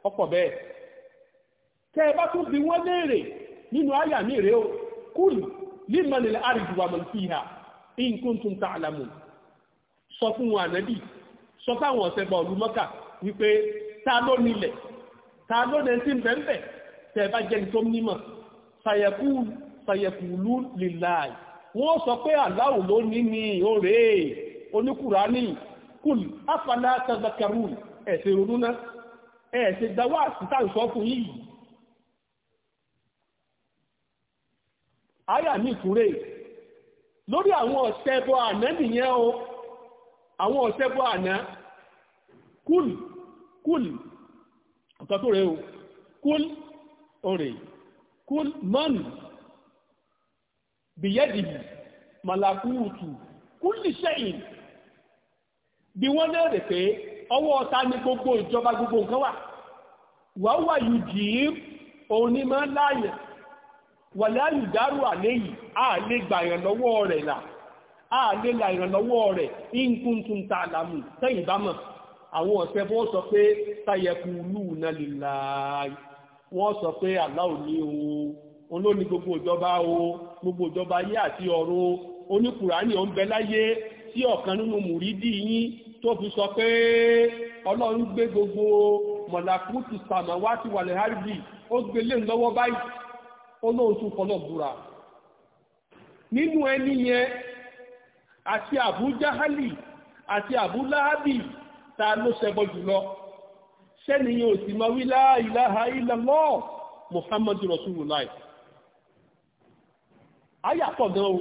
ọ̀pọ̀ bẹ́ẹ̀ kẹ́ ẹ bá tún bi wọ́n léèrè nínú aya mi rèé o kúlù liman al-ardu wa man fiha in kuntum ta'lamun sọ fún wọn ànábì sọ fáwọn ọ̀sẹ̀ bọ̀ mọ́kà wípé ta ló nílẹ̀ ta ló ní sí bẹ́ẹ̀ tẹ̀ bá jẹ́ tó nímọ̀ sàyẹ̀kùlú lìláì wọ́n sọ pé aláwò ló ní ní òrè oníkùránì kùl afala tazakaru ẹ̀sẹ̀ ronúná ẹ̀sẹ̀ dáwà síta ìsọ fún yìí àyà ní ìtúrè lórí àwọn ọ̀sẹ̀ bọ àná nìyẹn o àwọn ọ̀sẹ̀ bọ àná kùl kúl ọ̀kan tó rẹ̀ o kúl orè kúl mọ́nù bìyẹ́dìbì màlàkúùtù kúl ṣẹ́yìn bí wọ́n léèrè pé ọwọ́ ọ̀tá ní gbogbo ìjọba gbogbo nǹkan wà wàhùwà yìí jìí òun ni máa láàyè wà láàyè dárò àléyìí a lè gba ìrànlọ́wọ́ rẹ̀ là a lè la ìrànlọ́wọ́ rẹ̀ àwọn ọ̀sẹ̀ bó sọ pé táyẹ̀kù lùnà lìlà wọ́n sọ pé aláwo ní o olóní gbogbo ìjọba o gbogbo ìjọba ayé àti ọ̀run oníkùránì ò ń bẹ láyé tí ọ̀kan nínú mùrídì yín tó fi sọ pé ọlọ́run gbé gbogbo mọ̀làkùtù sàmáwá ti wà lẹ́hàrìbì ó gbé lé e lọ́wọ́ báyìí ó lóun tún fọlọ́ búra nínú ẹni yẹn àti àbújáhálì àti àbúláhábì ta ló ṣẹbọ jùlọ sẹ́ni yóò sì máa wí la ilaha illallah muhammadu rasulullah àyà pọ̀ gan o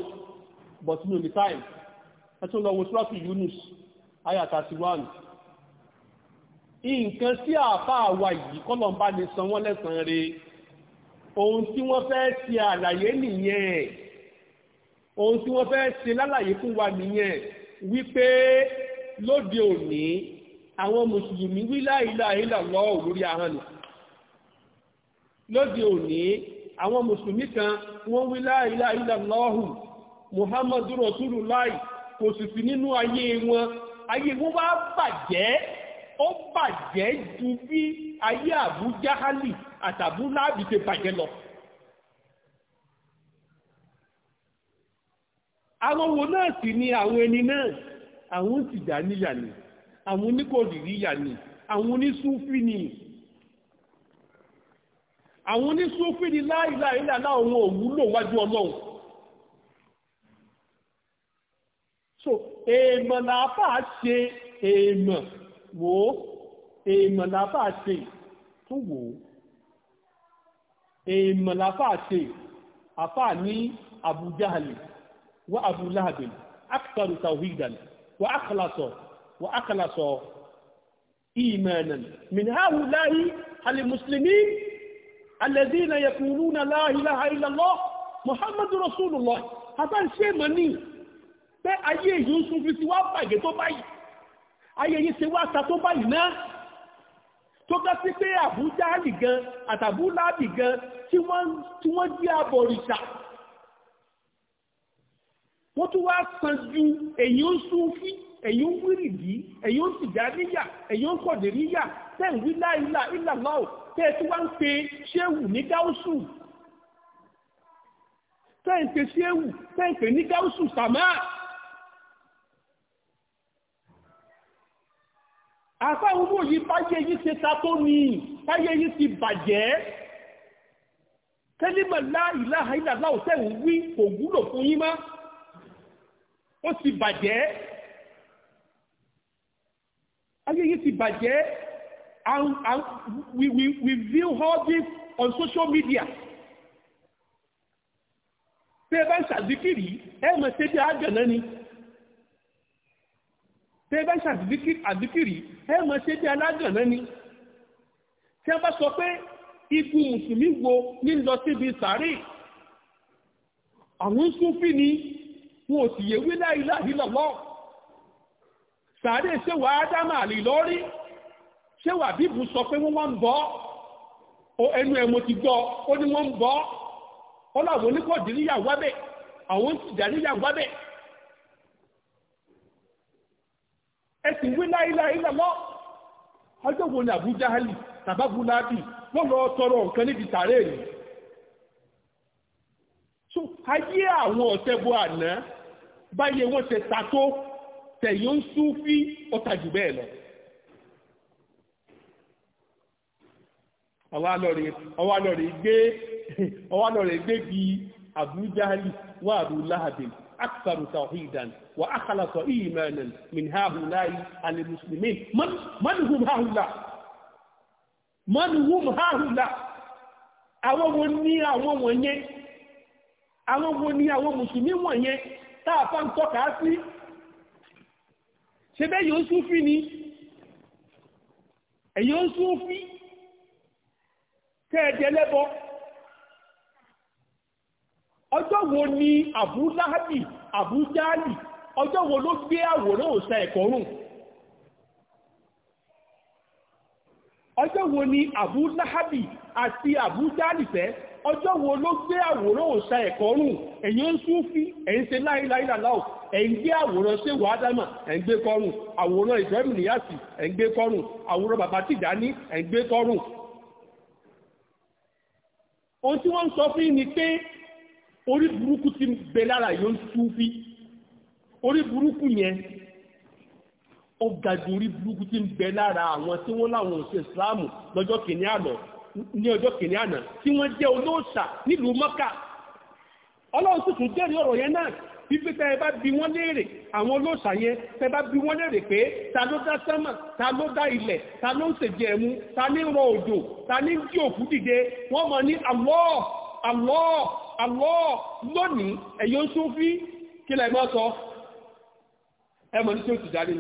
but no the time ẹ tún lọ wo sọ́ọ̀tù yunus àyà thirty one nǹkan tí àfá àwa yìí kọ́lọ̀mbá lè san wọ́n lẹ́san re ohun tí wọ́n fẹ́ ṣe àlàyé nìyẹn ohun tí wọ́n fẹ́ ṣe lálàyé fún wa nìyẹn wípé lóde òní àwọn mùsùlùmí wí láìláìlà lọ́wọ́ lórí ahọ́n ni lóde òní àwọn mùsùlùmí kan wọ́n wí láìláìlà lọ́hùn muhammadu rasulullahi kò sì sí nínú ayé wọn ayé wọn wá bàjẹ́ ó bàjẹ́ ju bí ayé àbú jahali àtàbú láàbì ṣe bàjẹ́ lọ àwọn wo náà sì ni àwọn ẹni náà àwọn ti dà níyà ni àwọn oníkòdìríyà ni àwọn onísúfì ni àwọn onísúfì ni láìláì láìlá àwọn òwúlò wájú ọlọ́run so èèmọ̀ làáfà ṣe èèmọ̀ wò ó èèmọ̀ làáfà ṣe tún wò ó èèmọ̀ làáfà ṣe àfà ní Abu Jahali wa Abu وأخلص إيمانا من هؤلاء المسلمين الذين يقولون لا إله إلا الله محمد رسول الله هذا الشيء مني pé ayé yìí ń sunfi sí wá bàjẹ́ tó báyìí ayé yìí ṣe wá ta tó báyìí náà tó dá sí pé àbújá lì gan àtàbú láàbì gan tí wọ́n jẹ́ abọ̀rìṣà wọ́n tún wá sàn ju èyí ń sunfi ẹ̀yin ń wírìdì ẹ̀yin ń tìjà níyà ẹ̀yin ń kọ̀dé níyà tẹ́ ń wí láìlà ìlàlá ò tẹ́ ẹ tí wá ń pe ṣéwù ní gáúsù tẹ́ ń pe ṣéwù tẹ́ ń pe ní gáúsù sàmá. àfáwọn owó yìí báyé yìí ṣe ta tó ní báyé yìí ti bàjẹ́ tẹ́límà láìláha ìlàlá ò tẹ́ ń wí kò wúlò fún yín mọ́ ó ti bàjẹ́ ayé yìí ti bàjẹ́ and and we we we view all this on social media tẹ́ ẹ bá ń ṣàzíkìrì ẹ mọ̀ ṣe bí àgànná ni tẹ́ ẹ bá ń ṣàzíkìrì ẹ mọ̀ ṣe bí alágànná ni tí a bá sọ pé igun mùsùlùmí wo ní lọ síbi sàárè àwọn súnfì ni wọn ò sì yẹ wí láìláìlọ́lọ́ sàárè ṣéwà ádámà àlè ṣéwà bíbù sọ pé wọ́n ń bọ́ ó ẹnu ẹ̀ ti gbọ́ ó ní wọ́n ń bọ́ ó láwọn oníkọ̀dìríyà wábẹ̀ àwọn ń tìjàníyà wábẹ̀ ẹ sì wí láíláí lọ́mọ́ ọjọ́ wo ni Abu Jahali tàbábù láàbì wọ́n lọ tọrọ nǹkan so ayé àwọn àná báyé wọ́n ṣe ta tó tẹ̀yìn ń súnfí ó ta jù bẹ́ẹ̀ lọ. ọwọ́ alọ́rẹ̀ gbé *laughs* ọwọ́ alọ́rẹ̀ gbé bí abújáhálì wà rú láhàbìn aksaru tawhidan wa akhlasa imanan min hahulai almuslimin man hum hahula man hum hahula àwọn wo ni àwọn wọ̀nyẹn àwọn wo ni àwọn mùsùlùmí wọ̀nyẹn tá ń tọ́ka sí ṣe bẹ́ yóò súnfí ni ẹ̀yọ́ súnfí kẹ́ẹ̀dẹ́ lẹ́bọ ọjọ́ wo ni àbúláhàbì àbújáàlì ọjọ́ wo ló gbé àwòrán òsà ẹ̀kọ́ rùn ọjọ́ wo ni àbúláhàbì àti àbújáàlì fẹ́ ọjọ́ wo ló gbé àwòrán òṣà ẹ̀kọ́ rùn ẹ̀yin ń sún fí ẹ̀yin ṣe láìláìláìláò ẹ̀yin gbé àwòrán ṣe wà ádámà ẹ̀ ń gbé kọrùn àwòrán ìfẹ́mù níyàsì ẹ̀ ń gbé kọrùn àwòrán bàbá tìdání ẹ̀ ń gbé kọrùn ohun tí wọ́n ń sọ fún ni pé orí burúkú ní ọjọ́ kìíní àná tí wọ́n jẹ́ olóòṣà nílùú mọ́kà ọlọ́run sì tún jẹ́rìí ọ̀rọ̀ yẹn náà wípé tẹ́ ẹ bá bi wọ́n léèrè àwọn olóòṣà yẹn tẹ́ bá bi wọ́n léèrè pé ta ló dá sánmà ta ló dá ilẹ̀ ta ló ń ṣèjì ẹ̀mú ta ní rọ òjò ta ní jí òkú dìde wọ́n mọ̀ ní Allah Allah Allah lónìí ẹ̀yọ́ ń sún fí kí lẹ́ mọ́ sọ ẹ mọ̀ ní tí ó ti darí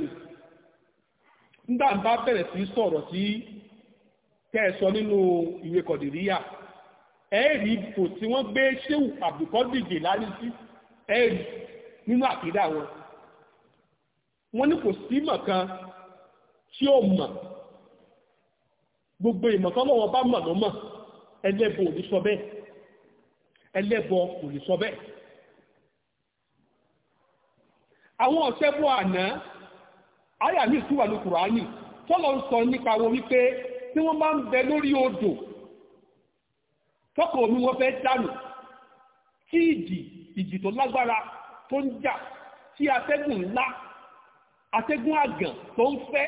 tẹ́ ẹ sọ nínú ìwé kọ̀dìríyà ẹ rí ipò tí wọ́n gbé ṣéwù àbùkọ́dìjì lálẹ́ sí ẹ rí nínú àkídà wọn wọ́n ní kò sí mọ̀ kan tí ó mọ̀ gbogbo ìmọ̀ tọ́lọ́wọ́ bá mọ̀ ló mọ̀ ẹlẹ́bọ ò ní sọ bẹ́ẹ̀ ẹlẹ́bọ ò ní sọ bẹ́ẹ̀ àwọn ọ̀sẹ́ àná àyà ní ìsúwà ní kùránì tọ́lọ́ ń sọ nípa wọn wípé tí wọ́n bá ń bẹ lórí odò tọ́kọ̀ omi wọ́n fẹ́ dànù tí ìjì ìjì tó lágbára tó ń jà tí atẹ́gùn ńlá atẹ́gùn àgàn tó ń fẹ́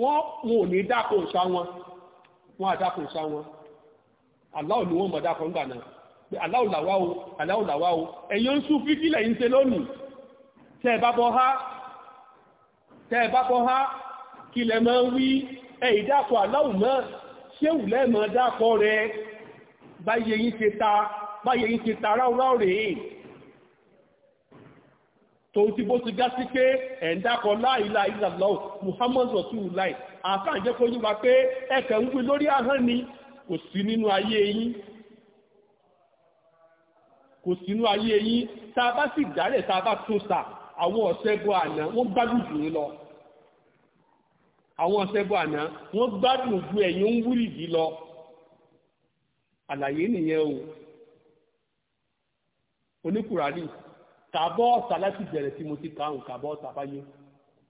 wọ́n wọn ò ní dáko ìṣá wọn wọn àdáko ìṣá wọn aláwọ̀ ni wọ́n mọ̀ dáko ńgbà náà pé aláwọ̀ làwá o aláwọ̀ làwá o ẹ̀yin ń sún fífílẹ̀ ń ṣe lónìí tẹ́ ẹ bá bọ́ há tẹ́ ẹ bá bọ́ há kí lẹ máa ń wí ẹ̀yìn dákọ̀ aláwù náà ṣéwù lẹ́mọ̀ dákọ̀ rẹ báyé yín ti ta báyé yín ti ta ráúráú rèé tòun ti bó ti gá sí pé ẹ̀ dákọ̀ láìlà kò sí nínú ayé yín kò sì dálẹ̀ tá a sà àwọn ọ̀sẹ́gun àná wọ́n gbádùn jù ní lọ àwọn ọ̀sẹ̀bọ̀ àná wọ́n gbádùn ju ẹ̀yìn ń wúrì yìí lọ àlàyé nìyẹn o oníkùràrí kàbọ́ọ̀sà láti bẹ̀rẹ̀ tí mo ti kàrùn kàbọ́ọ̀sà báyé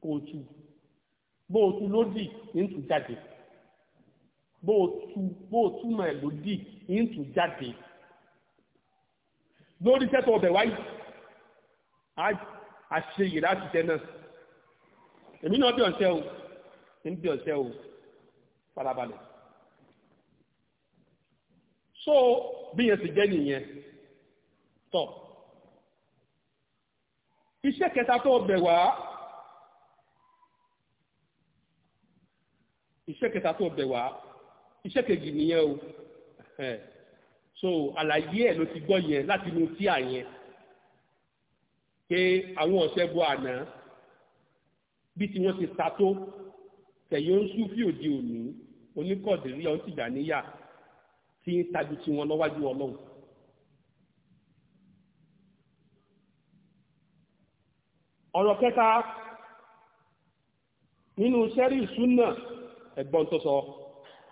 kó o tu bó o tu lódì ní tù jáde bó o tu bó o túmọ̀ ẹ̀ lódì ní tù jáde lórí sẹ́tọ̀ ọbẹ̀ wáyé a ṣe yìí láti tẹ náà èmi náà bí ọ̀sẹ̀ o níbi ọ̀sẹ̀ o farabalẹ̀ so bí yẹn sì jẹ́ nìyẹn tọ̀ iṣẹ́ kẹta tó bẹ̀ wá iṣẹ́ kẹta tó bẹ̀ wá iṣẹ́ kejì nìyẹn o so àlàyé ẹ̀ ló ti gbọ́ yẹn láti inú tíà yẹn pé àwọn ọ̀sẹ̀ bọ àná bí tí wọ́n ti ta tó tẹ̀yìn oṣù fi òde òní oníkọ̀dìrí ọ̀hún tìjà níyà tí ń tajú tí wọn lọ́wájú ọlọ́run. ọ̀rọ̀ kẹta nínú sẹ́rí ìsúná ẹ̀gbọ́n tó sọ.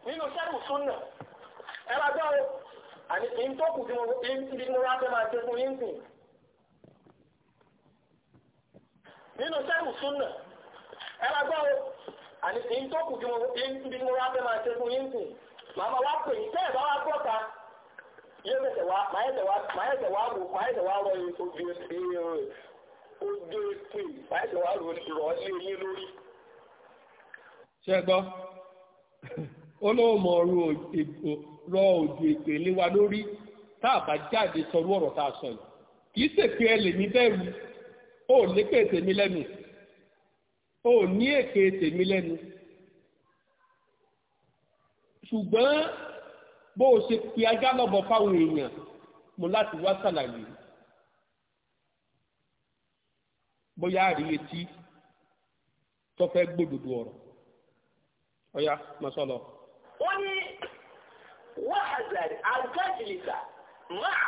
nínú sẹ́rí ìsúná ẹ bá gbọ́ o àní kì í tó kù bí mo wá fẹ́ máa ṣe fún yín sìn. nínú sẹ́rí ìsúná ẹ bá gbọ́ o àní kì í tó kù bí mo wá fẹ́ máa ṣe fún yín sìn màmá wá pè yín tẹ́ ẹ̀ bá wá gbọ́ ta yé ẹsẹ̀ wá màá ẹsẹ̀ wá màá ẹsẹ̀ wá rò màá ẹsẹ̀ wá rọ ojú ojú pè màá ẹsẹ̀ wá rọ ilé yín lórí. ṣé gbọ́ olóòmọ̀ rọ òjò èpè lé wa lórí tá a bá jáde sọrú ọ̀rọ̀ tá a sọ yìí kì í ṣèpè ẹ lèmi bẹ́ẹ̀ rú ó lépè o ní èké tèmi lẹ́nu ṣùgbọ́n bó o ṣe pe ajá lọ́bọ̀ fáwọn èèyàn mo láti wá ṣàlàyé bóyá àrí etí tó fẹ́ gbódòdó ọ̀rọ̀ ọ̀yá mọ́sọ́lọ́. ó ní wàhálà àgájìlìsà máa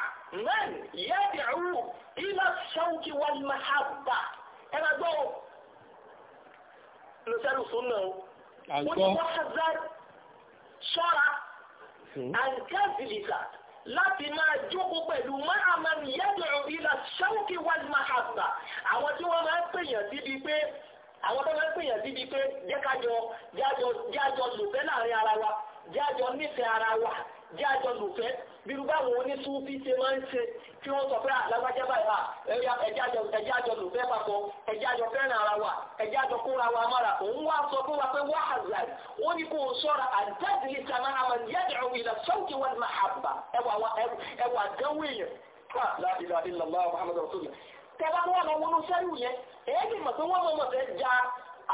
mẹ́rin yẹ́dìrú ilẹ̀ ṣọ́ọ̀kì wal mahabba ẹ̀rọ gbọ́ lọ sẹ́rù o náà wọ́n ti wá hazard ṣọ́ra àǹkẹ́sìlìsà hmm. láti máa jókòó pẹ̀lú máàmán yẹ́dùn ìlà ṣáwùkì wal mahabba àwọn tí wọ́n máa ń pèèyàn síbi pé àwọn tó máa ń pèèyàn síbi pé jẹ́kájọ jájọ lùfẹ́ láàrin ara wa jájọ nífẹ̀ẹ́ ara wa jájọ lùfẹ́ bíru báwọn onísúfí ṣe máa ń ṣe kí wọ́n sọ pé àlágbájá ah, báyìí ah, ẹjá àjọ lò fẹ́ papọ̀ ẹjá àjọ fẹ́ràn ara wa ẹjá àjọ kóra wa mọ́ra òun wá sọ fún wa pé wá àzà ó ní kó o sọ́ra àdájìlì sàmà àmà yẹ́dìrò ìlà sọ́ọ̀kì wọn máa hàbà ẹwà àdánwò èèyàn ah, láìlà ìlàlá muhammadu rasulullah tẹ́lá wọn lọ wọnú sẹ́yìn yẹn èyí mọ̀ pé wọ́n mọ̀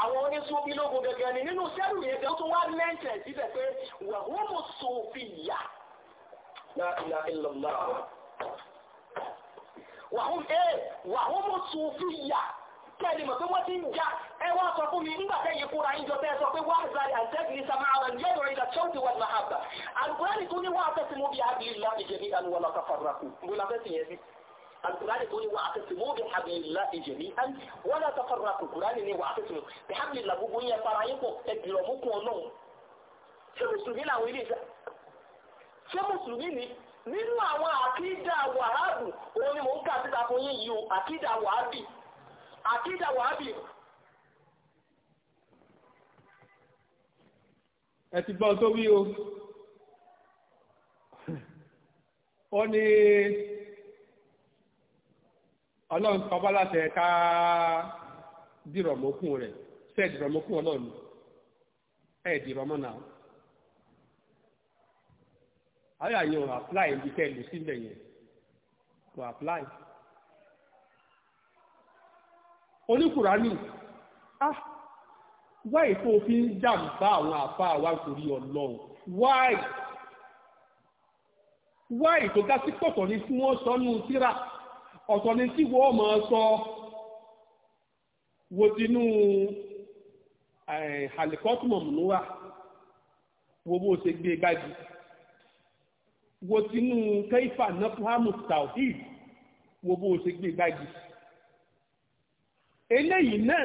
àwọn onísúfí lógun ni nínú sẹ́yìn yẹn tó wá mẹ́ńtẹ̀ síbẹ̀ pé wà wọ́n mọ̀ لا إله إلا الله وهم إيه وهم الصوفية kẹ́lìmọ̀ pé wọ́n ti ń já ẹwà sọ fún mi nígbàtẹ́ yìí kúra ìjọ tẹ́ sọ pé wọ́n zari àtẹ́gbìrì samáàrán yẹ́rọ ìdá ṣọ́ọ̀tì wọn máa bà alùkùránì tó ní wọ́n afẹ́sí mú bí abì ilá ìjẹ̀mí alùwọ́lá kafarakù múlafẹ́sí yẹn sí alùkùránì tó ní wọ́n afẹ́sí mú bí abì ilá ìjẹ̀mí wọ́lá kafarakù kùránì ní wọ́n afẹ́sí mú bí abì ilá gbogbo yẹn fara yín pọ̀ ẹgbìrọ̀ mú kún ọ ṣé mùsùlùmí ni nínú àwọn àkídà wàhábù òun ni mò ń kà síta fún yín yìí o àkídà wàhábì àkídà wàhábì. ẹ ti gbọ́ tó wí o ó ní ọlọ́run kọba láti ẹ̀ka dìrọ̀mọ́kùn rẹ̀ ṣe dìrọ̀mọ́kùn ọlọ́run ẹ̀ dìrọ̀mọ́ náà. àyà yẹn ò apply ibi tẹ́ you sílẹ̀ yẹn kò apply. oníkùránì ah wáì tó fi ń jàǹbá àwọn àfa àwa nítorí ọlọ́run wáì wáì tó ga sí pọ̀tọ̀ ni tí wọ́n sọ nù síra ọ̀tọ̀ ni tí wọ́n mọ̀ ọ́ sọ wo tinú àlìkọ́tùmọ̀mù eh, níwà wo bó ṣe gbé gbájú wo tinú kẹ́ifà nọ́fàmù tawhid wo bó o ṣe gbé gbági eléyìí náà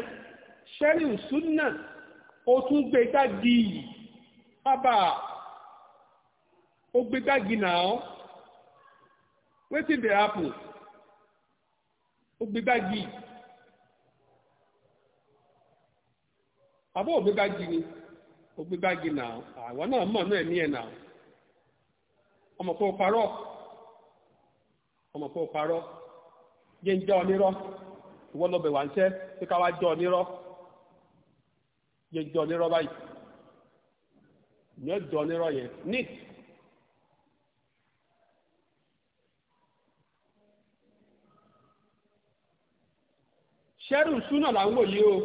sẹ́rìn súnà ó tún gbé gbági bàbá ó gbé gbági náà wetin dey happen ó gbé gbági àbó ó gbé gbági ni ó gbé gbági náà àwọn náà mọ̀ náà ní ẹ̀ náà ọmọ kó parọ́ ọmọ kó parọ́ yé ń jẹ́ onírọ́ ìwọ lọ bẹ̀ wá ń sẹ́ pé ká wá jẹ́ onírọ́ yé ń jẹ́ onírọ́ báyìí ìyẹn jẹ́ onírọ́ yẹn ní. sẹ́rù súnà là wò yìí o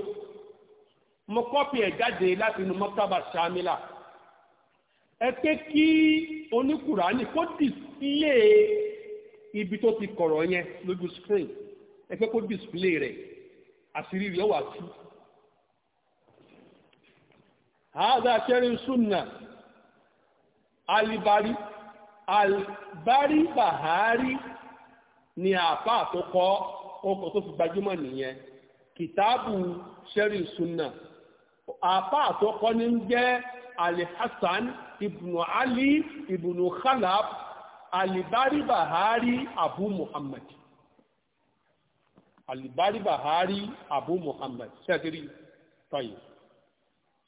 mo kọ́pì ẹ̀ jáde láti inú mọ́tàbà sàmìlà ẹ pé kí oníkùránì kó display ibi tó ti kọ̀rọ̀ yẹn lójú screen ẹ pé kó display rẹ̀ àṣírí rẹ̀ wà tú. هذا كريم سنة alibari albari bahari ni àpá àtọkọ ọkọ̀ tó fi gbajúmọ̀ nìyẹn kìtàbù sẹ́rìn sunna àpá àtọkọ ní ń jẹ́ alihassan ibùnú ali ibùnú khalab alibari bahari abu muhammad alibari bahari abu muhammad ṣẹ́tìrí tọ́yì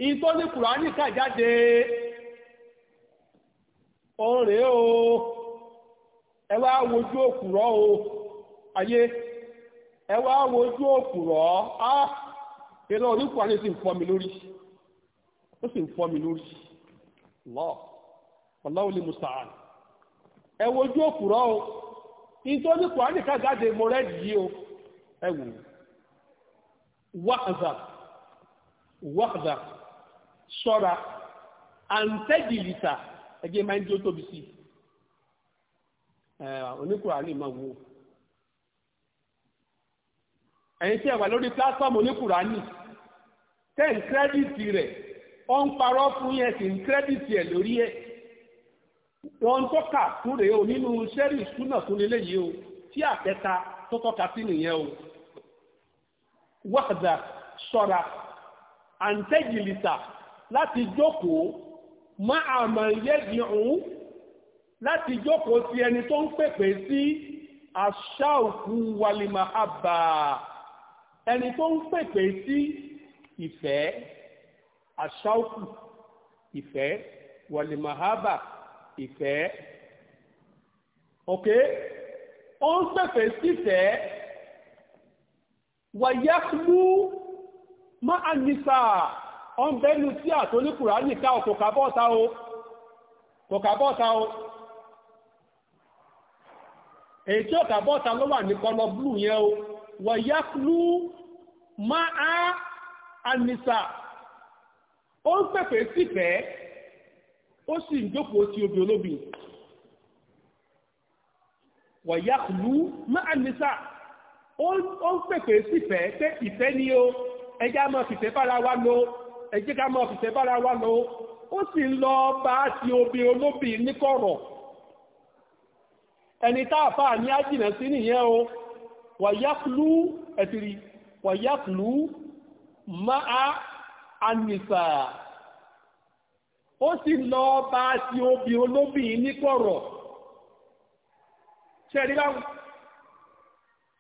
in tó ní kùránì ká jáde ọ̀rẹ́ o ẹ wá wojú òkùrọ̀ o ayé ẹ wá wojú òkùrọ̀ á eré orí kùránì sì fọ́ mi lórí ó sì ń fọ́ mi lórí lọ Allahu li musta'an ẹ wojú òkúrọ́ o nítorí kùránì ká jáde mo rẹ́ẹ̀dì yìí o ẹ wò wákàtà wákàtà sọ́ra àǹtẹ́jìlìtà ẹgbẹ́ máa ń jó tóbi sí oníkùránì máa wò ẹ̀yin tí ẹ wà lórí pílásọ́ọ̀mù oníkùránì ten kírẹ́dìtì rẹ̀ ó ń parọ́ fún yẹn sì ń kírẹ́dìtì ẹ̀ lórí ẹ̀ wọ́n tó kà fún rèé o nínú sẹ́rì ìṣúná fún eléyìí o tí àtẹ́ta tó tọ́ka sí nìyẹn o wákàtà ṣọ́ra àǹtẹ́jìlìtà láti jókòó má àmà yẹ́gì ọ̀hún láti jókòó sí ẹni tó ń pèpè sí àṣà òkú walimahaba ẹni tó ń pèpè sí ìfẹ́ aṣáòkù ìfẹ́ wàlìmàhábà ìfẹ́ ok ó ń pèfè sífẹ́ wàyákùlù má a nìfà ọ̀nbẹ́nu tí àtòníkùrá nìka ò kò kábọ́ta o kò kábọ́ta o èyí tí ó kábọ́ta ló wà ní kọlọ blue yẹn o wàyákùlù ma a nìfà ó ń pẹ̀pẹ̀ sífẹ́ ó sì ń jókòó ti obì olóbì wọ̀yáàlú máa nìsà ó ń pẹ̀pẹ̀ sífẹ́ pé ìfẹ́ ni o ẹjá máa fìfẹ́ bára wa lò ẹjẹ́ ká máa fìfẹ́ bára wa lò ó sì ń lọ bá ti obì olóbì níkọ̀rọ̀ ẹni táàfà ní ájìnà sí nìyẹn o wọ̀yáàlú ẹ̀tìrì wọ̀yáàlú máa anisa ó sì lọ bá ti obì olóbìnrin níkọ̀rọ̀ ṣẹ́rí báwọn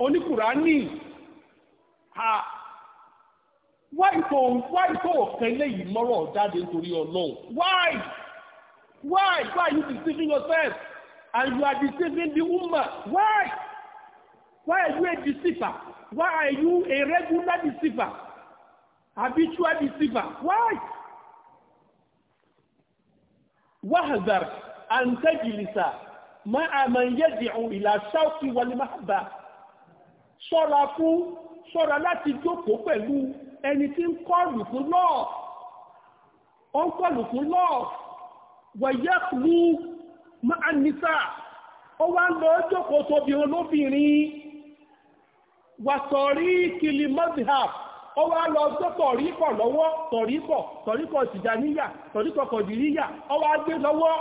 oníkùránì ha wáì tó wáì tó ọ̀kan léyìí mọ́rọ̀ jáde nítorí ọlọ́run wáì wáì wáì you deceiving yourself and you are deceiving the woman Why? Why are you a deceiver Why are you a regular deceiver habitual deceiver why wahazar antajilisa máa máa ń yẹ́dìrún ìlà ṣáòkì wọlé máa bá ṣọ́ra fún ṣọ́ra láti jókòó pẹ̀lú ẹni tí ń kọlù fún lọ́ọ̀ ó ń kọlù fún lọ́ọ̀ wẹ̀yẹ́kùlù máa nìta ó wá ń lọ jókòó tóbi olóbìnrin wàtọ̀rí kìlì mọ́bìhàpù ó wá lọ sí tọ̀ríkọ̀ lọ́wọ́ tọ̀ríkọ̀ tọ̀ríkọ̀ tìjàníyà tọ̀ríkọ̀ kọ̀dìríyà ó wá gbé lọ́wọ́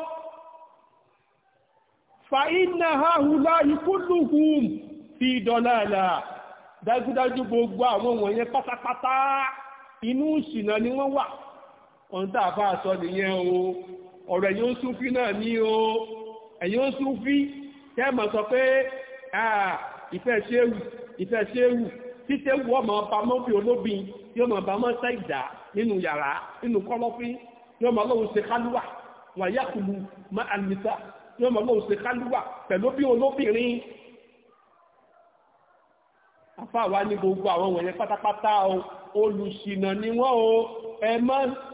fa iná hahùlá ikúlùhùn fi dọ̀láàlà dájúdájú gbogbo àwọn wọ̀nyẹn pátápátá inú ìṣìnà ni wọ́n wà ọ̀ǹtà àfà àṣọ nìyẹn o ọ̀rọ̀ ẹ̀yìn oṣù fi náà ní o ẹ̀yìn oṣù fi tẹ́ẹ̀mọ̀ sọ pé ìfẹ́ ṣéwù ìfẹ́ títẹ́ wù ọmọ ọba mọ́bí olóbi yóò mọ̀ ọba mọ́sá ìdá nínú yàrá nínú kọ́lọ́fín yóò mọ̀ ọlọ́run ṣe kálúwà wàyàkùlù má àlùmísà yóò mọ̀ ọlọ́run ṣe kálúwà pẹ̀lú bí olóbìnrin. àfa wa ní gbogbo àwọn wọ̀nyẹn pátápátá o olùṣìnà ni wọ́n o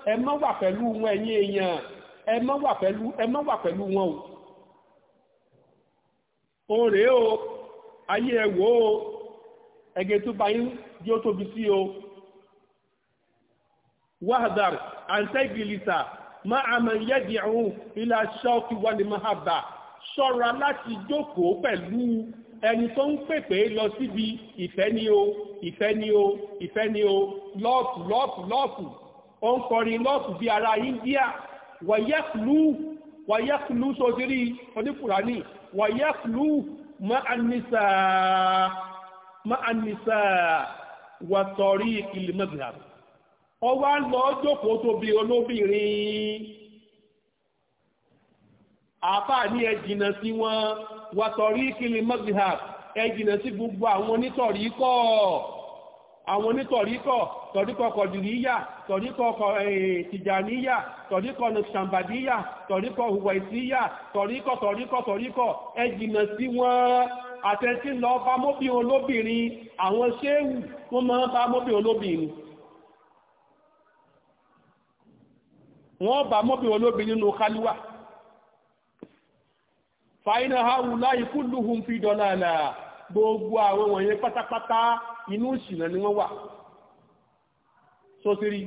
ẹ má wà pẹ̀lú wọn ẹ̀yin èèyàn ẹ má wà pẹ̀lú ẹ má wà pẹ̀lú wọn o. òun rèé o ayé ẹ wò ó ẹgbẹ́ tó bá yín bí ó tóbi sí o wahdar antagilita ma àmà yẹ́dì ọ̀hún ilá ṣọ́ọ̀kì wà ní mahabba ṣọ́ra láti jókòó pẹ̀lú ẹni tó ń pèpè lọ síbi ìfẹ́ ni o ìfẹ́ ni o ìfẹ́ ni o lọ́ọ̀fù lọ́ọ̀fù lọ́ọ̀fù ó ń kọrin lọ́ọ̀fù bí ara India wàyẹ́kùlù wàyẹ́kùlù sotiri onífùrání wàyẹ́kùlù mọ́ anisa máa nìsà wàtọ̀rí ìlímọ̀dìhà ọ wá lọ jókòó tóbi olóbìnrin àfà ní ẹ jìnnà sí wọn wàtọ̀rí ìlímọ̀dìhà ẹ jìnnà sí gbogbo àwọn onítọ̀rí kọ́ àwọn onítọ̀ríkọ̀ tọ̀ríkọ̀ kọ̀dìríyà tọ̀ríkọ̀ tìjàníyà tọ̀ríkọ̀ nùsàmbàdíyà tọ̀ríkọ̀ hùwàìsíyà tọ̀ríkọ̀ tọ̀ríkọ̀ tọ̀ríkọ̀ ẹ jìnnà sí wọn àtẹ́tí lọ bá mọ́bí olóbìnrin àwọn ṣéèwù wọ́n máa bá mọ́bí olóbìnrin wọ́n bá mọ́bí olóbìnrin nínú kálíwà fàínà haù láì kúlùhùn fi dọ́là àlàá gbogbo àwọn wọ̀nyẹn pátápátá inú ìṣìnà ni wọ́n wà sótírí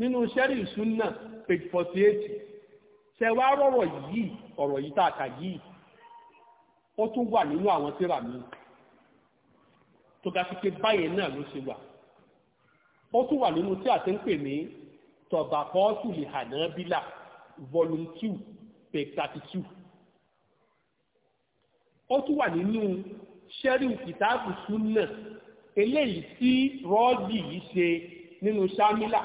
nínú sẹ́rì ìṣúná page 48 ṣẹwàá rọ̀rọ̀ yìí ọ̀rọ̀ yìí tààkà yìí ó tún wà nínú àwọn tíra mi tó ga sí pé báyẹn náà ló ṣe wà ó tún wà nínú tí a ti ń pè ní tọba pọ́ọ̀tù lè hànà bílà volume two page thirty two ó tún wà nínú sẹ́rí kìtáàbù súnà eléyìí tí rọ́ọ̀dì yìí ṣe nínú sámílà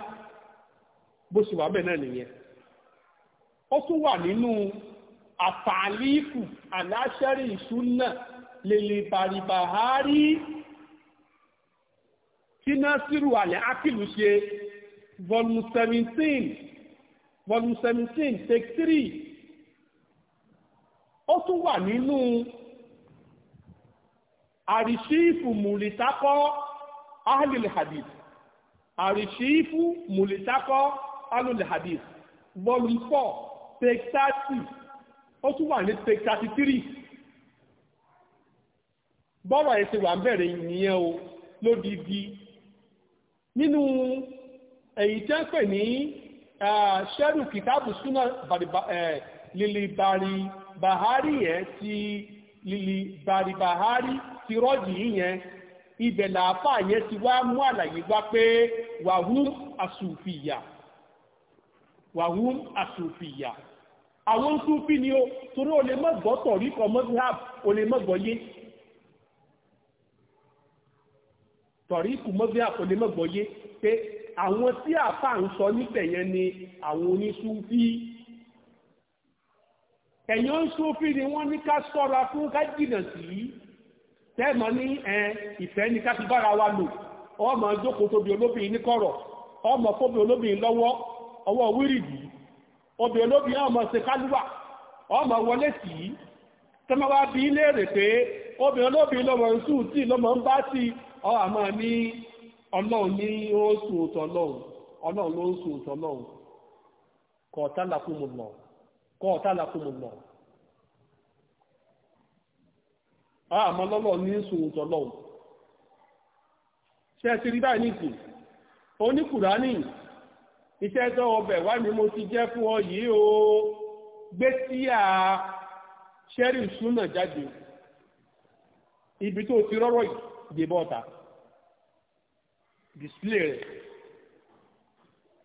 bó ṣe wà bẹ́ẹ̀ náà nìyẹn ó tún wà nínú àtàlífù aláṣẹ́rì ìṣúná lèlè bàrìbàhárí tí násírù alẹ́ ákìlù ṣe volume seventeen volume seventeen take three ó tún wà nínú àrìṣífù mùlìtákọ́ ahlul hadith àrìṣífù mùlìtákọ́ volume four take thirty ó tún wà ní page thirty three bọ́rọ̀ ẹ̀ ṣe wà ń bẹ̀rẹ̀ ìyẹn o lódìdí nínú èyí tẹ́ pè ní ṣẹ́rù kìtàbù súnà lílì bàrí bàhárì yẹn ti lílì bàrí bàhárì ti rọ́jì yẹn ibẹ̀ làáfà yẹn ti wá mú àlàyé wá pé wàhún àsùfìyà wàhún àsùfìyà àwọn tún fi ni o torí o lè mọ́gbọ́ tọ̀rí kọ mọ́sáàb o lè mọ́gbọ́ yé tọ̀rí kù mọ́sáàb o lè mọ́gbọ́ yé pé àwọn tí àfà ń sọ níbẹ̀ yẹn ni àwọn oníṣúfí ẹ̀yàn ń ṣúfí ni wọ́n ní ká sọ́ra fún ká jìnà sí tẹ́ẹ̀mọ́ ní ẹ̀ ìfẹ́ ni ká fi bára wa lò ọmọ jókòó tóbi olóbìnrin ní kọ̀rọ̀ ọmọ kóbi olóbìnrin lọ́wọ́ ọwọ́ wíìrìdì obìnrin lóbi ọmọ ṣe ọmọ wọlé sí i tọ́mọ bi bí léèrè pé obìnrin lóbi lọmọ ń sùn tí lọ́mọ ń bá sí ọ àmọ́ ní ọlọ́run ní ó sùn òtọ́ lọ́hùn ọlọ́run ló ń sùn òtọ́ lọ́hùn lọ lọ. ní iṣẹ́ tó ọbẹ̀ wá ni mo ti jẹ́ fún ọ yìí o gbé sí à ṣẹ́rì ìṣúná jáde ibi tó ti rọ́rọ́ yìí dìbò ọ̀tà display rẹ̀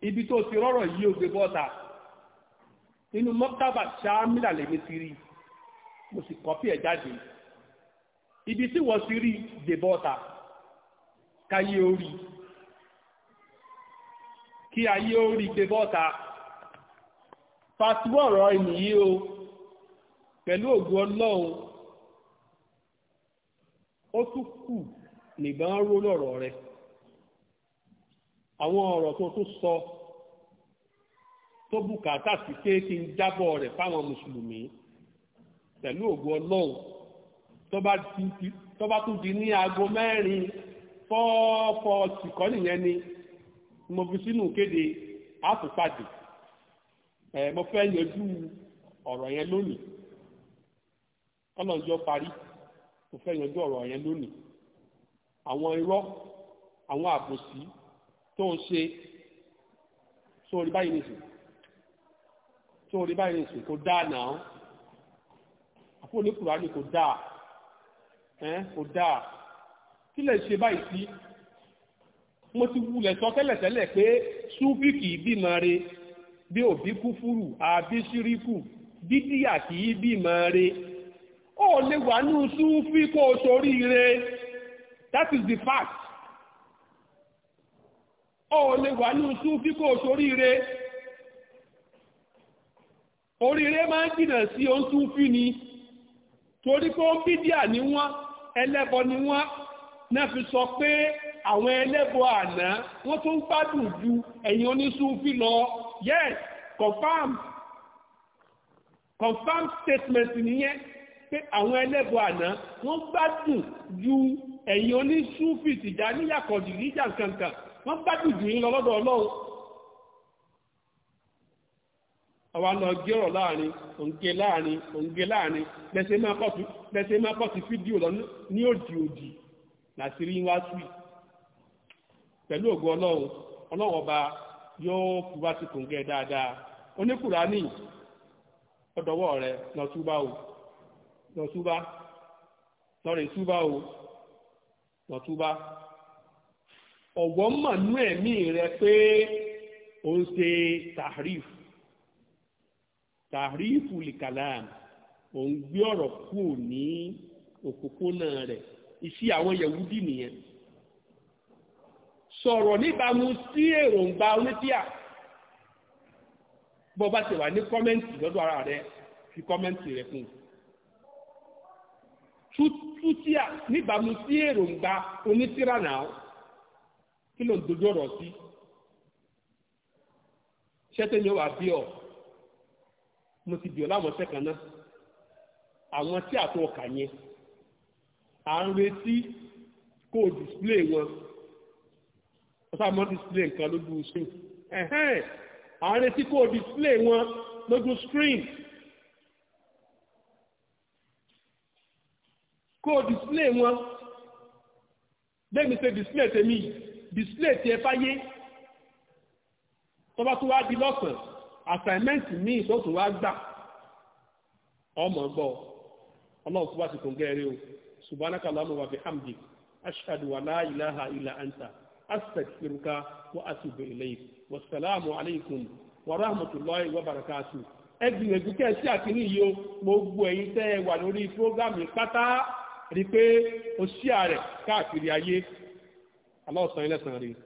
ibi tó ti rọ́rọ̀ yìí ó dìbò ọ̀tà inú mọ́tàbà ṣáàmìlà lèmi ti rí mo sì kọ́pì ẹ̀ jáde ibi tí wọ́n ti rí dìbò ọ̀tà káyé orí kí ayé ó rí gbé bọ́ta fàtíwọ́ ọ̀rọ̀ ènìyí o pẹ̀lú ògùn ọlọ́run ó tún kù nìbọn ró lọ́rọ̀ rẹ̀ àwọn ọ̀rọ̀ tó tún sọ tó bùkátà sí pé kí n jábọ̀ rẹ̀ fáwọn mùsùlùmí pẹ̀lú ògùn ọlọ́run tó bá tún di ní aago mẹ́rin fọ́ọ̀fọ́ọ̀tì kọ́ nìyẹn ni mo fi sínú kéde àtúpàdé ẹ mo fẹ́ yanjú ọ̀rọ̀ yẹn lónìí kọ́lọ́njọ́ parí mo fẹ́ yanjú ọ̀rọ̀ yẹn lónìí àwọn irọ́ àwọn àbòsí tó ń ṣe sórí báyìí nìsín sórí báyìí nìsín kò dáa náà àfọ oníkùrá ni kò dáa ẹ kò dáa kí lè ṣe báyìí sí mo ti wulẹ̀ sọ tẹ́lẹ̀tẹ́lẹ̀ pé súfì bímọ re bí òbí kúfúrù àbí ṣíríkù bídíà kì í bímọ re ó lè wà ní súfì sórí re that is the fact ó lè wà ní súfì kó o sórí re oríire máa ń jìnà sí ohun súfì ni torí pé ó bídíà ni wọ́n ẹlẹ́bọ ni wọ́n náà fi sọ pé àwọn ẹlẹ́bọ àná wọ́n tún gbádùn ju ẹ̀yin onísúfí lọ yes confam confam statement nìyẹn pé àwọn ẹlẹ́bọ àná wọ́n gbádùn ju ẹ̀yin onísúfí tìjà níyàkọ̀dì níjà kankan wọ́n gbádùn jù yín lọ lọ́dọ̀ ọlọ́run àwa lọ gé ọ̀rọ̀ láàrin òǹgé láàrin òǹgé láàrin lẹ́sẹ̀ máa pọ̀ sí fídíò lọ ní òdì òdì làṣírí wá sí i. pẹ̀lú ògo ọlọ́run ọlọ́run ọba yóò fi wá sí kòǹgẹ́ dáadáa oníkùránì ọdọwọ́ rẹ o lọ lọ́rẹ̀ túbá o ẹ̀mí rẹ pé ó ń ṣe tahrif tahrifu likalam ò ń gbé ọ̀rọ̀ ní òpópónà rẹ̀ sọ̀rọ̀ níbàámu sí èròǹgbà onítíà bọ́ bá ti wà ní kọ́mẹ́ǹtì lọ́dọ̀ ara rẹ fi kọ́mẹ́ǹtì rẹ kún tútíà níbàámu sí èròǹgbà onítíra náà kí ló ń dojú ọ̀rọ̀ sí ṣẹ́tẹ́ ni ó wà bí ọ mo ti bì ọ láwọn ṣẹ́kan náà àwọn tí àtúnkà yẹn à ń retí kó o display wọn ọ̀sá mọ́ display nǹkan lójú screen ẹ̀hẹ́n ààrẹ tí kò display wọn lójú screen kò display wọn lẹ́mi ṣe display tèmi display tiẹ̀ fáyé tó bá tún wá di lọ́sàn assignment mi ìtọ́tún wá gbà ọmọ gbọ́ ọlọ́run tó bá ti kò gẹ́rẹ́ o subhanaka allahumma wa bihamdik ashhadu wa la ilaha illa anta astaghfiruka wa atubu ilayk wasalaamu alaykum wa rahmatulahi wa barakatu ẹ gbìyànjú baraka ẹ sí àkíní yìí o gbogbo ẹ̀yin tẹ́ ẹ wà lórí prógámù pátá rí i pé o ṣíà rẹ̀ káàkiri ayé Allah san ilẹ̀ sàn rí i.